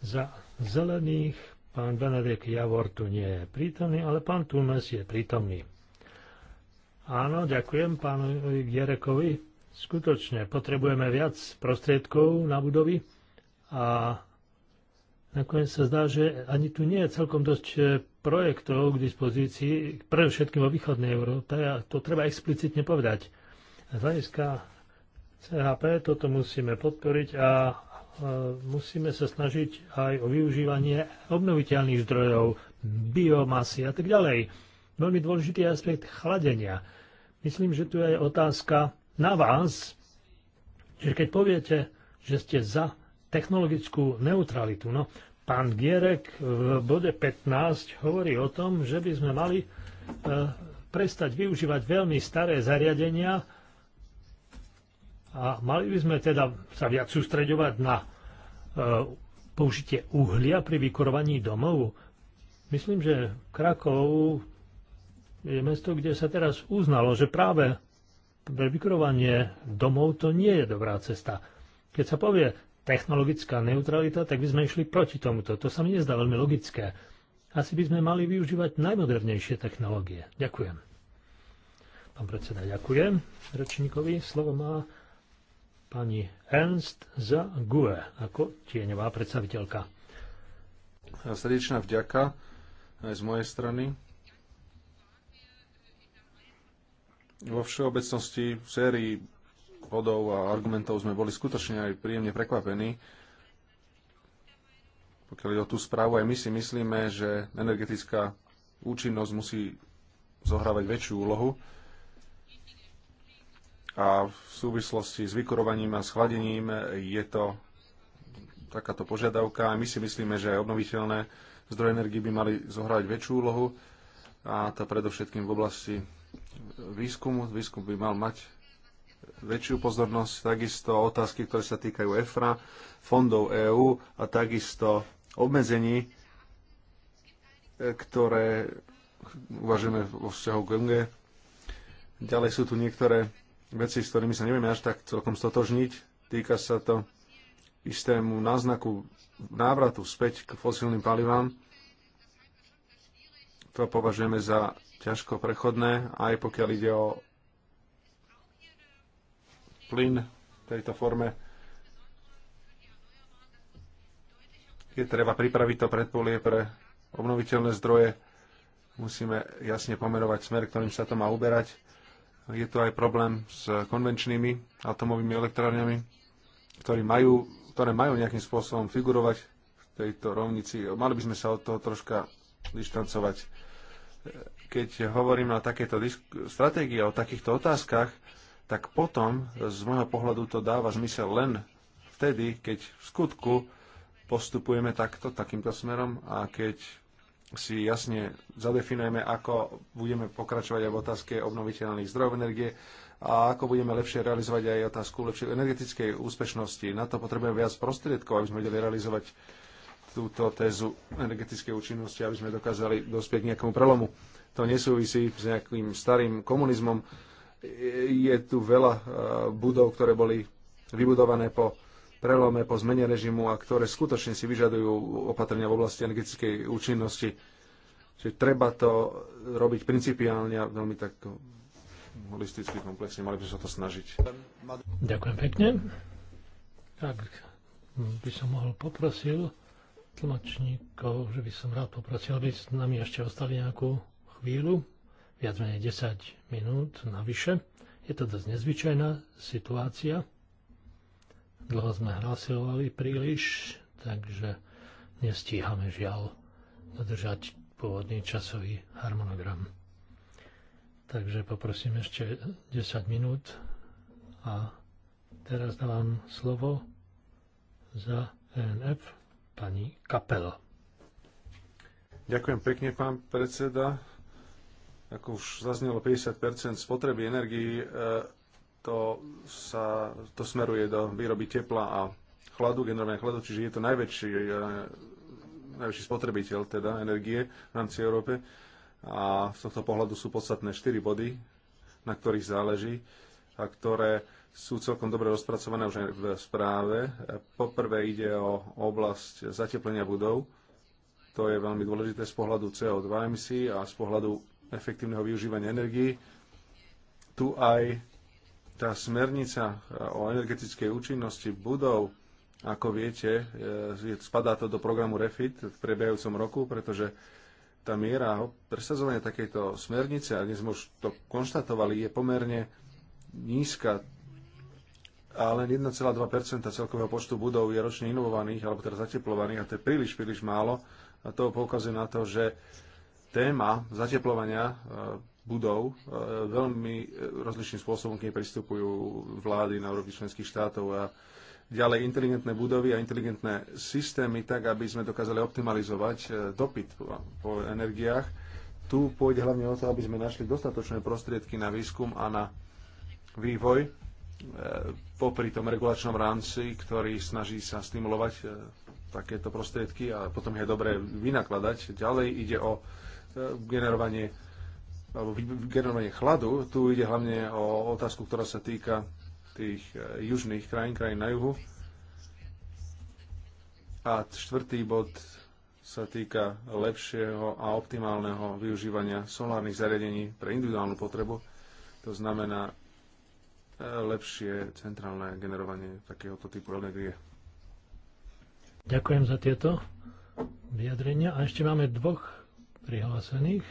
za zelených pán Benedek Javor tu nie je prítomný, ale pán Tulmes je prítomný. Áno, ďakujem pánovi Gierekovi. Skutočne potrebujeme viac prostriedkov na budovy a nakoniec sa zdá, že ani tu nie je celkom dosť e, projektov k dispozícii, pre všetkým vo východnej Európe a to treba explicitne povedať. Z hľadiska CHP toto musíme podporiť a E, musíme sa snažiť aj o využívanie obnoviteľných zdrojov, biomasy a tak ďalej. Veľmi dôležitý aspekt chladenia. Myslím, že tu je otázka na vás, že keď poviete, že ste za technologickú neutralitu, no pán Gierek v bode 15 hovorí o tom, že by sme mali e, prestať využívať veľmi staré zariadenia a mali by sme teda sa viac sústreďovať na e, použitie uhlia pri vykurovaní domov. Myslím, že Krakov je mesto, kde sa teraz uznalo, že práve pre vykurovanie domov to nie je dobrá cesta. Keď sa povie technologická neutralita, tak by sme išli proti tomuto. To sa mi nezdá veľmi logické. Asi by sme mali využívať najmodernejšie technológie. Ďakujem. Pán predseda, ďakujem. Rečníkovi slovo má pani Ernst z GUE ako tieňová predstaviteľka.
Srdečná vďaka aj z mojej strany. Vo všeobecnosti v sérii bodov a argumentov sme boli skutočne aj príjemne prekvapení. Pokiaľ je o tú správu, aj my si myslíme, že energetická účinnosť musí zohrávať väčšiu úlohu a v súvislosti s vykurovaním a schladením je to takáto požiadavka my si myslíme, že aj obnoviteľné zdroje energii by mali zohrať väčšiu úlohu a to predovšetkým v oblasti výskumu. Výskum by mal mať väčšiu pozornosť, takisto otázky, ktoré sa týkajú EFRA, fondov EÚ a takisto obmedzení, ktoré uvažujeme vo vzťahu k Ďalej sú tu niektoré veci, s ktorými sa nevieme až tak celkom stotožniť. Týka sa to istému náznaku návratu späť k fosílnym palivám. To považujeme za ťažko prechodné, aj pokiaľ ide o plyn v tejto forme. Je treba pripraviť to predpolie pre obnoviteľné zdroje. Musíme jasne pomerovať smer, ktorým sa to má uberať je tu aj problém s konvenčnými atomovými elektrárňami, ktoré majú, ktoré majú nejakým spôsobom figurovať v tejto rovnici. Mali by sme sa od toho troška dištancovať. Keď hovorím na takéto stratégie o takýchto otázkach, tak potom z môjho pohľadu to dáva zmysel len vtedy, keď v skutku postupujeme takto, takýmto smerom a keď si jasne zadefinujeme, ako budeme pokračovať aj v otázke obnoviteľných zdrojov energie a ako budeme lepšie realizovať aj otázku lepšej energetickej úspešnosti. Na to potrebujeme viac prostriedkov, aby sme vedeli realizovať túto tézu energetickej účinnosti, aby sme dokázali dospieť k nejakému prelomu. To nesúvisí s nejakým starým komunizmom. Je tu veľa eh, budov, ktoré boli vybudované po prelome, po zmene režimu a ktoré skutočne si vyžadujú opatrenia v oblasti energetickej účinnosti. Čiže treba to robiť principiálne a veľmi tak holisticky, komplexne. Mali by sa to snažiť.
Ďakujem pekne. Tak by som mohol poprosil tlmočníkov, že by som rád poprosil, aby s nami ešte ostali nejakú chvíľu, viac menej 10 minút navyše. Je to dosť nezvyčajná situácia. Dlho sme hlasovali príliš, takže nestíhame žiaľ dodržať pôvodný časový harmonogram. Takže poprosím ešte 10 minút a teraz dávam slovo za ENF pani Kapela.
Ďakujem pekne, pán predseda. Ako už zaznelo, 50 spotreby energii e, to, sa, to smeruje do výroby tepla a chladu, generovania chladu, čiže je to najväčší, eh, najväčší spotrebiteľ teda energie v rámci Európe. A z tohto pohľadu sú podstatné 4 body, na ktorých záleží a ktoré sú celkom dobre rozpracované už aj v správe. Poprvé ide o oblasť zateplenia budov. To je veľmi dôležité z pohľadu CO2 emisí a z pohľadu efektívneho využívania energií. Tu aj tá smernica o energetickej účinnosti budov, ako viete, e, spadá to do programu REFIT v prebiehajúcom roku, pretože tá miera presadzovania takejto smernice, a dnes sme už to konštatovali, je pomerne nízka a len 1,2 celkového počtu budov je ročne inovovaných alebo teda zateplovaných a to je príliš, príliš málo a to poukazuje na to, že téma zateplovania e, budov e, veľmi e, rozličným spôsobom k nej pristupujú vlády na úrovni členských štátov a ďalej inteligentné budovy a inteligentné systémy tak, aby sme dokázali optimalizovať e, dopyt po energiách. Tu pôjde hlavne o to, aby sme našli dostatočné prostriedky na výskum a na vývoj popri tom regulačnom rámci, ktorý snaží sa stimulovať takéto prostriedky a potom je dobré vynakladať. Ďalej ide o generovanie alebo generovanie chladu. Tu ide hlavne o otázku, ktorá sa týka tých e, južných krajín, krajín na juhu. A štvrtý bod sa týka lepšieho a optimálneho využívania solárnych zariadení pre individuálnu potrebu. To znamená e, lepšie centrálne generovanie takéhoto typu energie.
Ďakujem za tieto vyjadrenia. A ešte máme dvoch prihlásených.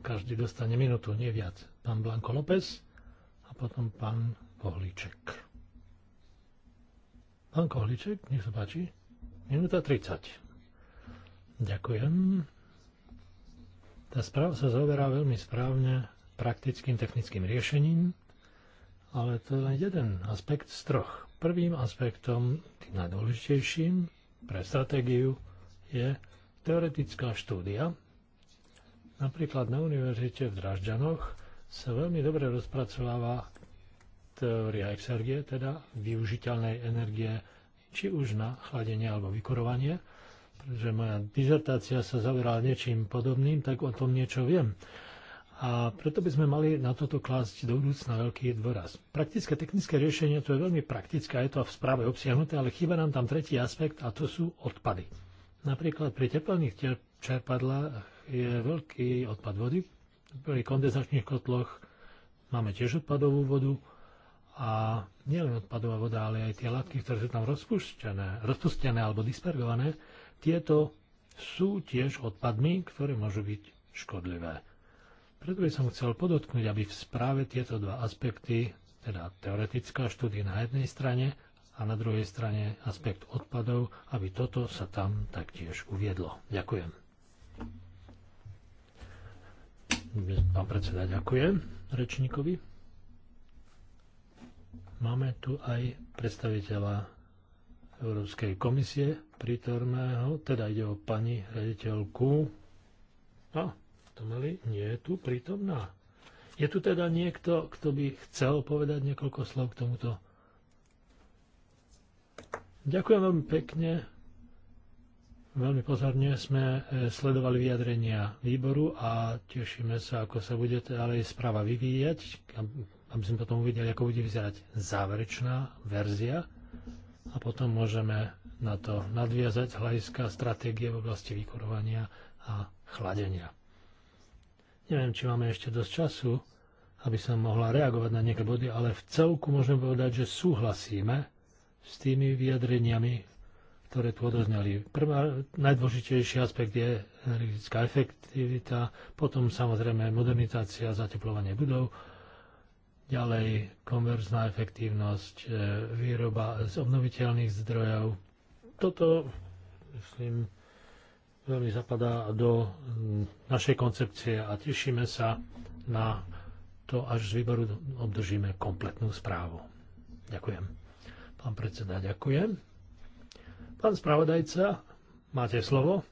Každý dostane minútu, nie viac. Pán Blanko López a potom pán Kohlíček. Pán Kohlíček, nech sa páči. Minúta 30. Ďakujem. Tá správa sa zaoberá veľmi správne praktickým technickým riešením, ale to je len jeden aspekt z troch. Prvým aspektom, tým najdôležitejším pre stratégiu, je teoretická štúdia, Napríklad na univerzite v Dražďanoch sa veľmi dobre rozpracováva teória exergie, teda využiteľnej energie, či už na chladenie alebo vykurovanie, pretože moja dizertácia sa zaverala niečím podobným, tak o tom niečo viem. A preto by sme mali na toto klásť do budúcna veľký dôraz. Praktické technické riešenie to je veľmi praktické je to v správe obsiahnuté, ale chýba nám tam tretí aspekt a to sú odpady. Napríklad pri teplných čerpadlách je veľký odpad vody. Pri kondenzačných kotloch máme tiež odpadovú vodu a nielen odpadová voda, ale aj tie látky, ktoré sú tam rozpustené, rozpustené alebo dispergované, tieto sú tiež odpadmi, ktoré môžu byť škodlivé. Preto by som chcel podotknúť, aby v správe tieto dva aspekty, teda teoretická štúdia na jednej strane a na druhej strane aspekt odpadov, aby toto sa tam taktiež uviedlo. Ďakujem. Pán predseda, ďakujem rečníkovi. Máme tu aj predstaviteľa Európskej komisie prítorného, teda ide o pani rediteľku. A, to mali, nie je tu prítomná. Je tu teda niekto, kto by chcel povedať niekoľko slov k tomuto? Ďakujem veľmi pekne Veľmi pozorne sme e, sledovali vyjadrenia výboru a tešíme sa, ako sa bude ďalej správa vyvíjať, aby sme potom uvideli, ako bude vyzerať záverečná verzia a potom môžeme na to nadviazať hľadiska stratégie v oblasti vykurovania a chladenia. Neviem, či máme ešte dosť času, aby som mohla reagovať na niektoré body, ale v celku môžeme povedať, že súhlasíme s tými vyjadreniami, ktoré tu odozneli. Prvá najdôležitejší aspekt je energetická efektivita, potom samozrejme modernizácia, zateplovanie budov, ďalej konverzná efektívnosť, e, výroba z obnoviteľných zdrojov. Toto, myslím, veľmi zapadá do našej koncepcie a tešíme sa na to, až z výboru obdržíme kompletnú správu. Ďakujem. Pán predseda, ďakujem. Pán spravodajca, máte slovo.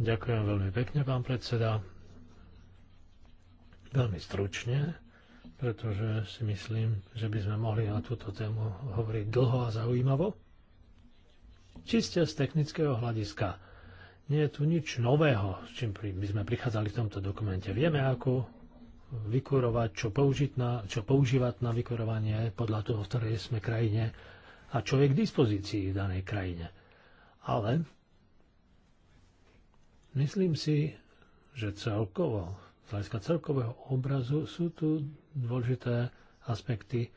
Ďakujem veľmi pekne, pán predseda. Veľmi stručne, pretože si myslím, že by sme mohli na túto tému hovoriť dlho a zaujímavo. Čiste z technického hľadiska. Nie je tu nič nového, s čím by sme prichádzali v tomto dokumente. Vieme, ako vykurovať, čo, použiť na, čo používať na vykurovanie podľa toho, v ktorej sme krajine a čo je k dispozícii v danej krajine. Ale myslím si, že celkovo, z hľadiska celkového obrazu sú tu dôležité aspekty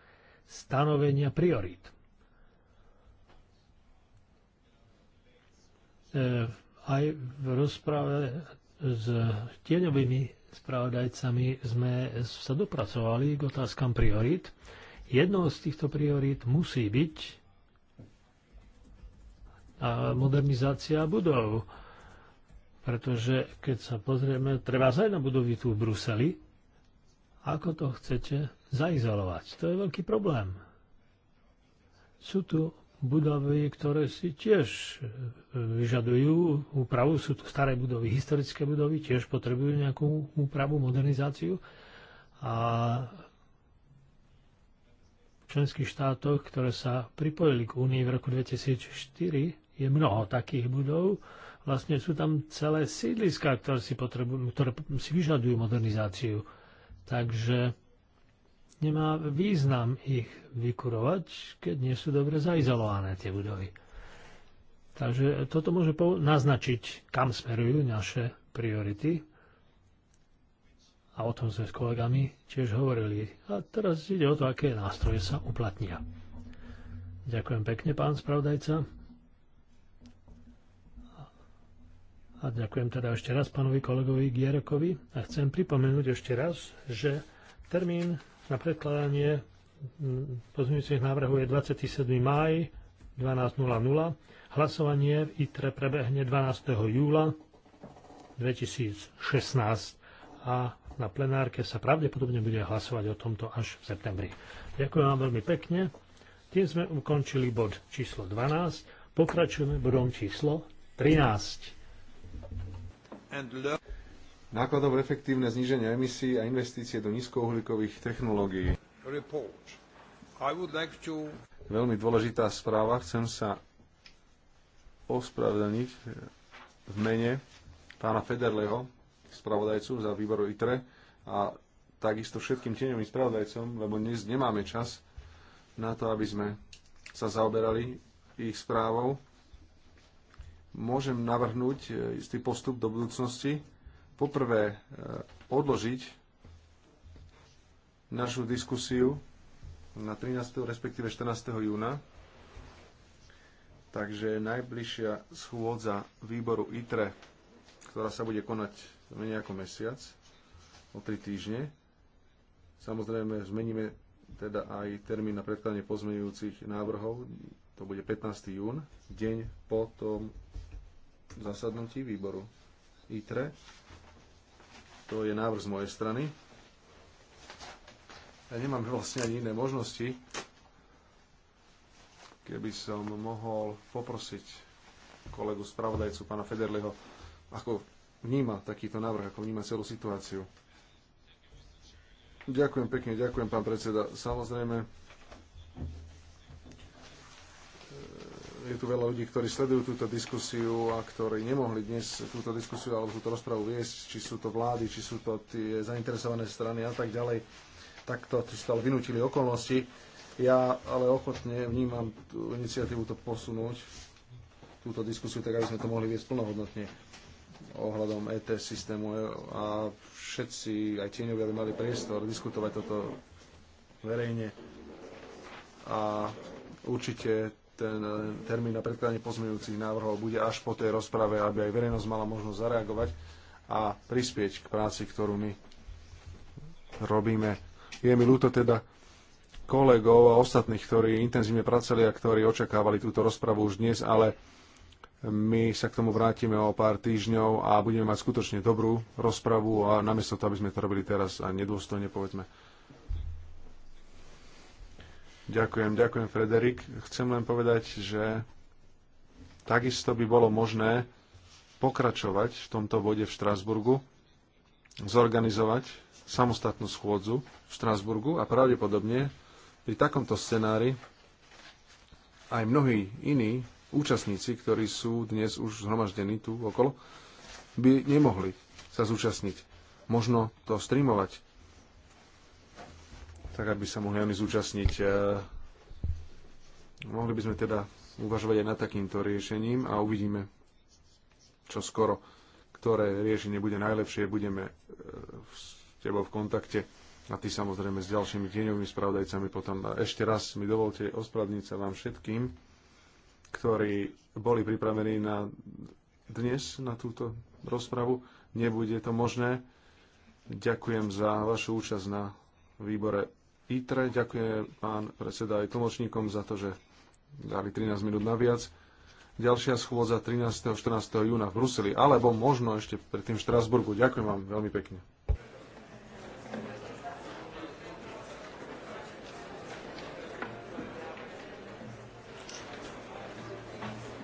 stanovenia priorít. E, aj v rozprave s tieňovými spravodajcami sme sa dopracovali k otázkam priorít. Jednou z týchto priorít musí byť a modernizácia budov. Pretože keď sa pozrieme, treba aj na budovy tu v Bruseli, ako to chcete zaizolovať? To je veľký problém. Sú tu budovy, ktoré si tiež e, vyžadujú úpravu. Sú tu staré budovy, historické budovy, tiež potrebujú nejakú úpravu, modernizáciu. A v členských štátoch, ktoré sa pripojili k Únii v roku 2004, je mnoho takých budov. Vlastne sú tam celé sídliska, ktoré si, potrebujú, ktoré si vyžadujú modernizáciu. Takže nemá význam ich vykurovať, keď nie sú dobre zaizolované tie budovy. Takže toto môže naznačiť, kam smerujú naše priority. A o tom sme s kolegami tiež hovorili. A teraz ide o to, aké nástroje sa uplatnia. Ďakujem pekne, pán spravodajca. A ďakujem teda ešte raz pánovi kolegovi Gierekovi a chcem pripomenúť ešte raz, že termín na predkladanie pozmeňujúcich návrhov je 27. máj 12.00. Hlasovanie v ITRE prebehne 12. júla 2016 a na plenárke sa pravdepodobne bude hlasovať o tomto až v septembri. Ďakujem vám veľmi pekne. Tým sme ukončili bod číslo 12. Pokračujeme bodom číslo
13. Nákladom efektívne zníženie emisí a investície do nízkouhlíkových technológií. Veľmi dôležitá správa. Chcem sa ospravedlniť v mene pána Federleho, spravodajcu za výboru ITRE a takisto všetkým tieňovým spravodajcom, lebo dnes nemáme čas na to, aby sme sa zaoberali ich správou môžem navrhnúť e, istý postup do budúcnosti. Poprvé, e, odložiť našu diskusiu na 13. respektíve 14. júna. Takže najbližšia schôdza výboru ITRE, ktorá sa bude konať menej ako mesiac, o 3 týždne. Samozrejme, zmeníme teda aj termín na predkladanie pozmeňujúcich návrhov. To bude 15. jún, deň po tom zasadnutí výboru ITRE. To je návrh z mojej strany. Ja nemám vlastne ani iné možnosti. Keby som mohol poprosiť kolegu spravodajcu, pána Federleho, ako vníma takýto návrh, ako vníma celú situáciu. Ďakujem pekne, ďakujem pán predseda. Samozrejme, je tu veľa ľudí, ktorí sledujú túto diskusiu a ktorí nemohli dnes túto diskusiu alebo túto rozpravu viesť, či sú to vlády, či sú to tie zainteresované strany a tak ďalej. tak si stále vynútili okolnosti. Ja ale ochotne vnímam tú iniciatívu to posunúť, túto diskusiu, tak aby sme to mohli viesť plnohodnotne ohľadom ET systému a všetci, aj tieňovi, aby mali priestor diskutovať toto verejne. A určite ten eh, termín na predkladanie pozmeňujúcich návrhov bude až po tej rozprave, aby aj verejnosť mala možnosť zareagovať a prispieť k práci, ktorú my robíme. Je mi ľúto teda kolegov a ostatných, ktorí intenzívne pracovali a ktorí očakávali túto rozpravu už dnes, ale my sa k tomu vrátime o pár týždňov a budeme mať skutočne dobrú rozpravu a namiesto toho, aby sme to robili teraz a nedôstojne, povedzme, Ďakujem, ďakujem, Frederik. Chcem len povedať, že takisto by bolo možné pokračovať v tomto bode v Štrásburgu, zorganizovať samostatnú schôdzu v Štrásburgu a pravdepodobne pri takomto scenári aj mnohí iní účastníci, ktorí sú dnes už zhromaždení tu okolo, by nemohli sa zúčastniť. Možno to streamovať tak aby sa mohli oni zúčastniť. E, mohli by sme teda uvažovať aj nad takýmto riešením a uvidíme, čo skoro, ktoré riešenie bude najlepšie. Budeme e, s tebou v kontakte a ty samozrejme s ďalšími tieňovými spravodajcami potom. A ešte raz mi dovolte ospravedlniť sa vám všetkým, ktorí boli pripravení na dnes, na túto rozpravu. Nebude to možné. Ďakujem za vašu účasť na výbore ITRE. Ďakujem pán predseda aj tlmočníkom za to, že dali 13 minút naviac. Ďalšia schôdza 13. a 14. júna v Bruseli, alebo možno ešte predtým v Štrasburgu. Ďakujem vám veľmi pekne.